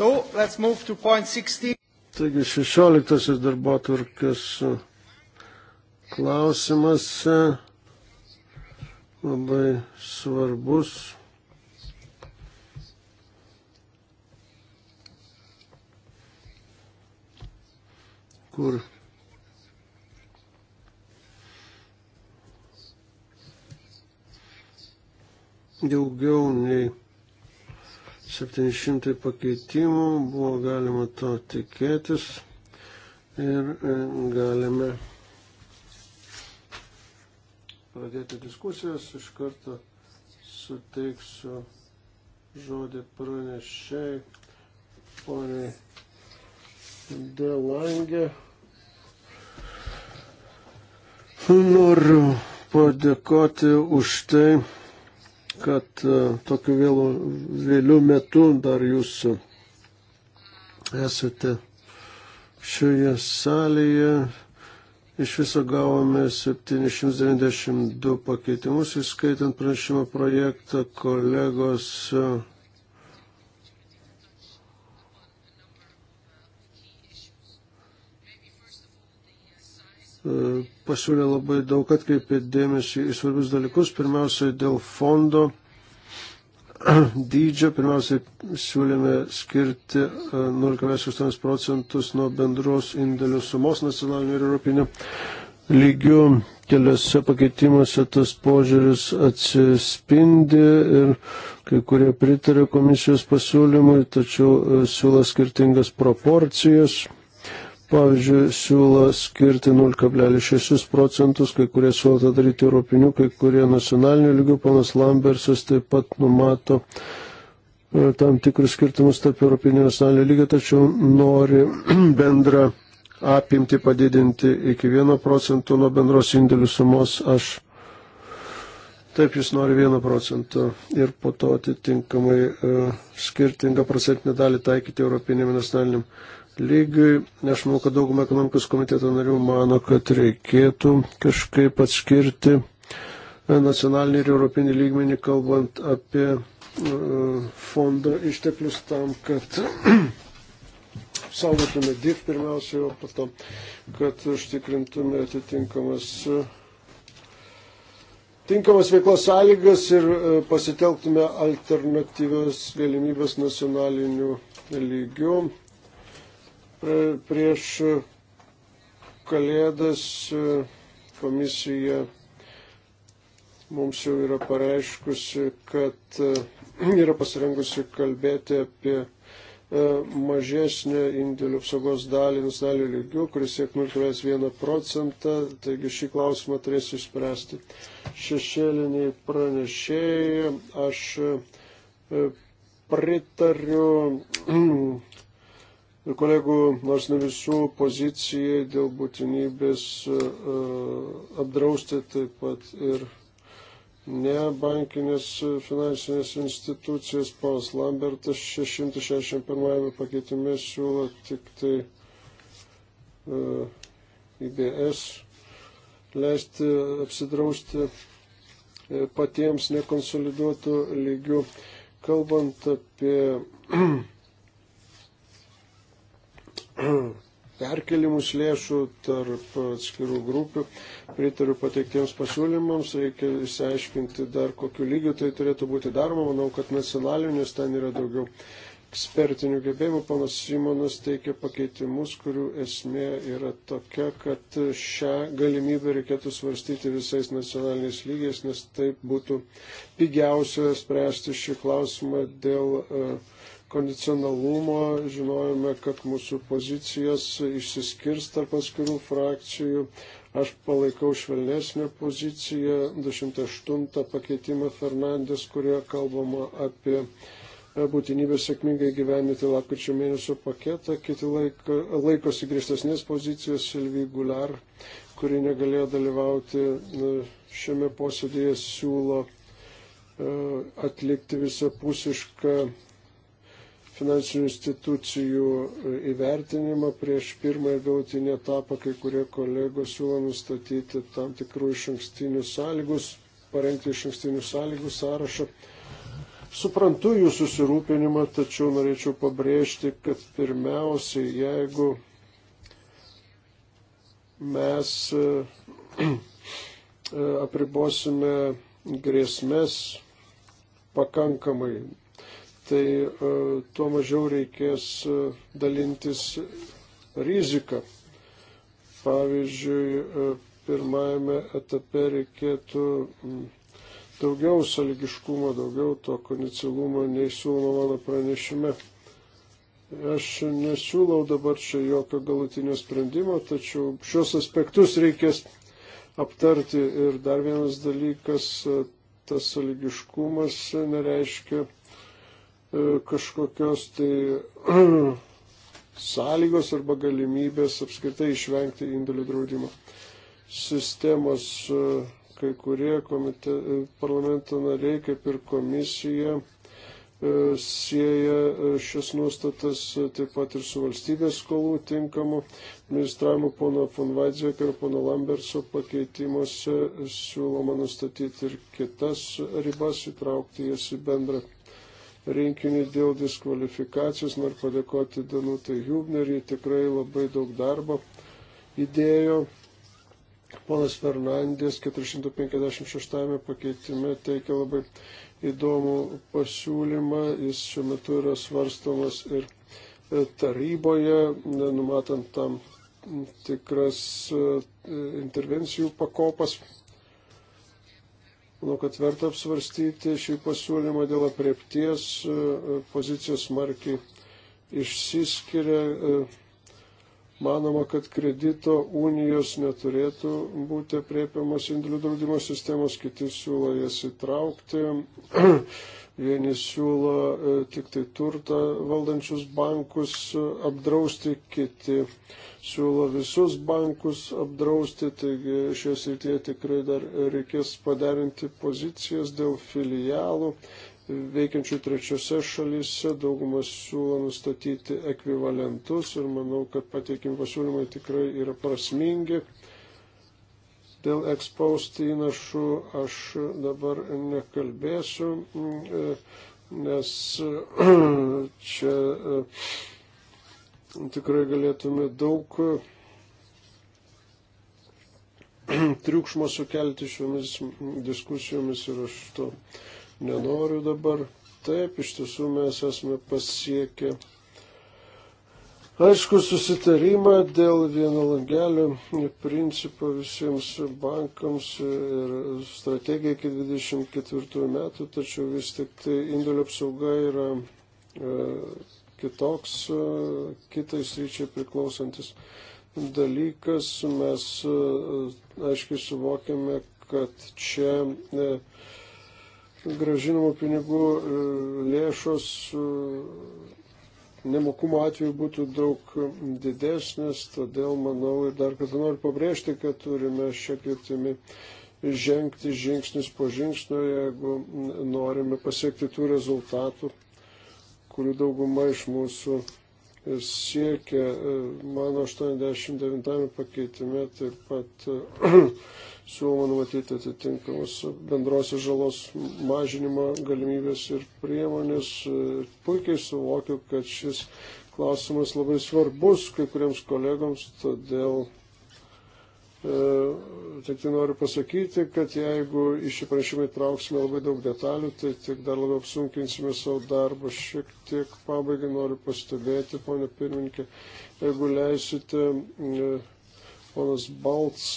A: So, let's move to point 16. Taigi 16 darbo turkės klausimas uh, labai svarbus. Kur daugiau 700 pakeitimų, buvo galima to tikėtis ir e, galime pradėti diskusijas. Iš karto suteiksiu žodį pranešiai poniai Delangė. Noriu padėkoti už tai, kad e, tokiu vėlu, vėliu metu dar jūs esate šioje salėje. Iš viso gavome 792 pakeitimus, įskaitant pranešimo projektą kolegos E, pasiūlė labai daug atkreipė dėmesį į svarbius dalykus. Pirmiausia, dėl fondo dydžio, pirmiausia, siūlėme skirti 0,8 e, procentus nuo bendros indėlių sumos nacionalinių ir europinių lygių. Keliose pakeitimuose tas požiūris atsispindi ir kai kurie pritarė komisijos pasiūlymui, tačiau e, siūla skirtingas proporcijas pavyzdžiui, siūlo skirti 0,6 procentus, kai kurie siūlo tą daryti europinių, kai kurie nacionalinių lygių. Panas Lambersas taip pat numato e, tam tikrus skirtumus tarp europinio nacionalinio lygio, tačiau nori bendrą apimti padidinti iki 1 procentų nuo bendros indėlių sumos. Aš Taip jis nori 1 procentą ir po to atitinkamai uh, skirtingą procentinę dalį taikyti Europinėm nacionaliniam lygiui. Aš manau, kad dauguma ekonomikos komiteto narių mano, kad reikėtų kažkaip atskirti e, nacionalinį ir europinį lygmenį, kalbant apie e, fondo išteklius tam, kad saugotume DIF pirmiausia, o po to, kad užtikrintume atitinkamas e, tinkamas veiklos sąlygas ir pasitelktume alternatyvios galimybės nacionalinių lygių. E, prieš kalėdas e, komisija mums jau yra pareiškusi, kad e, yra pasirengusi kalbėti apie mažesnę indėlių apsaugos dalį nacionalinių lygių, kuris siek 0,1 procentą, taigi šį klausimą turės išspręsti šešėliniai pranešėjai. Aš pritariu ir kolegų, nors ne visų pozicijai dėl būtinybės e, e, apdrausti taip pat ir ne bankinės e, finansinės institucijas. Paus Lambertas 661 pakeitime siūlo tik tai IBS leisti apsidrausti patiems nekonsoliduotų lygių. Kalbant apie perkelimus lėšų tarp atskirų grupių. Pritariu pateiktiems pasiūlymams, reikia išsiaiškinti dar kokiu lygiu tai turėtų būti daroma. Manau, kad nacionalinius ten yra daugiau ekspertinių gebėjimų. Panas Simonas teikia pakeitimus, kurių esmė yra tokia, kad šią galimybę reikėtų svarstyti visais nacionaliniais lygiais, nes taip būtų pigiausia spręsti šį klausimą dėl uh, kondicionalumo, žinojome, kad mūsų pozicijos išsiskirs tarp atskirų frakcijų. Aš palaikau švelnesnę poziciją, 208 pakeitimą Fernandės, kurioje kalbama apie e, būtinybę sėkmingai gyveninti lapkričio mėnesio paketą. Kiti laiko, laikosi grįžtesnės pozicijos Silvi Gular, kuri negalėjo dalyvauti e, šiame posėdėje, siūlo e, atlikti visapusišką finansinių institucijų e, įvertinimą prieš pirmą ir gautinį etapą, kai kurie kolegos siūlo nustatyti tam tikrų iš ankstinių sąlygus, parengti iš ankstinių sąlygų sąrašą. Suprantu jų susirūpinimą, tačiau norėčiau pabrėžti, kad pirmiausiai, jeigu mes e, e, apribosime grėsmės pakankamai tai e, tuo mažiau reikės e, dalintis riziką. Pavyzdžiui, e, pirmajame etape reikėtų daugiau salgiškumo, daugiau to konicilumo nei siūloma mano pranešime. Aš nesiūlau dabar čia jokio galutinio sprendimo, tačiau šios aspektus reikės aptarti. Ir dar vienas dalykas, tas saligiškumas nereiškia E, kažkokios tai sąlygos arba galimybės apskritai išvengti indėlių draudimo sistemos. E, kai kurie komite, e, parlamento nariai, kaip ir komisija, sieja šias nuostatas taip pat ir su valstybės skolų tinkamu administravimu pono von Weizsäcker ir pono Lamberso pakeitimuose siūloma nustatyti ir kitas ribas, įtraukti jas į bendrą rinkinis dėl diskvalifikacijos. Noriu padėkoti Danutai Hubner, ji tikrai labai daug darbo įdėjo. Ponas Fernandės 456 pakeitime teikia labai įdomų pasiūlymą. Jis šiuo metu yra svarstomas ir taryboje, numatant tam tikras e, intervencijų pakopas Manau, kad verta apsvarstyti šį pasiūlymą dėl apriepties, e, e, pozicijos smarkiai išsiskiria. E, manoma, kad kredito unijos neturėtų būti apriepiamas indėlių draudimo sistemos, kiti siūlo jas įtraukti. Vieni siūlo e, tik tai turtą valdančius bankus e, apdrausti, kiti siūlo visus bankus apdrausti, taigi šioje srityje tikrai dar reikės padarinti pozicijas dėl filialų veikiančių trečiose šalyse, daugumas siūlo nustatyti ekvivalentus ir manau, kad pateikim pasiūlymai tikrai yra prasmingi. Dėl ekspost įnašų aš dabar nekalbėsiu, mm, nes čia mm, tikrai galėtume daug triukšmo sukelti šiomis mm, diskusijomis ir aš to nenoriu dabar. Taip, iš tiesų mes esame pasiekę aišku susitarimą dėl vieno langelio principo visiems bankams ir strategija iki 24 metų, tačiau vis tik tai indėlio apsauga yra e, kitoks, e, kitai sryčiai priklausantis dalykas. Mes e, aiškiai suvokiame, kad čia gražinimo pinigų lėšos nemokumo atveju būtų daug didesnis, todėl manau ir dar kartą noriu pabrėžti, kad turime šią kryptimį žengti žingsnis po žingsnio, jeigu norime pasiekti tų rezultatų, kurių dauguma iš mūsų siekia e, mano 89 pakeitime taip pat e, siūloma numatyti atitinkamus bendrosios žalos mažinimo galimybės ir priemonės. E, puikiai suvokiu, kad šis klausimas labai svarbus kai kuriems kolegoms, todėl E, tik tai noriu pasakyti, kad jeigu iš įprašymą įtrauksime labai daug detalių, tai tik dar labiau apsunkinsime savo darbą. Šiek tiek pabaigai noriu pastebėti, ponė pirmininkė, jeigu leisite, e, ponas Balts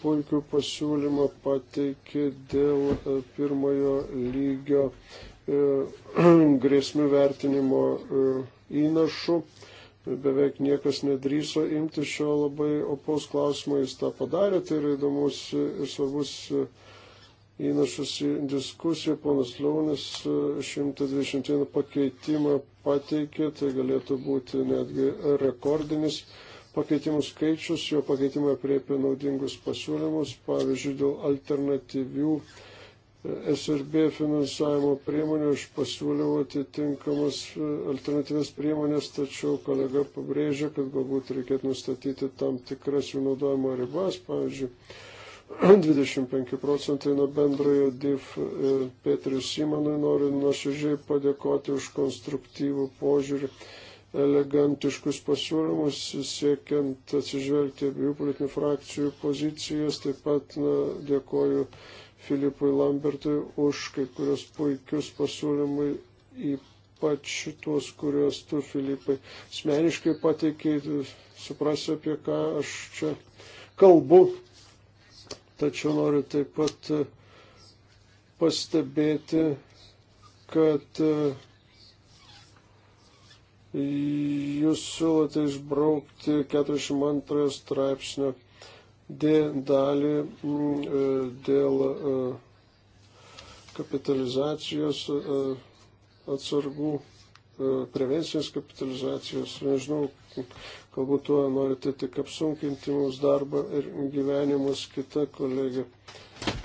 A: puikių pasiūlymą pateikė dėl e, pirmojo lygio grėsmių vertinimo įnašų beveik niekas nedryso imti šio labai opos klausimo, jis tą padarė, tai yra įdomus ir svarbus įnašas į diskusiją, ponas Liaunis 121 pakeitimą pateikė, tai galėtų būti netgi rekordinis pakeitimų skaičius, jo pakeitimai priepia naudingus pasiūlymus, pavyzdžiui, dėl alternatyvių SRB finansavimo priemonių, aš pasiūliau atitinkamas e, alternatyvės priemonės, tačiau kolega pabrėžė, kad galbūt reikėtų nustatyti tam tikras jų naudojimo ribas, pavyzdžiui, 25 procentai nuo bendrojo DIF Petrius Simonui noriu nuoširdžiai padėkoti už konstruktyvų požiūrį elegantiškus pasiūlymus, siekiant atsižvelgti abiejų politinių frakcijų pozicijas. Taip pat na, dėkoju Filipui Lambertui už kai kurios puikius pasiūlymai, ypač tuos, kuriuos tu, Filipai, asmeniškai pateikiai, suprasi, apie ką aš čia kalbu. Tačiau noriu taip pat e, pastebėti, kad e, jūs siūlote išbraukti 42 straipsnio D dalį mm, e, dėl e, kapitalizacijos e, atsargų, prevencijos kapitalizacijos, nežinau, galbūt tuo norite tik apsunkinti mūsų darbą ir gyvenimus kita kolegė.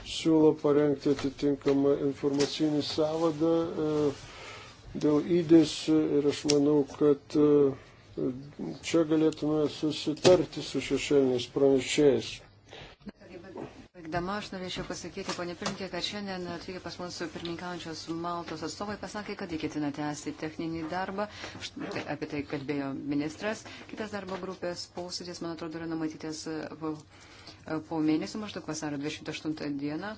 A: Siūlo parengti atitinkamą informacinį savadą dėl įdės ir aš manau, kad uh, Čia galėtume susitarti su šešėliniais pranešėjais.
B: Baigdama aš norėčiau pasakyti, ponė Pirmkė, kad šiandien atvykę pas mūsų pirmininkaujančios Maltos atstovai pasakė, kad įketina tęsti techninį darbą. Štai, apie tai kalbėjo ministras. Kitas darbo grupės posėdis, man atrodo, yra numatytas po mėnesio maždaug vasario 28 dieną.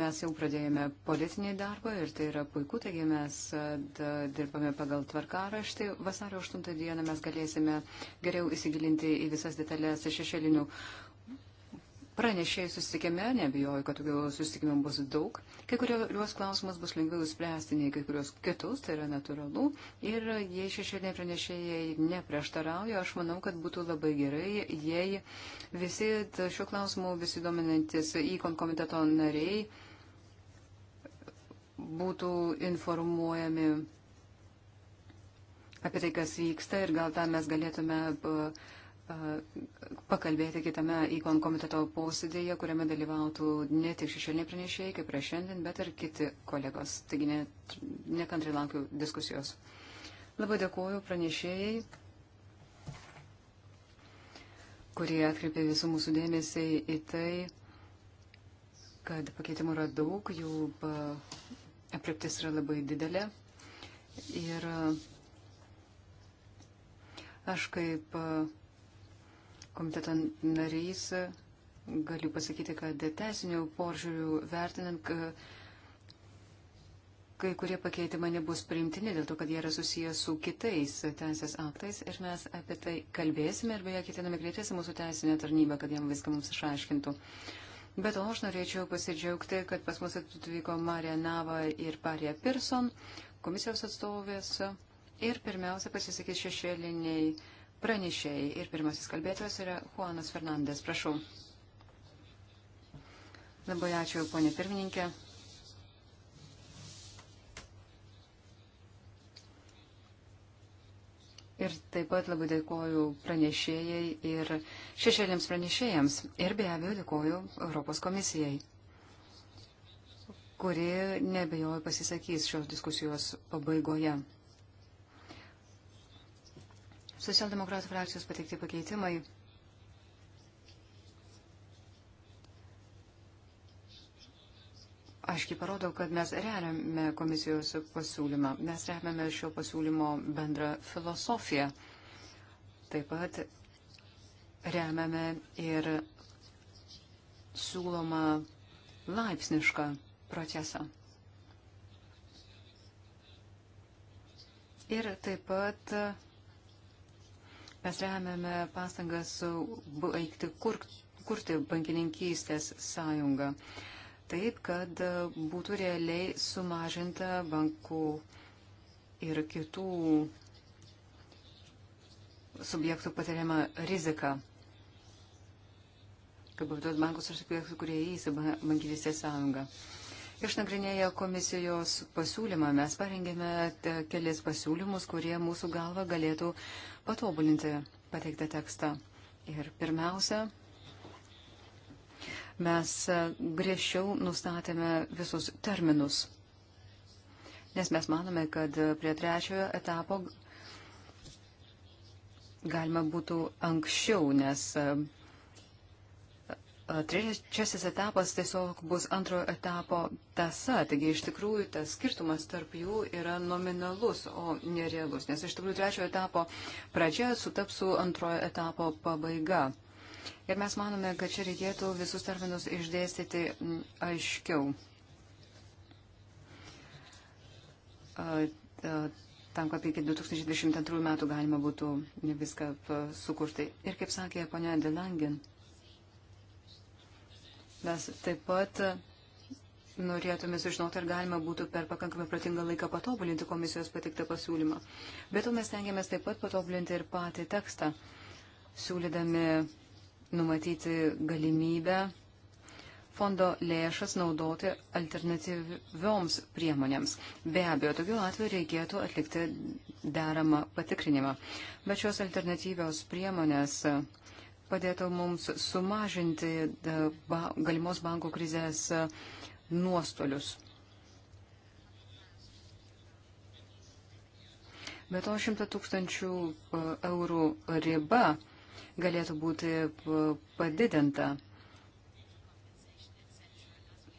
B: Mes jau pradėjome politinį darbą ir tai yra puiku, taigi mes dirbame pagal tvarkaraštį. Vasario 8 dieną mes galėsime geriau įsigilinti į visas detalės šešėlinių pranešėjų susitikime, nebijoju, kad tokių susitikimų bus daug. Kai kuriuos klausimus bus lengviau spręsti nei kai kuriuos kitus, tai yra natūralu. Ir jei šešėlė pranešėjai neprieštarauja, aš manau, kad būtų labai gerai, jei visi šiuo klausimu visi dominantis į komiteto nariai būtų informuojami apie tai, kas vyksta ir gal tą mes galėtume. Uh, pakalbėti kitame įkon komiteto posėdėje, kuriame dalyvautų ne tik šešėliniai pranešėjai, kaip yra šiandien, bet ir kiti kolegos. Taigi ne, nekantrai laukiu diskusijos. Labai dėkuoju pranešėjai, kurie atkreipė visų mūsų dėmesį į tai, kad pakeitimų yra daug, jų apriptis yra labai didelė. Ir aš kaip uh, komiteto narys, galiu pasakyti, kad teisinių požiūrių vertinant, kai kurie pakeitimai nebus priimtini dėl to, kad jie yra susijęs su kitais teisės aktais ir mes apie tai kalbėsime ir beje ketiname kreiptis į mūsų teisinę tarnybą, kad jiem viską mums išaiškintų. Bet o aš norėčiau pasidžiaugti, kad pas mus atvyko Marija Nava ir Parija Pirson, komisijos atstovės ir pirmiausia pasisakys šešėliniai pranešėjai. Ir pirmasis kalbėtojas yra Juanas Fernandes. Prašau. Labai ačiū, ponė pirmininkė. Ir taip pat labai dėkoju pranešėjai ir šešėlėms pranešėjams. Ir be abejo dėkoju Europos komisijai, kuri nebejoju pasisakys šios diskusijos pabaigoje. Socialdemokratų frakcijos pateikti pakeitimai aiškiai parodo, kad mes remiame komisijos pasiūlymą. Mes remiame šio pasiūlymo bendrą filosofiją. Taip pat remiame ir siūlomą laipsnišką procesą. Ir taip pat Mes remiame pastangas baigti kur, kurti bankininkystės sąjungą taip, kad e, būtų realiai sumažinta bankų ir kitų subjektų patiriama rizika. Kaip būtų bankus ir subjektų, kurie įsi bankininkystės sąjungą. Išnagrinėję komisijos pasiūlymą, mes parengėme kelias pasiūlymus, kurie mūsų galva galėtų patobulinti pateiktą tekstą. Ir pirmiausia, mes griežčiau nustatėme visus terminus, nes mes manome, kad prie trečiojo etapo galima būtų anksčiau, nes Trečiasis etapas tiesiog bus antrojo etapo tasa, taigi iš tikrųjų tas skirtumas tarp jų yra nominalus, o nerealus, nes iš tikrųjų trečiojo etapo pradžia sutaps su antrojo etapo pabaiga. Ir mes manome, kad čia reikėtų visus terminus išdėstyti aiškiau. Tam, kad iki 2022 metų galima būtų viską sukurti. Ir kaip sakė ponia Delangin. Mes taip pat norėtume sužinoti, ar galima būtų per pakankamai pratingą laiką patobulinti komisijos patiktą pasiūlymą. Bet to mes tengiamės taip pat patobulinti ir patį tekstą, siūlydami numatyti galimybę fondo lėšas naudoti alternatyvioms priemonėms. Be abejo, tokiu atveju reikėtų atlikti deramą patikrinimą. Bet šios alternatyvios priemonės padėtų mums sumažinti e, galimos bankų krizės e, nuostolius. Be to 100 tūkstančių e, eurų riba galėtų būti padidinta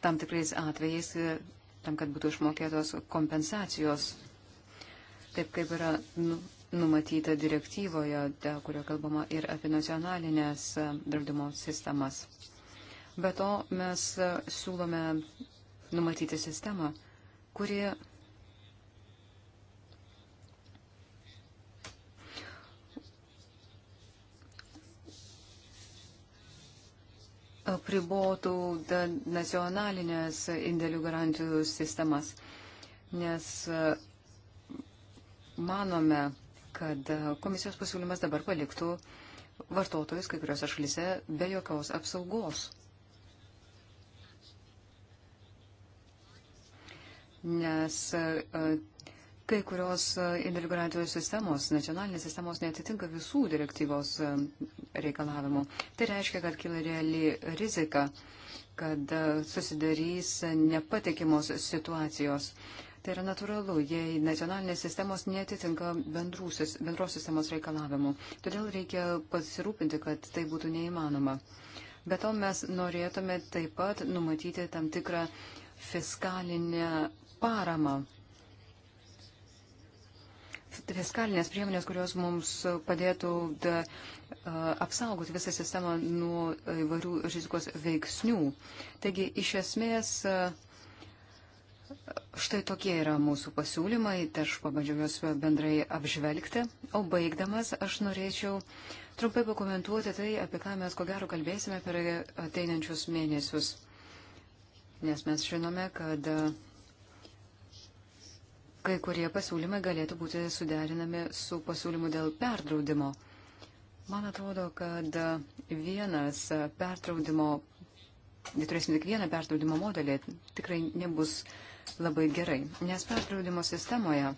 B: tam tikrais atvejais, tam, kad būtų išmokėtos kompensacijos, taip kaip yra nu, numatyta direktyvoje, kurio kalbama ir apie nacionalinės e, draudimo sistemas. Be to mes e, siūlome numatyti sistemą, kuri apribotų nacionalinės indėlių garantijų sistemas, nes e, manome, kad komisijos pasiūlymas dabar paliktų vartotojus kai kuriuose šalyse be jokios apsaugos. Nes e, kai kurios e, individualizacijos sistemos, nacionalinės sistemos netitinka visų direktyvos e, reikalavimų. Tai reiškia, kad kyla reali rizika, kad susidarys nepatikimos situacijos Tai yra natūralu, jei nacionalinės sistemos netitinka bendrusis, bendros sistemos reikalavimų. Todėl reikia pasirūpinti, kad tai būtų neįmanoma. Be to mes norėtume taip pat numatyti tam tikrą fiskalinę paramą. Fiskalinės priemonės, kurios mums padėtų da, apsaugoti visą sistemą nuo įvairių rizikos veiksnių. Taigi, iš esmės, a, Štai tokie yra mūsų pasiūlymai, tai aš pabandžiau juos bendrai apžvelgti, o baigdamas aš norėčiau trumpai pakomentuoti tai, apie ką mes ko gero kalbėsime per ateinančius mėnesius. Nes mes žinome, kad kai kurie pasiūlymai galėtų būti suderinami su pasiūlymu dėl perdraudimo. Man atrodo, kad vienas perdraudimo, neturėsime tik vieną perdraudimo modelį, tikrai nebus labai gerai, nes perdraudimo sistemoje,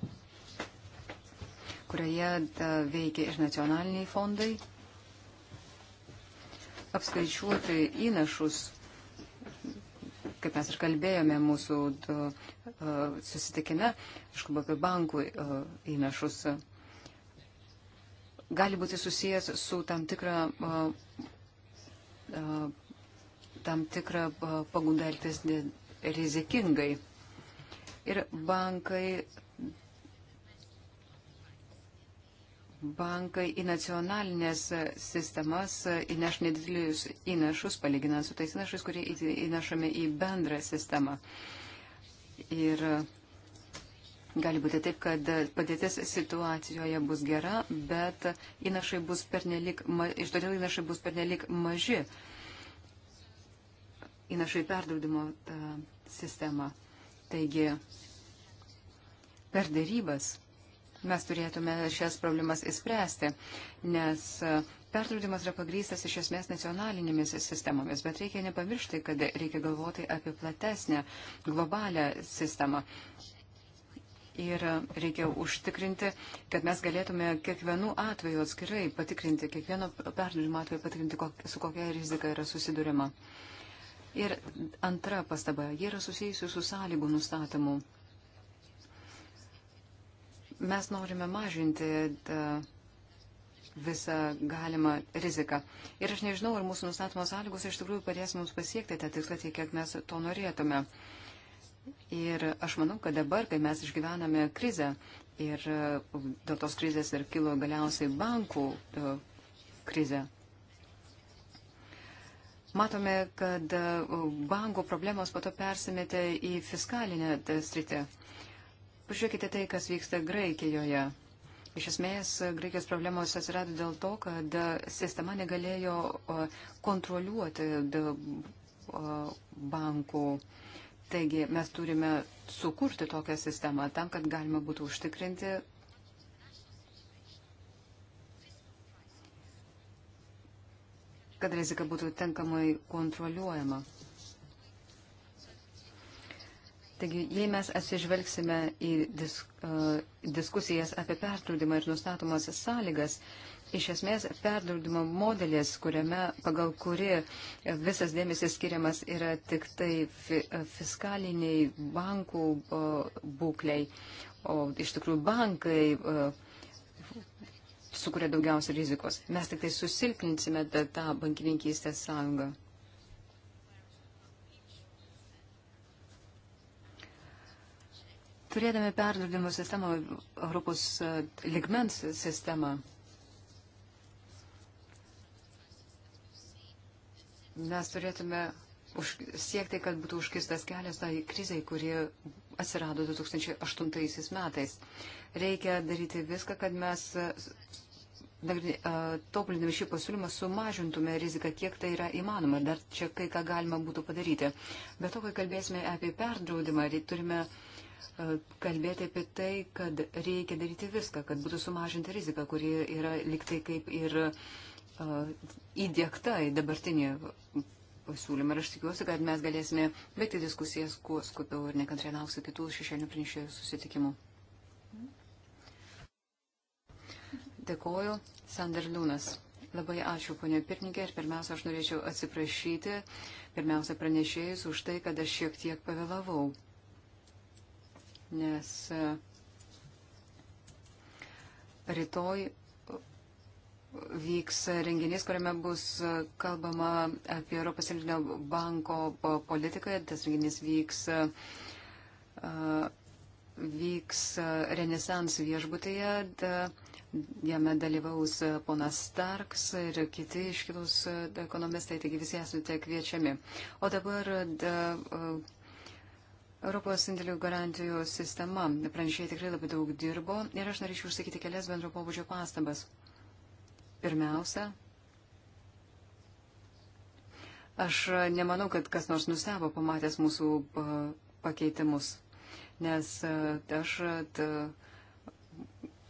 B: kurioje e, veikia ir nacionaliniai fondai, apskaičiuoti įnašus, kaip mes ir kalbėjome mūsų e, susitikime, aš kalbu apie bankų e, įnašus, gali būti susijęs su tam tikra tam tikrą pagundą elgtis rizikingai ir bankai, bankai į nacionalinės sistemas įneš nedidelius įnašus, palyginant su tais įnašais, kurie įnešami į bendrą sistemą. Ir Gali būti taip, kad padėtis situacijoje bus gera, bet įnašai bus pernelik, iš todėl įnašai bus pernelik maži. Įnašai perdaudimo sistema. Taigi, per darybas mes turėtume šias problemas įspręsti, nes e, pertraudimas yra pagrystas iš esmės nacionalinėmis sistemomis, bet reikia nepamiršti, kad reikia galvoti apie platesnę globalią sistemą. Ir reikia užtikrinti, kad mes galėtume kiekvienų atveju atskirai patikrinti, kiekvieno perdraudimo atveju patikrinti, su kokia rizika yra susidurima. Uh, Ir antra pastaba, jie yra susijusi su sąlygų nustatymu. Mes norime mažinti e, visą galimą riziką. Ir aš nežinau, ar mūsų nustatomos sąlygos iš tikrųjų padės mums pasiekti tą tikslą tiek, kiek mes to norėtume. Ir aš manau, kad dabar, kai mes išgyvename krizę ir e, dėl tos krizės ir kilo galiausiai bankų e, krizė, Matome, kad e, bankų problemos pato persimėte į fiskalinę sritį. Pažiūrėkite tai, kas vyksta Graikijoje. Iš esmės, Graikijos problemos atsirado dėl to, kad e, sistema negalėjo e, kontroliuoti bankų. Taigi mes turime sukurti tokią sistemą tam, kad galima būtų užtikrinti kad rizika būtų tenkamai kontroliuojama. Taigi, jei mes atsižvelgsime į disk, uh, diskusijas apie perdurdimą ir nustatomas sąlygas, iš esmės perdurdimo modelis, kuriame, pagal kuri visas dėmesys skiriamas yra tik tai fi, fiskaliniai bankų uh, būkliai, o iš tikrųjų bankai uh, sukuria daugiausia rizikos. Mes tik tai susilpninsime tą bankininkystės sąjungą. Turėdami perdurdimo sistemą, Europos e, ligmens sistemą, mes turėtume už, siekti, kad būtų užkistas kelias tai krizai, kurie atsirado 2008 metais. Reikia daryti viską, kad mes tobulindami šį pasiūlymą sumažintume riziką, kiek tai yra įmanoma. Dar čia kai ką galima būtų padaryti. Bet to, kai kalbėsime apie perdraudimą, tai turime kalbėti apie tai, kad reikia daryti viską, kad būtų sumažinta rizika, kuri yra liktai kaip ir įdėkta į dabartinį pasiūlymą. Ir aš tikiuosi, kad mes galėsime baigti diskusijas kuo skubiau ir nekantriai lauksiu kitų šešėlių prinšėjų susitikimų. Mm. Dėkoju, Sander Liūnas. Labai ačiū, ponė Pirnikė, ir pirmiausia, aš norėčiau atsiprašyti, pirmiausia, pranešėjus už tai, kad aš šiek tiek pavėlavau. Nes e, rytoj vyks renginys, kuriame bus kalbama apie Europos Centrinio banko politiką. Tas renginys vyks, e, vyks e, Renesans viešbutėje jame dalyvaus ponas Starks ir kiti iškilus ekonomistai, taigi visi esate kviečiami. O dabar da, Europos indėlių garantijų sistema. Pranešėjai tikrai labai daug dirbo ir aš norėčiau užsakyti kelias bendro pobūdžio pastabas. Pirmiausia, aš nemanau, kad kas nors nustebo pamatęs mūsų pakeitimus, nes aš. Ta,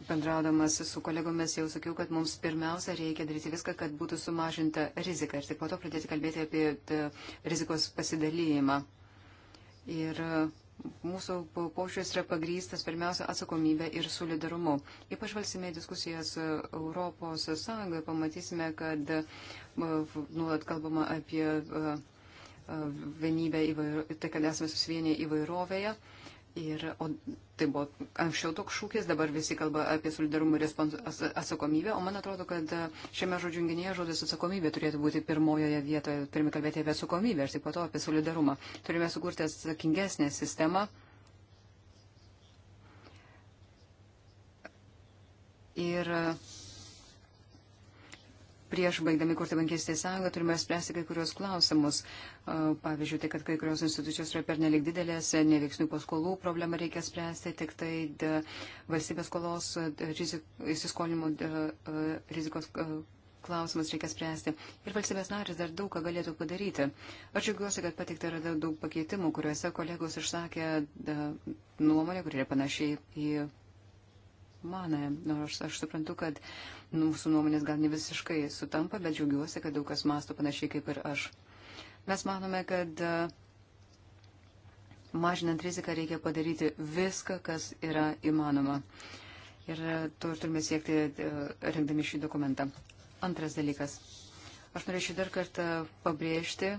B: bendraudamas su kolegomis jau sakiau, kad mums pirmiausia reikia daryti viską, kad būtų sumažinta rizika ir tik po to pradėti kalbėti apie rizikos pasidalyjimą. Ir e, mūsų požiūris yra pagrystas pirmiausia atsakomybė ir solidarumu. Jei pažvalgsime diskusijas e, Europos Sąjungoje, pamatysime, kad e, nuolat kalbama apie vienybę, tai kad esame susivienyje įvairovėje. Ir o, tai buvo anksčiau toks šūkis, dabar visi kalba apie solidarumą ir as, atsakomybę, o man atrodo, kad šiame žodžių junginėje žodis atsakomybė turėtų būti pirmojoje vietoje. Turime kalbėti apie atsakomybę ir taip pat apie solidarumą. Turime sukurti atsakingesnę sistemą. Ir uh, prieš baigdami kurti bankėstės sąjungą turime spręsti kai kurios klausimus. Pavyzdžiui, tai, kad kai kurios institucijos yra pernelik didelės, neveiksnių paskolų problemą reikia spręsti, tik tai valstybės skolos įsiskolinimo rizikos klausimas reikia spręsti. Ir valstybės narės dar daug ką galėtų padaryti. Aš džiaugiuosi, kad pateikta yra daug pakeitimų, kuriuose kolegos išsakė nuomonę, kuri yra panašiai į manę. Nors aš suprantu, kad mūsų nuomonės gal ne visiškai sutampa, bet džiaugiuosi, kad daug kas masto panašiai kaip ir aš. Mes manome, kad e, mažinant riziką reikia padaryti viską, kas yra įmanoma. Ir e, to ir turime siekti e, rengdami šį dokumentą. Antras dalykas. Aš norėčiau dar kartą pabrėžti,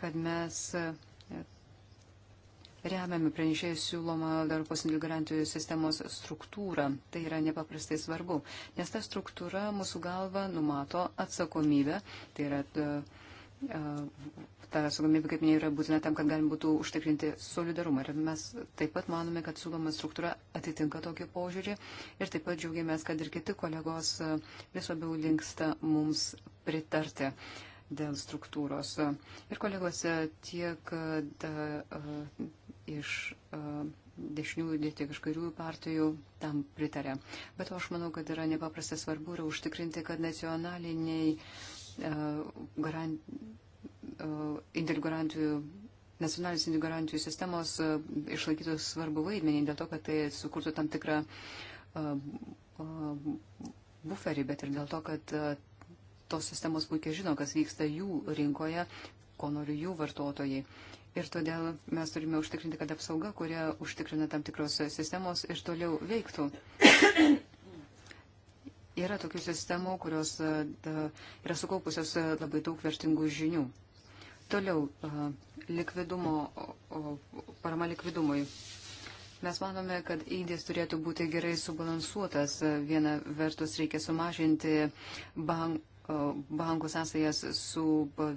B: kad mes remiame pranešėjų siūlomą Europos garantijų sistemos struktūrą. Tai yra nepaprastai svarbu, nes ta struktūra mūsų galva numato atsakomybę. Tai yra e, e, ta atsakomybė, kaip minėjau, yra būtina tam, kad galim būtų užtikrinti solidarumą. Ir mes taip pat manome, kad siūloma struktūra atitinka tokį požiūrį. Ir taip pat džiaugiamės, kad ir kiti kolegos e, vis labiau linksta mums pritarti dėl struktūros. Ir kolegos tiek da, iš e, dešiniųjų, tiek iš kairiųjų partijų tam pritarė. Bet aš manau, kad yra nepaprastai svarbu yra užtikrinti, kad nacionaliniai e, garant, e, garantijų nacionalinis garantijų sistemos išlaikytų svarbu vaidmenį dėl to, kad tai sukurtų tam tikrą buferį, bet ir dėl to, kad tos sistemos puikiai žino, kas vyksta jų rinkoje, ko nori jų vartotojai. Uh, Ir todėl mes turime užtikrinti, kad apsauga, kurią užtikrina tam tikros sistemos, ir toliau veiktų. yra tokių sistemų, kurios e, da, yra sukaupusios e, labai daug vertingų žinių. Toliau, e, likvidumo, parama likvidumui. Mes manome, kad įdės turėtų būti gerai subalansuotas. Viena vertus reikia sumažinti bank, bankų sąsajas su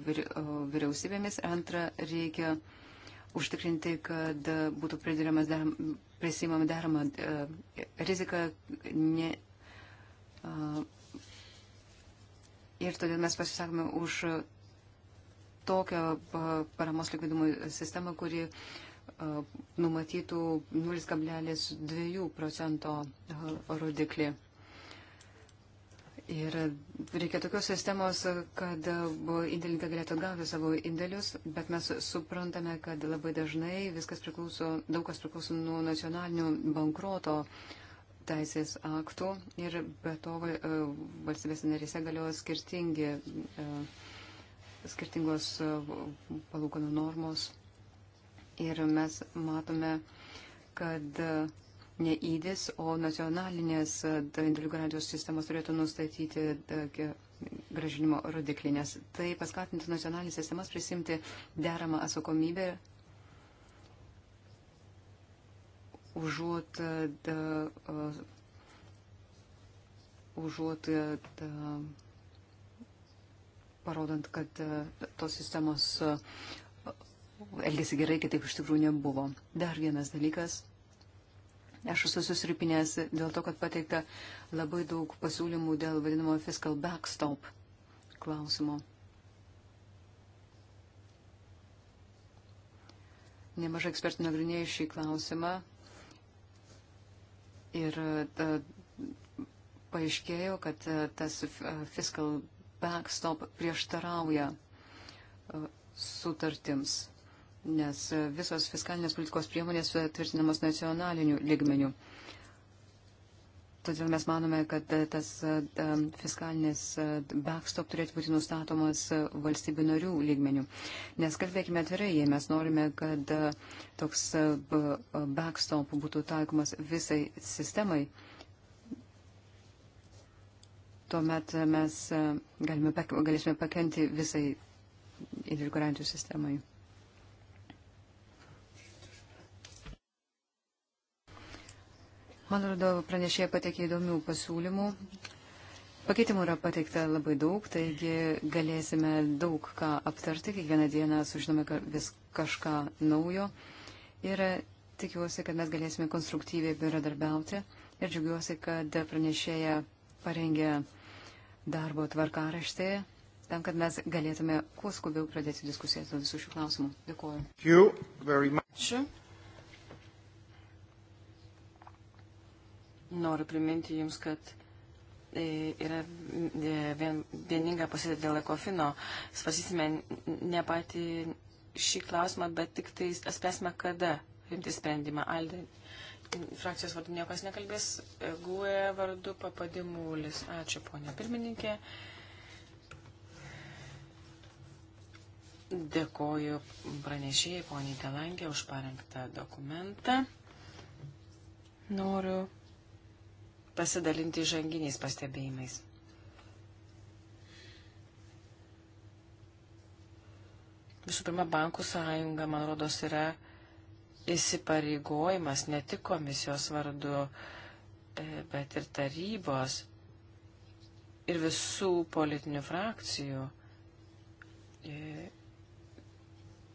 B: vyriausybėmis. Antra, reikia užtikrinti, kad būtų prisimama derama e, rizika. Ne, ir todėl mes pasisakome už tokią paramos likvidumo sistemą, kuri numatytų 0,2 procento rodiklį. Ir reikia tokios sistemos, kad indėlininkai galėtų atgauti savo indėlius, bet mes suprantame, kad labai dažnai viskas priklauso, daug kas priklauso nuo nacionalinių bankroto teisės aktų ir be to e, valstybės narėse galioja skirtingi, e, skirtingos e, palūkanų normos. Ir mes matome, kad ne įdis, o nacionalinės e, individualių garantijos sistemos turėtų nustatyti gražinimo rodiklinės. Tai paskatinti nacionalinės sistemas prisimti deramą atsakomybę, užuot, e, da, užuot e, da, parodant, kad tos sistemos elgesi gerai, kitaip iš tikrųjų nebuvo. Dar vienas dalykas Aš esu susirūpinęs dėl to, kad pateikta labai daug pasiūlymų dėl vadinamo fiscal backstop klausimo. Nemažai ekspertų nagrinėjo šį klausimą ir ta, e, paaiškėjo, kad e, tas e, fiscal backstop prieštarauja sutartims nes visos fiskalinės politikos priemonės tvirtinamos nacionaliniu lygmeniu. Todėl mes manome, kad tas fiskalinis backstop turėtų būti nustatomas valstybių narių lygmenių. Nes kalbėkime atvirai, jei mes norime, kad toks backstop būtų taikomas visai sistemai, tuomet mes galime, galėsime pakenti visai ir garantijų sistemai. Man atrodo, pranešėja patekė įdomių pasiūlymų. Pakeitimų yra pateikta labai daug, taigi galėsime daug ką aptarti, kiekvieną dieną sužinome vis kažką naujo. Ir e, tikiuosi, kad mes galėsime konstruktyviai bendradarbiauti. Ir džiugiuosi, kad pranešėja parengė darbo tvarkaraštį, tam, kad mes galėtume kuo skubiau pradėti diskusijas dėl visų šių klausimų. Dėkuoju.
C: Ačiū. Noriu priminti Jums, kad e, yra e, vien, vieninga posėdė dėl ekofino. Svarsysime ne patį šį klausimą, bet tik tai spręsime, kada rimti sprendimą. Aldė, frakcijos vardu niekas nekalbės, GUE vardu papadimulis. Ačiū, ponia pirmininkė. Dėkoju pranešėjai poniai Telankė už parengtą dokumentą. Noriu pasidalinti žanginiais pastebėjimais. Visų pirma, bankų sąjunga, man rodos, yra įsipareigojimas ne tik komisijos vardu, e, bet ir tarybos ir visų politinių frakcijų e,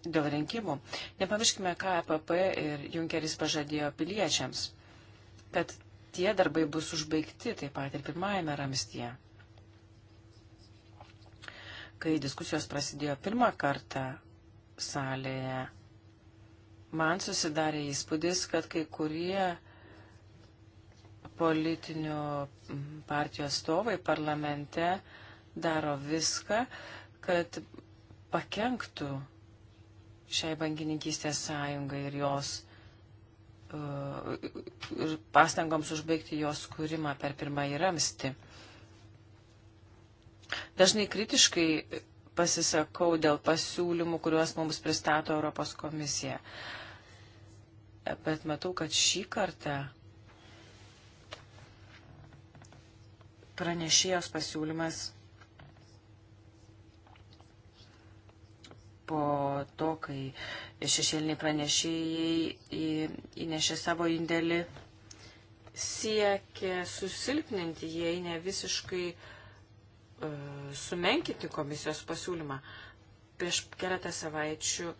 C: dėl rinkimų. Nepamirškime, ką EPP ir Junkeris pažadėjo piliečiams, kad tie darbai bus užbaigti taip pat ir pirmajame ramstyje. Kai diskusijos prasidėjo pirmą kartą salėje, man susidarė įspūdis, kad kai kurie politinių partijų atstovai parlamente daro viską, kad pakenktų šiai bankininkystės sąjungai ir jos ir pastangoms užbaigti jos kūrimą per pirmąjį ramstį. Dažnai kritiškai pasisakau dėl pasiūlymų, kuriuos mums pristato Europos komisija. Bet matau, kad šį kartą pranešėjos pasiūlymas po to, kai šešėliniai pranešėjai įnešė savo indėlį, siekia susilpninti, jei ne visiškai uh, sumenkinti komisijos pasiūlymą. Prieš keletą savaičių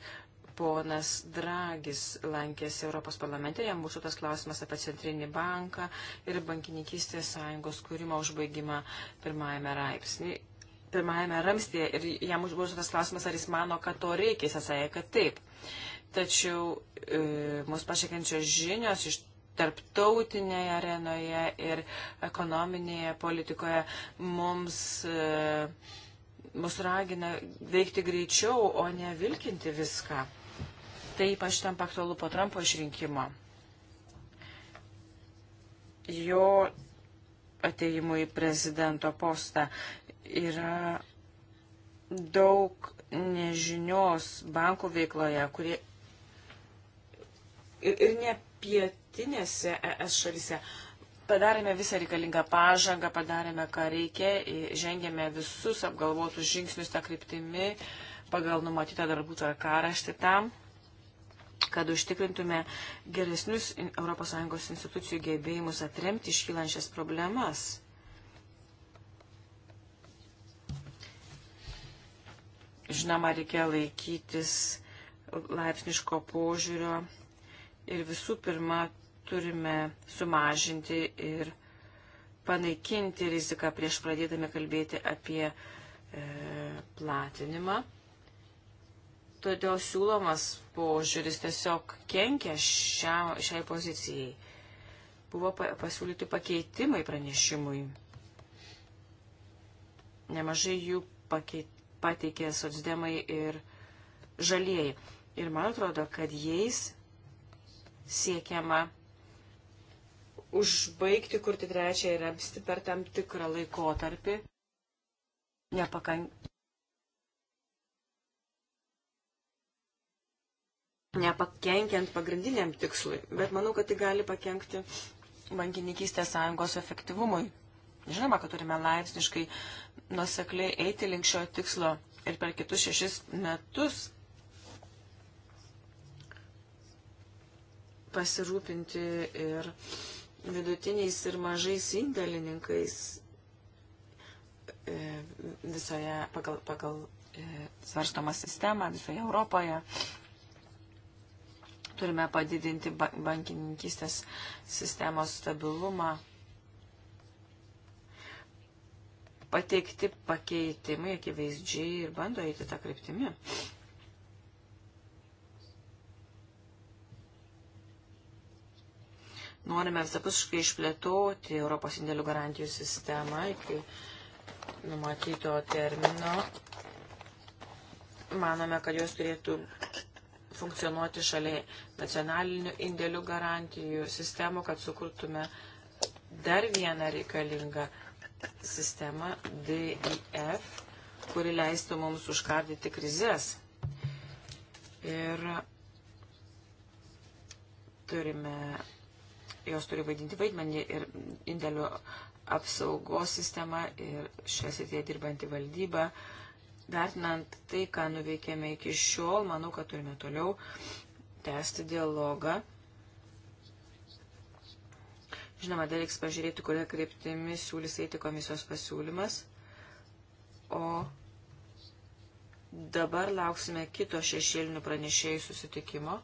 C: ponas Dragis lankėsi Europos parlamente, jam mūsų tas klausimas apie centrinį banką ir bankininkystės sąjungos kūrimo užbaigimą pirmajame raipsnį pirmajame ramstėje ir jam buvo užduotas klausimas, ar jis mano, kad to reikia, jis atsakė, kad taip. Tačiau e, mūsų pašiekiančios žinios iš tarptautinėje arenoje ir ekonominėje politikoje mums, e, mus ragina veikti greičiau, o ne vilkinti viską. Tai ypač tam aktualu po Trumpo išrinkimo. Jo ateimu į prezidento postą yra daug nežinios bankų veikloje, kurie ir, ir ne pietinėse ES šalise. Padarėme visą reikalingą pažangą, padarėme, ką reikia, žengėme visus apgalvotus žingsnius tą kryptimį pagal numatytą darbų tvarkaraštį tam, kad užtikrintume geresnius ES institucijų gebėjimus atremti iškylančias problemas. Žinoma, reikia laikytis laipsniško požiūrio ir visų pirma turime sumažinti ir panaikinti riziką prieš pradėdami kalbėti apie e, platinimą. Todėl siūlomas požiūris tiesiog kenkia šia, šiai pozicijai. Buvo pasiūlyti pakeitimai pranešimui. Nemažai jų pakeit, pateikė socdemai ir žalieji. Ir man atrodo, kad jais siekiama užbaigti, kur tik trečią ir apsti per tam tikrą laikotarpį. Nepakank... Nepakenkiant pagrindiniam tikslui, bet manau, kad tai gali pakenkti bankininkystės sąjungos efektyvumui. Žinoma, kad turime laipsniškai nusekliai eiti link šio tikslo ir per kitus šešis metus pasirūpinti ir vidutiniais ir mažais indėlininkais e, visoje pagal, pagal e, svarstomą sistemą visoje Europoje. Turime padidinti bankininkystės sistemos stabilumą pateikti pakeitimai akivaizdžiai ir bando eiti tą kryptimį. Norime visapusiškai išplėtoti Europos indėlių garantijų sistemą iki numatyto termino. Manome, kad jos turėtų funkcionuoti šalia nacionalinių indėlių garantijų sistemų, kad sukurtume dar vieną reikalingą sistemą DIF, kuri leistų mums užkardyti krizės. Ir turime, jos turi vaidinti vaidmenį ir indėlių apsaugos sistema ir šią srityje dirbanti valdyba. Vertinant tai, ką nuveikėme iki šiol, manau, kad turime toliau tęsti dialogą Žinoma, dar reiks pažiūrėti, kuria kryptimi siūlys eiti komisijos pasiūlymas. O dabar lauksime kito šešėlinių pranešėjų susitikimo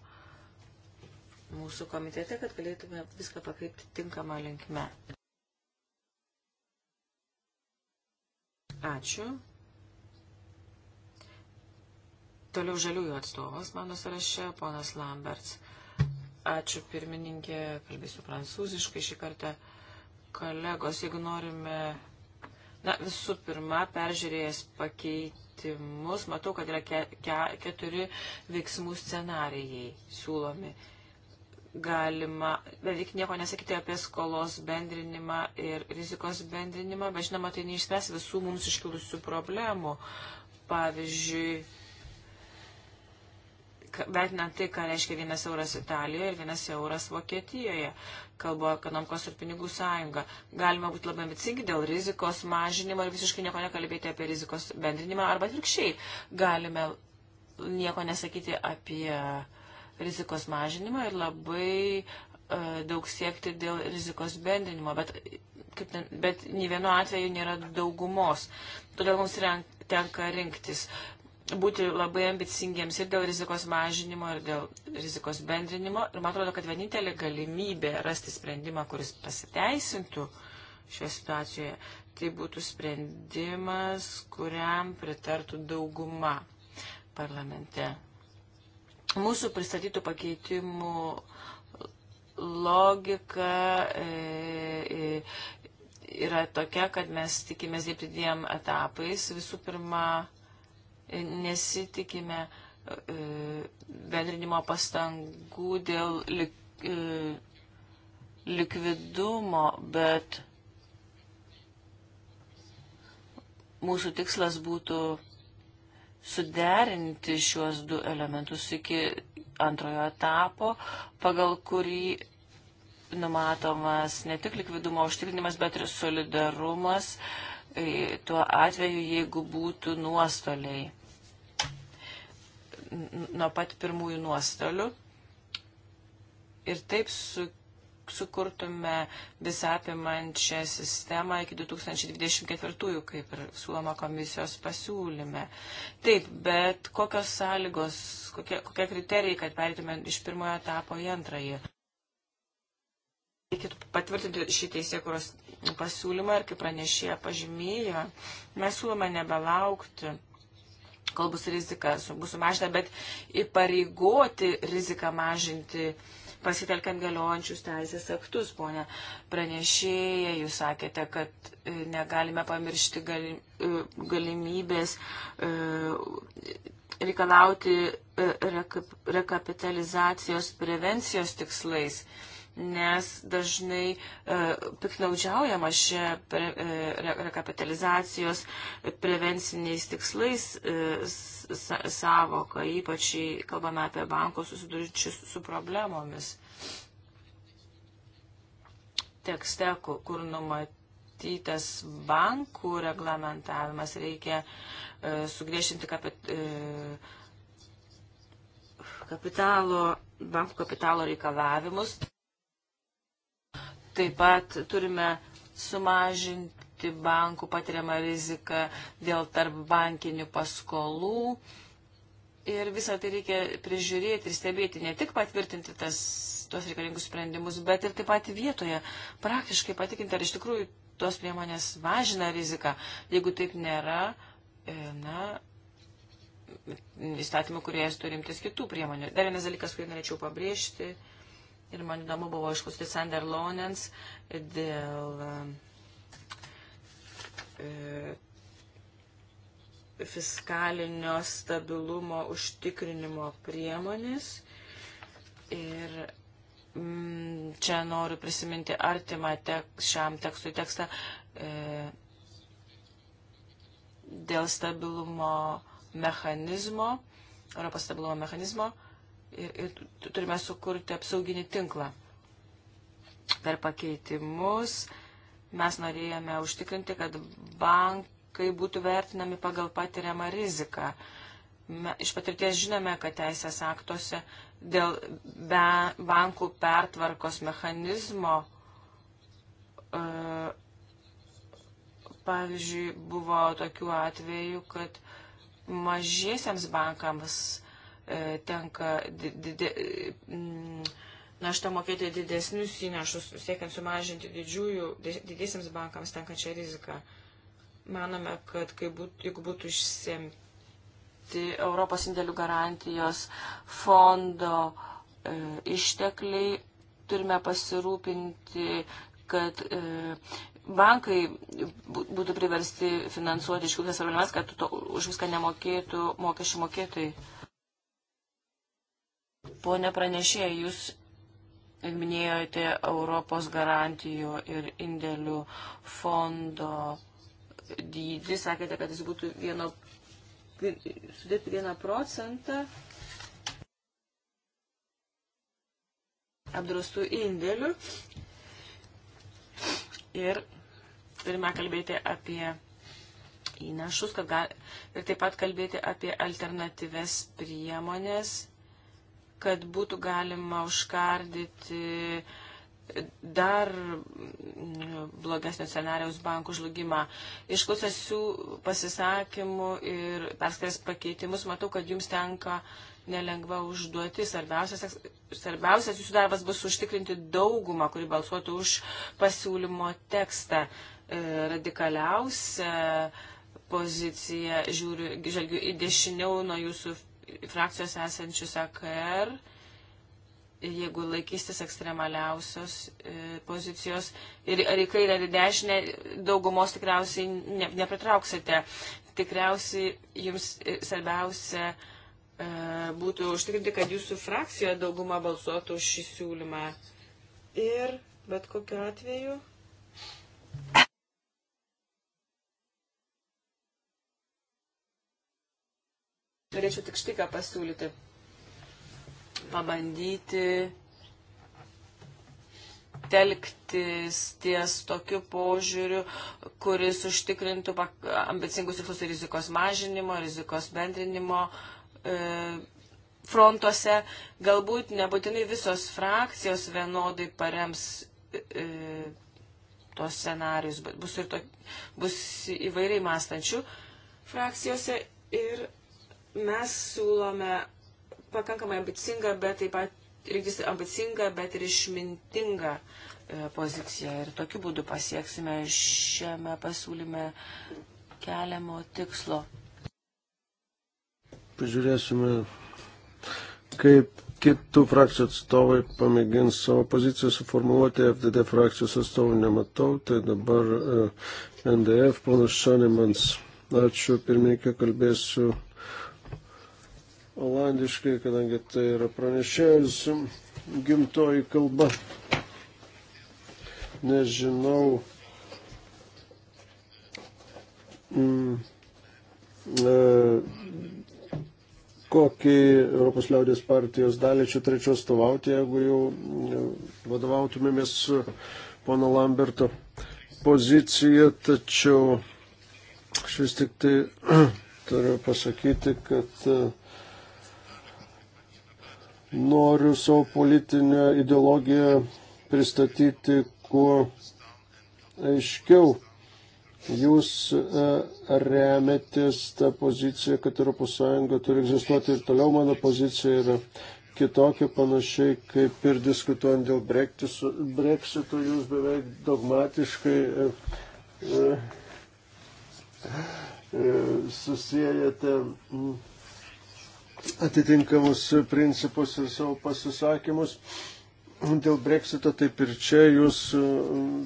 C: mūsų komitete, kad galėtume viską pakreipti tinkamą linkme. Ačiū. Toliau žaliųjų atstovas mano sąraše, ponas Lamberts. Ačiū pirmininkė, kalbėsiu prancūziškai šį kartą. Kolegos, jeigu norime, na visų pirma, peržiūrėjęs pakeitimus, matau, kad yra ke ke keturi veiksmų scenarijai siūlomi. Galima beveik nieko nesakyti apie skolos bendrinimą ir rizikos bendrinimą, bet žinoma, tai neišspręs visų mums iškilusių problemų. Pavyzdžiui, vertinant tai, ką reiškia vienas euras Italijoje ir vienas euras Vokietijoje, kalbu ekonomikos ir pinigų sąjunga. Galima būti labai ambicingi dėl rizikos mažinimo ir visiškai nieko nekalbėti apie rizikos bendrinimą arba atvirkščiai. Galime nieko nesakyti apie rizikos mažinimą ir labai uh, daug siekti dėl rizikos bendrinimo, bet, kaip, bet nei vienu atveju nėra daugumos. Todėl mums renk, tenka rinktis būti labai ambicingiems ir dėl rizikos mažinimo, ir dėl rizikos bendrinimo. Ir man atrodo, kad vienintelė galimybė rasti sprendimą, kuris pasiteisintų šioje situacijoje, tai būtų sprendimas, kuriam pritartų dauguma parlamente. Mūsų pristatytų pakeitimų logika e, e, yra tokia, kad mes tikimės dirbti dviem etapais. Visų pirma, nesitikime e, bendrinimo pastangų dėl lik, e, likvidumo, bet mūsų tikslas būtų suderinti šiuos du elementus iki antrojo etapo, pagal kurį numatomas ne tik likvidumo užtikrinimas, bet ir solidarumas e, tuo atveju, jeigu būtų nuostoliai nuo pat pirmųjų nuostolių ir taip su, sukurtume visapimančią sistemą iki 2024, kaip ir siūloma komisijos pasiūlyme. Taip, bet kokios sąlygos, kokie, kokie kriterijai, kad perėtume iš pirmojo etapo į antrąjį. Reikėtų patvirtinti šį teisėkuros pasiūlymą ir kaip pranešėja pažymėjo, mes siūlome nebelaukti kol bus rizika bus sumažinta, bet įpareigoti riziką mažinti pasitelkiant galiojančius teisės aktus, ponė pranešėja, jūs sakėte, kad e, negalime pamiršti e, galimybės e, reikalauti rekapitalizacijos prevencijos tikslais nes dažnai e, piknaudžiaujama šia pre, e, rekapitalizacijos prevenciniais tikslais e, savoka, ypač kalbame apie bankus susidurinčius su problemomis. Tekste, kur numatyti numatytas bankų reglamentavimas, reikia e, sugriešinti kapit, e, kapitalo, bankų kapitalo reikalavimus. Taip pat turime sumažinti bankų patiriamą riziką dėl tarp bankinių paskolų. Ir visą tai reikia prižiūrėti ir stebėti, ne tik patvirtinti tas, tuos reikalingus sprendimus, bet ir taip pat vietoje praktiškai patikinti, ar iš tikrųjų tos priemonės mažina riziką. Jeigu taip nėra, e, na, įstatymų, kurie turimtis kitų priemonių. Dar vienas dalykas, kurį norėčiau pabrėžti. Uh, Ir man įdomu buvo išklausyti Sander Lonens dėl e, e, fiskalinio stabilumo užtikrinimo priemonės. Ir m, mm, čia noriu prisiminti artimą tek, šiam tekstui tekstą e, dėl stabilumo mechanizmo, Europos stabilumo mechanizmo. E, ir, ir turime sukurti apsauginį tinklą. Per pakeitimus mes norėjome užtikrinti, kad bankai būtų vertinami pagal patiriamą riziką. Me, iš patirties žinome, kad teisės aktuose dėl be bankų pertvarkos mechanizmo, e, pavyzdžiui, buvo tokių atvejų, kad mažiesiams bankams E, tenka naštą mokėti didesnius įnašus, siekiant sumažinti didžiųjų, didiesiams bankams tenkančią riziką. Manome, kad kai būtų, jeigu būtų išsemti Europos indėlių garantijos fondo e, ištekliai, turime pasirūpinti, kad e, bankai būtų priversti finansuoti iškiltas problemas, kad to, už viską nemokėtų mokesčių mokėtojai. Pone pranešėjai, jūs minėjote Europos garantijų ir indėlių fondo dydį, sakėte, kad jis būtų vieno, sudėtų vieną procentą apdraustų indėlių. Ir turime kalbėti apie įnašus, kad gal, ir taip pat kalbėti apie alternatyves priemonės kad būtų galima užkardyti dar mm, blogesnio scenarijaus bankų žlugimą. Išklausęs jų pasisakymų ir perskaitęs pakeitimus, matau, kad jums tenka nelengva užduoti. Svarbiausias, svarbiausias jūsų darbas bus užtikrinti daugumą, kuri balsuotų už pasiūlymo tekstą. E, radikaliausia pozicija, žiūriu, žvelgiu į dešiniau nuo jūsų frakcijos esančius AKR, e jeigu laikysis ekstremaliausios e, pozicijos ir ar į kairę ar į dešinę daugumos tikriausiai ne, nepritrauksite. Tikriausiai jums e, svarbiausia būtų užtikrinti, kad jūsų frakcija dauguma balsuotų už šį siūlymą. Ir bet kokiu atveju Galėčiau tik štai ką pasiūlyti. Pabandyti telktis ties tokiu požiūriu, kuris užtikrintų ambicingus tikslus rizikos mažinimo, rizikos bendrinimo e, frontuose. Galbūt nebūtinai visos frakcijos vienodai parems e, tos scenarius, bet bus ir to, bus įvairiai mąstančių frakcijose ir Mes siūlome pakankamai ambicingą, bet taip pat reikės ambicingą, bet ir išmintingą e, poziciją. Ir tokiu būdu pasieksime šiame pasiūlyme keliamo tikslo.
A: Pažiūrėsime, kaip kitų frakcijų atstovai pamėgins savo poziciją suformuoluoti, FDD frakcijos atstovų nematau, tai dabar e, NDF, ponas Šanimans. Ačiū, pirmininkė, kalbėsiu olandiškai, kadangi tai yra pranešėjus gimtoji kalba. Nežinau. Mm, e, kokį Europos liaudės partijos dalį čia turėčiau atstovauti, jeigu jau e, vadovautumėmės pono Lamberto poziciją, tačiau aš vis tik tai turiu pasakyti, kad e, noriu savo politinę ideologiją pristatyti kuo aiškiau. Jūs e, remetės tą poziciją, kad ES turi egzistuoti ir toliau. Mano pozicija yra kitokia, panašiai kaip ir diskutuojant dėl breksito, jūs beveik dogmatiškai e, e, e susijęjate. Mm, atitinkamus principus ir savo pasisakymus. Dėl breksito taip ir čia jūs e,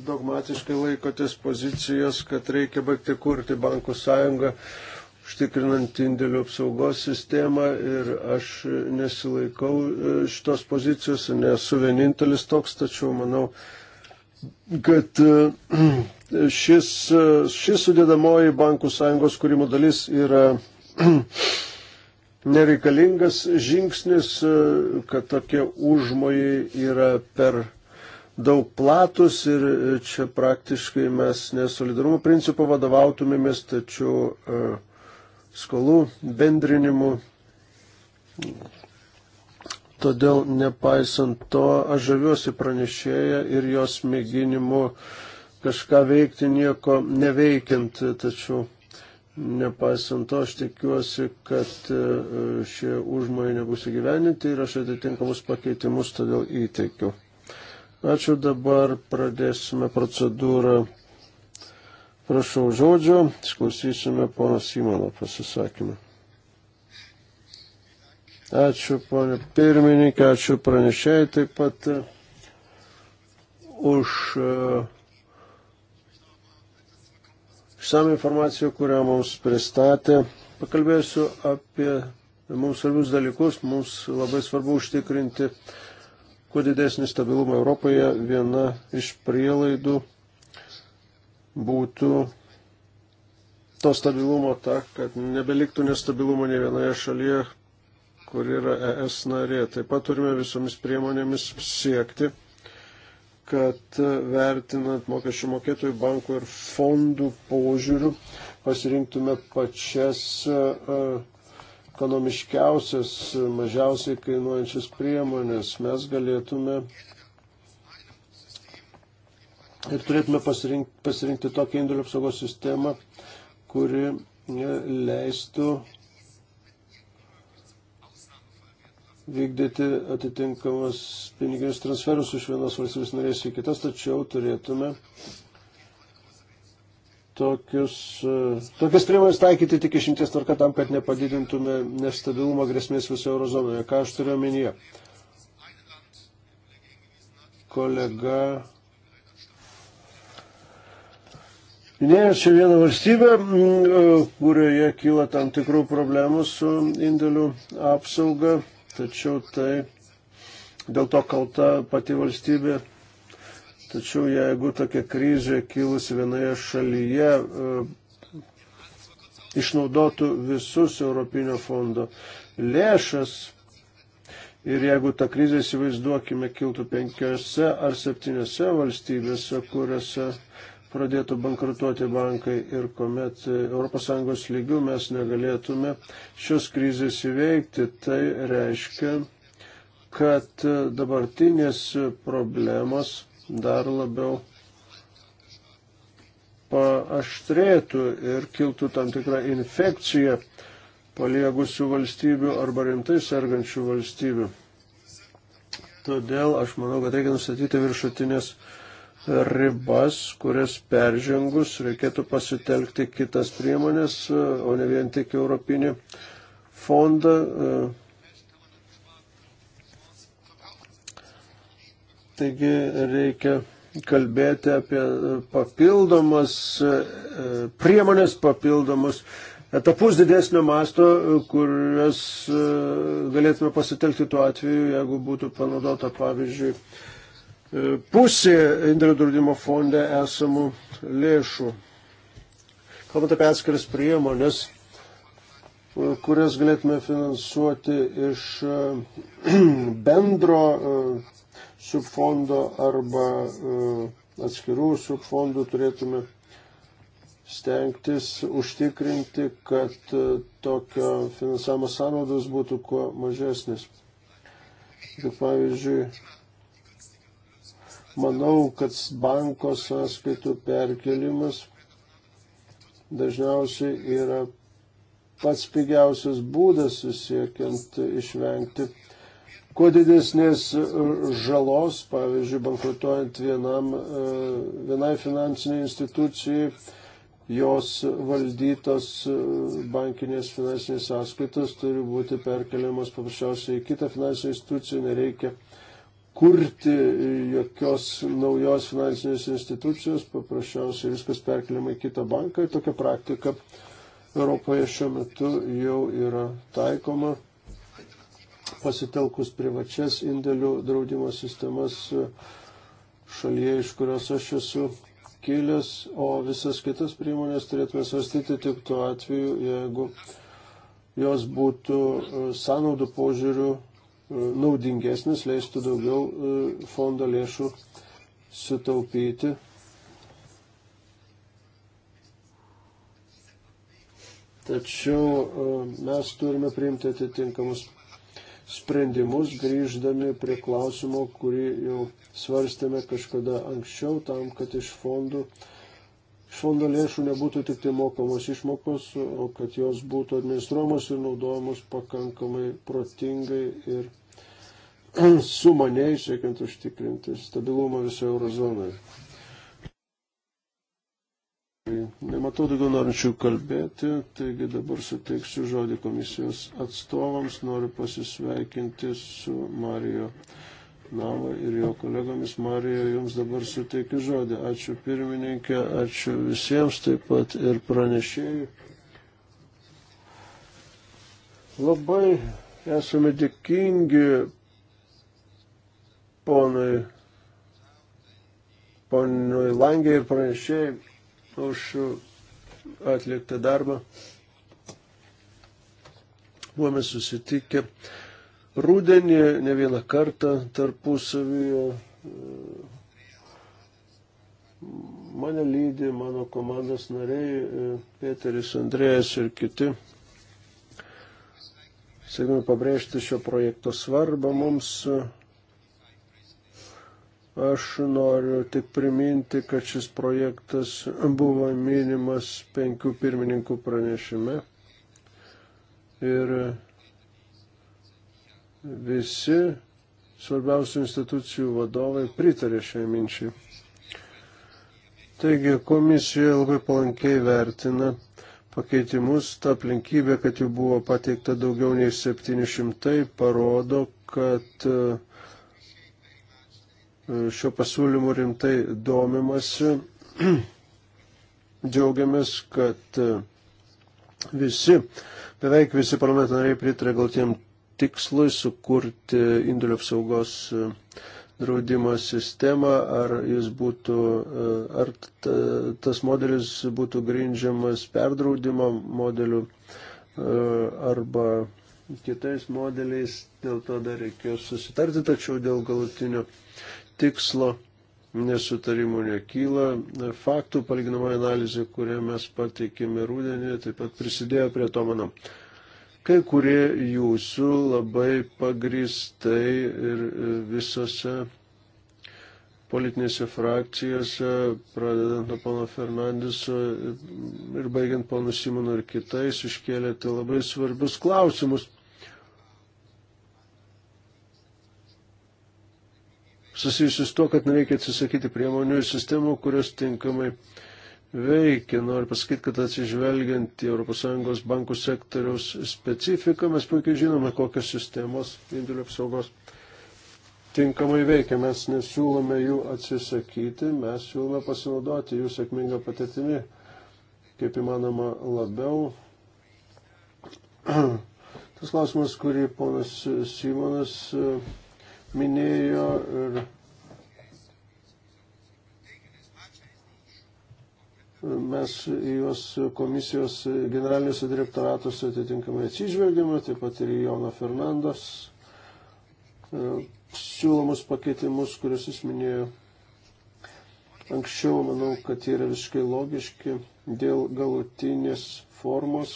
A: dogmatiškai laikotės pozicijos, kad reikia baigti kurti bankų sąjungą, užtikrinant indėlių apsaugos sistemą ir aš nesilaikau e, šitos pozicijos, nesu vienintelis toks, tačiau manau, kad e, šis, šis sudėdamoji bankų sąjungos kūrimo dalis yra nereikalingas žingsnis, e, kad tokie užmojai yra per daug platus ir e, čia praktiškai mes nesolidarumo principu vadovautumėmės, tačiau e, skolų bendrinimu. Todėl nepaisant to, aš žaviuosi pranešėją ir jos mėginimu kažką veikti nieko neveikiant, tačiau Nepaisant to, aš tikiuosi, kad e, šie užmojai nebus įgyveninti ir aš atitinkamus pakeitimus todėl įteikiu. Ačiū, dabar pradėsime procedūrą. Prašau žodžio, išklausysime pono Simono pasisakymą. Ačiū, ponė pirmininkė, ačiū pranešėjai taip pat e, už. Uh, išsame informaciją, kurią mums pristatė. Pakalbėsiu apie mums svarbius dalykus. Mums labai svarbu užtikrinti kuo didesnį stabilumą Europoje. Viena iš prielaidų būtų to stabilumo ta, kad nebeliktų nestabilumo ne vienoje šalyje, kur yra ES narė. Taip pat turime visomis priemonėmis siekti kad vertinant mokesčių mokėtojų bankų ir fondų požiūrių pasirinktume pačias e, ekonomiškiausias, mažiausiai kainuojančias priemonės. Mes galėtume ir turėtume pasirinkti, pasirinkti tokią indėlių apsaugos sistemą, kuri e, leistų vykdyti atitinkamas piniginius transferus iš vienos valstybės narės į kitas, tačiau turėtume tokius, tokias priemonės taikyti tik išimties tvarka tam, kad nepadidintume nestabilumo grėsmės viso eurozonoje. Ką aš turiu omenyje? Kolega Minėjau čia vieną valstybę, kurioje kyla tam tikrų problemų su indėlių apsauga tačiau tai dėl to kalta pati valstybė. Tačiau jeigu tokia krizė kilusi vienoje šalyje e, išnaudotų visus Europinio fondo lėšas ir jeigu ta krizė įsivaizduokime kiltų penkiose ar septyniose valstybėse, kuriuose pradėtų bankrutuoti bankai ir kuomet ES lygių mes negalėtume šios krizės įveikti, tai reiškia, kad dabartinės problemos dar labiau paaštrėtų ir kiltų tam tikrą infekciją paliegusių valstybių arba rimtai sergančių valstybių. Todėl aš manau, kad reikia nustatyti viršutinės ribas, kurias peržengus reikėtų pasitelkti kitas priemonės, o ne vien tik Europinį fondą. Taigi reikia kalbėti apie papildomas priemonės, papildomus etapus didesnio masto, kurias galėtume pasitelkti tuo atveju, jeigu būtų panaudota, pavyzdžiui, E, pusė indėlių draudimo fonde esamų lėšų. Kalbant apie atskiras priemonės, e, kurias galėtume finansuoti iš e, bendro subfondo arba atskirų subfondų turėtume stengtis užtikrinti, kad tokio finansavimo sąnaudos būtų kuo mažesnis. Kaip pavyzdžiui, Manau, kad banko sąskaitų perkelimas dažniausiai yra pats pigiausias būdas siekiant išvengti kuo didesnės žalos, pavyzdžiui, bankrutuojant vienam, e, vienai finansiniai institucijai, jos valdytos e, bankinės finansinės sąskaitos turi būti perkeliamos paprasčiausiai į kitą finansinę instituciją, nereikia uh, kurti e, jokios naujos finansinės institucijos, paprasčiausiai viskas perkeliama į kitą banką ir tokia praktika Europoje šiuo metu jau yra taikoma pasitelkus privačias indėlių draudimo sistemas e, šalyje, iš kurios aš esu kilęs, o visas kitas priemonės turėtume svarstyti tik tuo atveju, jeigu jos būtų e, sąnaudų požiūrių E, naudingesnis, leistų daugiau e, fondo lėšų sutaupyti. Tačiau e, mes turime priimti atitinkamus sprendimus, grįždami prie klausimo, kurį jau svarstėme kažkada anksčiau, tam, kad iš fondų, iš fondo lėšų nebūtų tik tai mokamos išmokos, o kad jos būtų administruomos ir naudojamos pakankamai protingai ir sumaniai, siekiant užtikrinti stabilumą visoje eurozonoje. Nematau daugiau norinčių kalbėti, taigi dabar suteiksiu žodį komisijos atstovams. Noriu pasisveikinti su Marijo Nava ir jo kolegomis. Marijo, jums dabar suteikiu žodį. Ačiū pirmininkė, ačiū visiems, taip pat ir pranešėjai. Labai esame dėkingi ponui, ponui Langiai ir pranešėjai už atliktą darbą. Buvome susitikę rūdienį ne vieną kartą tarpusavyje. Mane lydi mano komandos nariai Peteris Andrėjas ir kiti. Sėkime pabrėžti šio projekto svarbą mums Aš noriu tik priminti, kad šis projektas buvo minimas penkių pirmininkų pranešime. Ir visi svarbiausių institucijų vadovai pritarė šiai minčiai. Taigi komisija labai palankiai vertina pakeitimus. Ta aplinkybė, kad jų buvo pateikta daugiau nei 700, parodo, kad uh, šio pasiūlymu rimtai domimasi. Džiaugiamės, kad visi, beveik visi parlamento nariai pritarė galtiem tikslui sukurti indėlių apsaugos e, draudimo sistemą, ar jis būtų, e, ar tas modelis būtų grindžiamas perdraudimo modeliu e, arba kitais modeliais, dėl to dar reikės susitarti, tačiau dėl galutinio tikslo nesutarimų nekyla. Faktų palyginamoji analizė, kurią mes pateikėme rūdienį, taip pat prisidėjo prie to, manau. Kai kurie jūsų labai pagristai ir visose politinėse frakcijose, pradedant nuo pono Fernandeso ir baigiant pono Simono ir kitais, iškėlėte labai svarbius klausimus susijusius tuo, kad nereikia atsisakyti priemonių ir sistemų, kurios tinkamai veikia. Noriu pasakyti, kad atsižvelgiant į ES bankų sektoriaus specifiką, mes puikiai žinome, kokios sistemos indėlių apsaugos tinkamai veikia. Mes nesiūlome jų atsisakyti, mes siūlome pasinaudoti jų sėkmingą patirtimį, kaip įmanoma, labiau. Tas klausimas, kurį ponas Simonas minėjo ir mes juos komisijos generalinius direktoratus atitinkamai atsižvelgėme, taip pat ir Jono Fernandos e, siūlomus pakeitimus, kuriuos jis minėjo. Anksčiau manau, kad jie yra visiškai logiški dėl galutinės formos,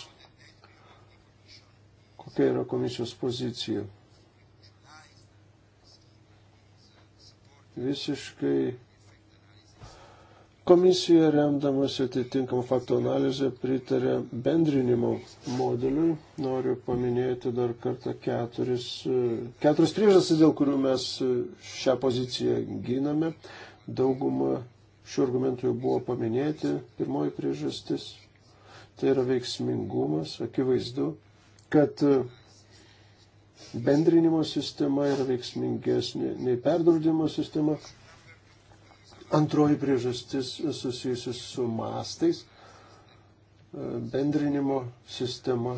A: kokia yra komisijos pozicija. visiškai komisija remdamas atitinkamą faktų analizę pritarė bendrinimo modeliui. Noriu paminėti dar kartą keturis, keturis priežastis, dėl kurių mes šią poziciją gyname. Dauguma šių argumentų jau buvo paminėti. Pirmoji priežastis tai yra veiksmingumas. Akivaizdu, kad bendrinimo sistema yra veiksmingesnė nei perdraudimo sistema. Antroji priežastis susijusi su mastais. E, bendrinimo sistema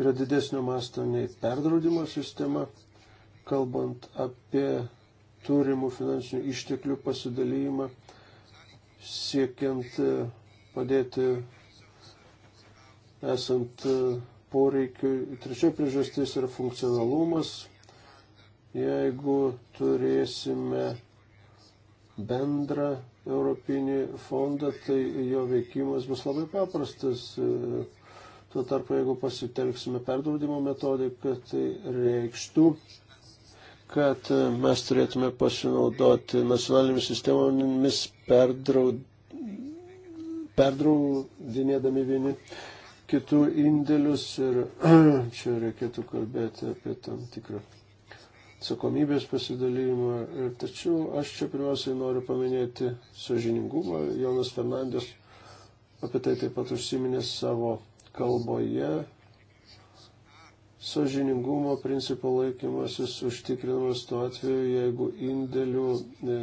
A: yra didesnio masto nei perdraudimo sistema, kalbant apie turimų finansinių išteklių pasidalymą, siekiant e, padėti esant e, poreikiui. Trečioji priežastis yra funkcionalumas. Jeigu turėsime bendrą europinį fondą, tai jo veikimas bus labai paprastas. Tuo tarpu, jeigu pasitelksime perdaudimo metodiką, tai reikštų, kad mes turėtume pasinaudoti nacionalinėmis sistemomis perdraudinėdami vieni kitų indėlius ir čia reikėtų kalbėti apie tam tikrą atsakomybės pasidalymą. Tačiau aš čia pirmiausiai noriu paminėti sažiningumą. Jonas Fernandės apie tai taip pat užsiminė savo kalboje. Sažiningumo principo laikymasis užtikrinamas tuo atveju, jeigu indėlių e,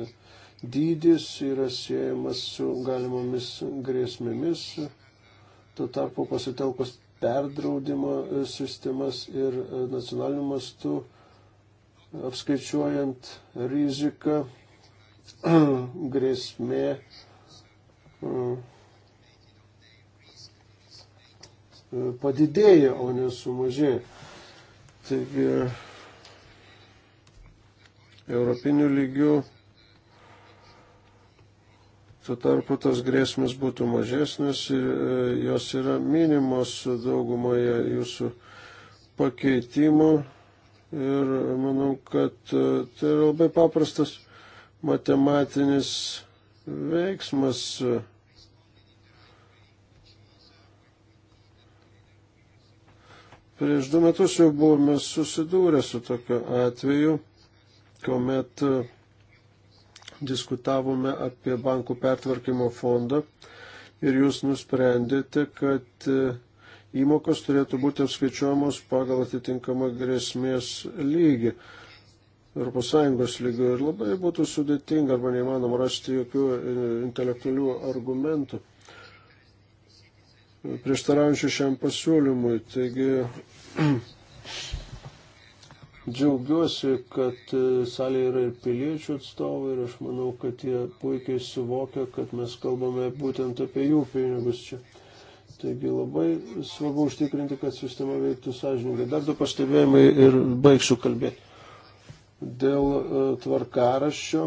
A: dydis yra siejamas su galimomis grėsmėmis Tuo tarpu pasitelkus perdraudimo e, sistemas ir e, nacionaliniu mastu apskaičiuojant riziką, grėsmė e, padidėja, o nesumažėja. Taigi, europinių lygių Tuo tarpu tos grėsmės būtų mažesnės ir e, jos yra minimos daugumoje jūsų pakeitimų. Ir manau, kad e, tai yra labai paprastas matematinis veiksmas. Prieš du metus jau buvome susidūrę su tokiu atveju, kuomet uh, diskutavome apie bankų pertvarkymo fondą ir jūs nusprendėte, kad e, įmokos turėtų būti apskaičiuojamos pagal atitinkamą grėsmės lygį. ES lygių ir labai būtų sudėtinga arba neįmanoma rasti jokių e, intelektualių argumentų prieštaraujančių šiam pasiūlymui. Taigi Džiaugiuosi, kad e, salėje yra ir piliečių atstovai ir aš manau, kad jie puikiai suvokia, kad mes kalbame būtent apie jų pinigus čia. Taigi labai svarbu užtikrinti, kad sistema veiktų sąžininkai. Dar du pastebėjimai ir baigsiu kalbėti. Dėl e, tvarkaraščio,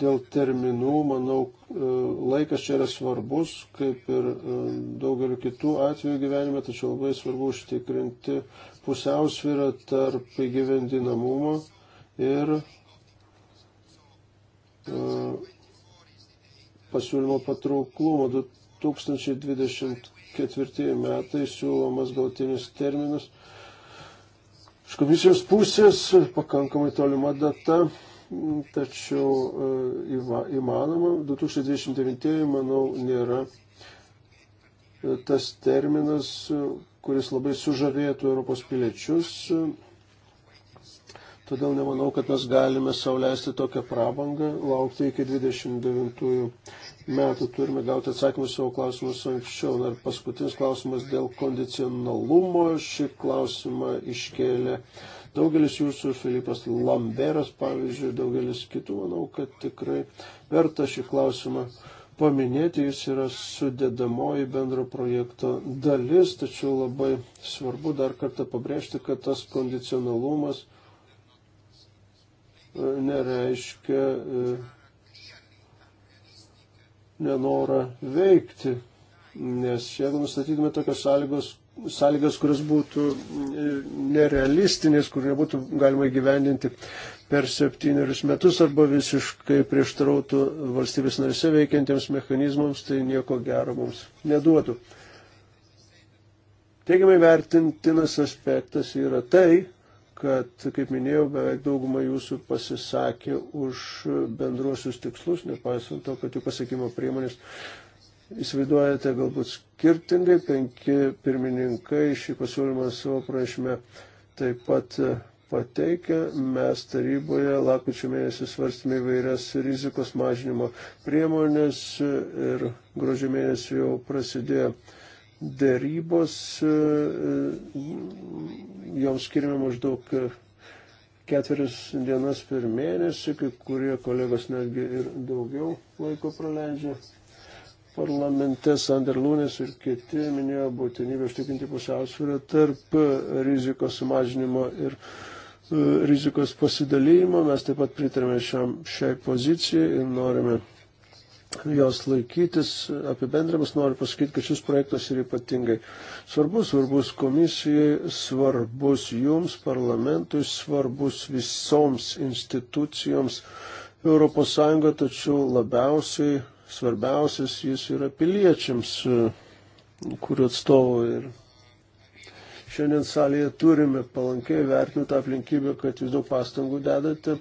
A: dėl terminų, manau, e, laikas čia yra svarbus, kaip ir daugeliu kitų atvejų gyvenime, tačiau labai svarbu užtikrinti pusiausvyrą tarp įgyvendinamumo ir e, pasiūlymo patrauklumo 2024 metai siūlomas gautinis terminas. Iš komisijos pusės pakankamai tolima data, tačiau e, įmanoma. 2029 manau nėra e, tas terminas, kuris labai sužavėtų Europos piliečius. Todėl nemanau, kad mes galime sauliaisti tokią prabangą, laukti iki 29 metų. Turime gauti atsakymus savo klausimus anksčiau. Ir paskutinis klausimas dėl kondicionalumo. Šį klausimą iškėlė daugelis jūsų, Filipas Lamberas, pavyzdžiui, daugelis kitų. Manau, kad tikrai verta šį klausimą paminėti, jis yra sudėdamoji bendro projekto dalis, tačiau labai svarbu dar kartą pabrėžti, kad tas kondicionalumas e, nereiškia e, nenorą veikti, nes jeigu nustatytume tokias sąlygos, sąlygas, kurios būtų e, nerealistinės, kur nebūtų galima įgyvendinti per septynerius metus arba visiškai prieštarautų valstybės narise veikiantiems mechanizmams, tai nieko gero mums neduotų. Teigiamai vertintinas aspektas yra tai, kad, kaip minėjau, beveik dauguma jūsų pasisakė už bendruosius tikslus, nepaisant to, kad jų pasiekimo priemonės įsivaizduojate galbūt skirtingai. Penki pirmininkai šį pasiūlymą savo prašymę taip pat pateikę. Mes taryboje lakučio mėnesį svarstėme įvairias rizikos mažinimo priemonės ir gruodžio mėnesį jau prasidėjo dėrybos. Joms skirime maždaug keturias dienas per mėnesį, kai kurie kolegos netgi ir daugiau laiko praleidžia parlamente Sanderlūnės ir kiti minėjo būtinybę užtikrinti pusiausvyrą tarp rizikos sumažinimo ir E, rizikos pasidalymo. Mes taip pat pritarėme šiam, šiai pozicijai ir norime jos laikytis. Apibendrimas noriu pasakyti, kad šis projektas yra ypatingai svarbus, svarbus komisijai, svarbus jums, parlamentui, svarbus visoms institucijoms ES, tačiau labiausiai svarbiausias jis yra piliečiams, e, kurių atstovų ir šiandien salėje turime. Palankiai vertinu tą aplinkybę, kad jūs daug pastangų dedate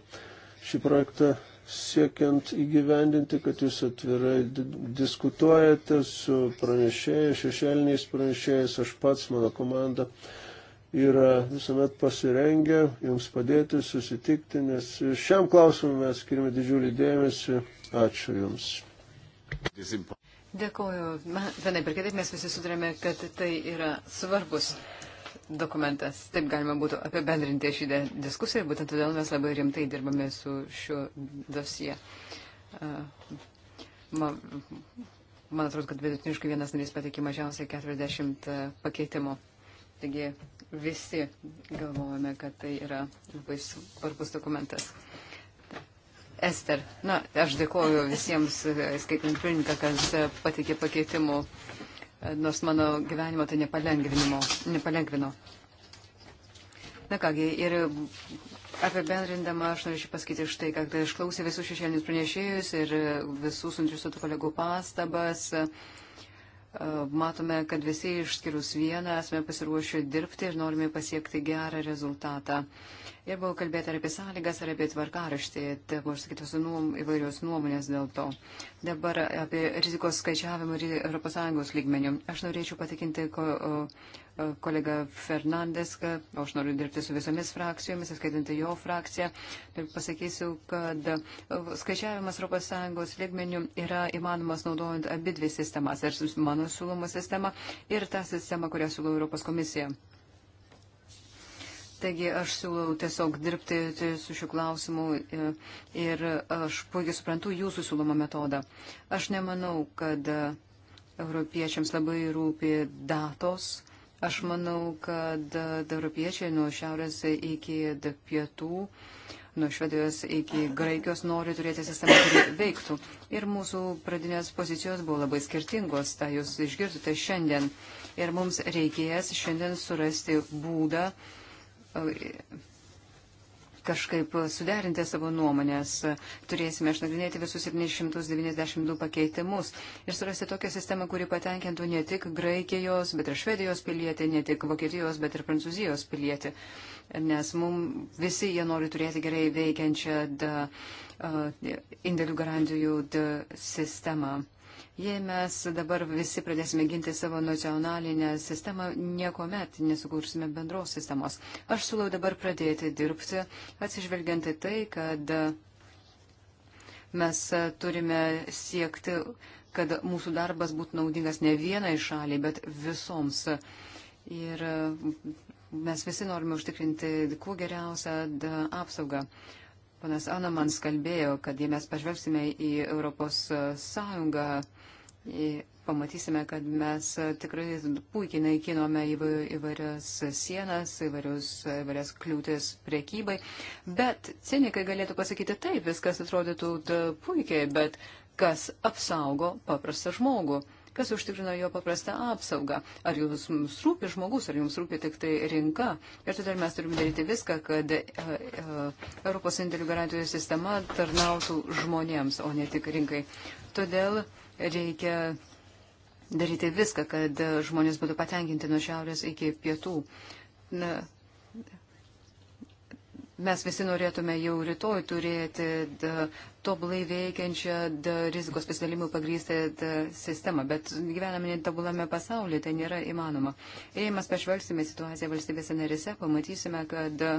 A: šį projektą siekiant įgyvendinti, kad jūs atvirai diskutuojate su pranešėjais, šešėliniais pranešėjais, aš pats, mano komanda yra visuomet pasirengę jums padėti, susitikti, nes šiam klausimui mes skirime didžiulį dėmesį. Ačiū Jums.
B: Dėkuoju. Vienai per kitaip mes visi sutarėme, kad tai yra svarbus dokumentas. Taip galima būtų apibendrinti šį diskusiją, būtent todėl mes labai rimtai dirbame su šiuo dosie. Man, man atrodo, kad vidutiniškai vienas narys pateikė mažiausiai 40 e, pakeitimų. Taigi visi galvojame, kad tai yra labai svarbus dokumentas. Ester, na, aš dėkoju visiems, e, skaitant pirmininką, kas e, pateikė pakeitimų. Uh, E, nors mano gyvenimo tai nepalengvino. Na kągi, ir apibendrindama aš norėčiau pasakyti štai, kad išklausė visus šešėlinius pranešėjus ir visus suinteresuotų kolegų pastabas. E, matome, kad visi išskyrus vieną esame pasiruošę dirbti ir norime pasiekti gerą rezultatą. Ir buvo kalbėta ir apie sąlygas, ir apie tvarkaraštį, tai buvo išsakytos nuom, įvairios nuomonės dėl to. Dabar apie rizikos skaičiavimą ir ES lygmenių. Aš norėčiau patikinti ko, o, kolega Fernandes, kad aš noriu dirbti su visomis frakcijomis, skaitinti jo frakciją. Ir pasakysiu, kad skaičiavimas ES lygmenių yra įmanomas naudojant abi dvi sistemas. Ir mano siūloma sistema ir tą sistemą, kurią siūlo Europos komisija. Taigi aš siūlau tiesiog dirbti tai su šiuo klausimu e, ir aš puikiai suprantu jūsų siūlomą metodą. Aš nemanau, kad europiečiams labai rūpi datos. Aš manau, kad europiečiai nuo šiaurės iki pietų, nuo Švedijos iki Graikijos nori turėti sistemą, kuri veiktų. Ir mūsų pradinės pozicijos buvo labai skirtingos, tą jūs išgirdote šiandien. Ir mums reikės šiandien surasti būdą, uh, kažkaip suderinti savo nuomonės. Turėsime išnagrinėti visus 792 pakeitimus ir surasti tokią sistemą, kuri patenkintų ne tik Graikijos, bet ir Švedijos pilietį, ne tik Vokietijos, bet ir Prancūzijos pilietį. Nes mums visi jie nori turėti gerai veikiančią da, uh, indėlių garantijų da, sistemą. Jei mes dabar visi pradėsime ginti savo nacionalinę sistemą, nieko met nesukursime bendros sistemos. Aš siūlau dabar pradėti dirbti, atsižvelgianti tai, kad mes turime siekti, kad mūsų darbas būtų naudingas ne vienai šaliai, bet visoms. Ir mes visi norime užtikrinti kuo geriausią apsaugą. Panas Anamans kalbėjo, kad jei mes pažvelgsime į Europos Sąjungą, pamatysime, kad mes tikrai puikiai naikinome įvairias sienas, įvairius, įvairias kliūtis priekybai. Bet cinikai galėtų pasakyti taip, viskas atrodytų puikiai, bet kas apsaugo paprastą žmogų? Kas užtikrino jo paprastą apsaugą? Ar jums rūpi žmogus, ar jums rūpi tik tai rinka? Ir todėl mes turime daryti viską, kad uh, uh, Europos indėlių garantijų sistema tarnautų žmonėms, o ne tik rinkai. Todėl uh, Reikia daryti viską, kad žmonės būtų patenkinti nuo šiaurės iki pietų. Na, mes visi norėtume jau rytoj turėti tobulai veikiančią rizikos pasidalimų pagrįstą sistemą, bet gyvename netobulame pasaulyje, tai nėra įmanoma. Ir jei mes pažvelgsime situaciją valstybėse narise, pamatysime, kad a,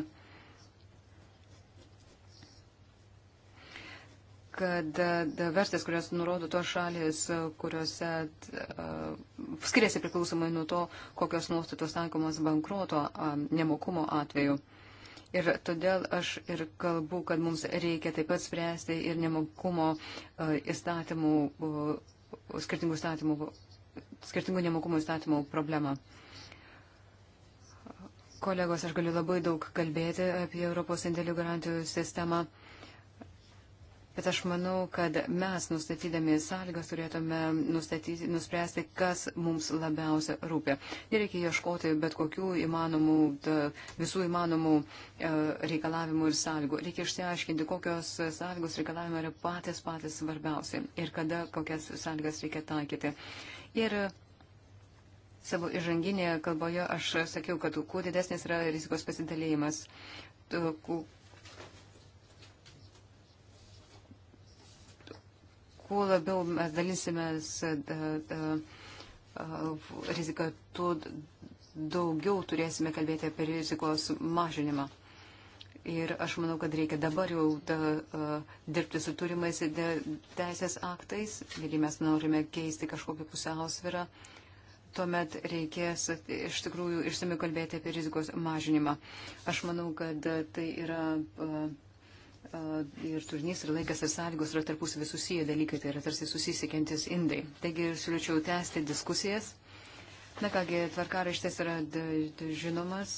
B: kad e, vertės, kurias nurodo tos šalis, e, kuriuose e, skiriasi priklausomai nuo to, kokios nuostatos taikomas bankruoto nemokumo atveju. Ir todėl aš ir kalbu, kad mums reikia taip pat spręsti ir nemokumo įstatymų, skirtingų, įstatymų, skirtingų nemokumo įstatymų problemą. Kolegos, aš galiu labai daug kalbėti apie Europos indėlių garantijų sistemą. Bet aš manau, kad mes nustatydami sąlygas turėtume nustatyti, nuspręsti, kas mums labiausia rūpia. Nereikia ieškoti bet kokių įmanomų, visų įmanomų e, reikalavimų ir sąlygų. Reikia išsiaiškinti, kokios sąlygos reikalavimai yra patys patys svarbiausi ir kada kokias sąlygas reikia taikyti. Ir savo įžanginėje kalboje aš sakiau, kad kuo didesnis yra rizikos pasidalėjimas, kuo labiau mes dalysimės e, e, e, riziką, tuo daugiau turėsime kalbėti apie rizikos mažinimą. Ir aš manau, kad reikia dabar jau da, uh, dirbti su turimais teisės aktais, jeigu mes norime keisti kažkokią pusiausvyrą, tuomet reikės iš tikrųjų išsami kalbėti apie rizikos mažinimą. Aš manau, kad uh, tai yra. Uh, ir turinys, ir laikas, ir sąlygos yra tarpusavį susiję dalykai, tai yra tarsi susisiekiantis indai. Taigi siūlyčiau tęsti diskusijas. Na kągi, tvarkaraštis yra žinomas.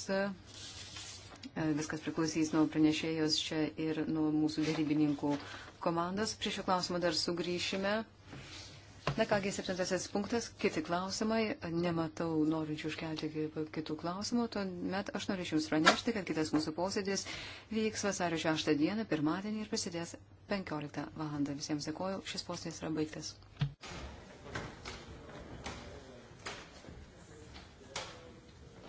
B: Viskas priklausys nuo pranešėjos čia ir nuo mūsų dėrybininkų komandos. Prie šio klausimo dar sugrįšime. Na kągi, septintasis punktas, kiti klausimai. Nematau norinčių užkelti kitų klausimų, tuomet aš norėčiau Jums pranešti, kad kitas mūsų posėdis vyks vasario 6 dieną, pirmadienį ir prasidės 15 val. Visiems dėkoju, šis posėdis yra baigtas.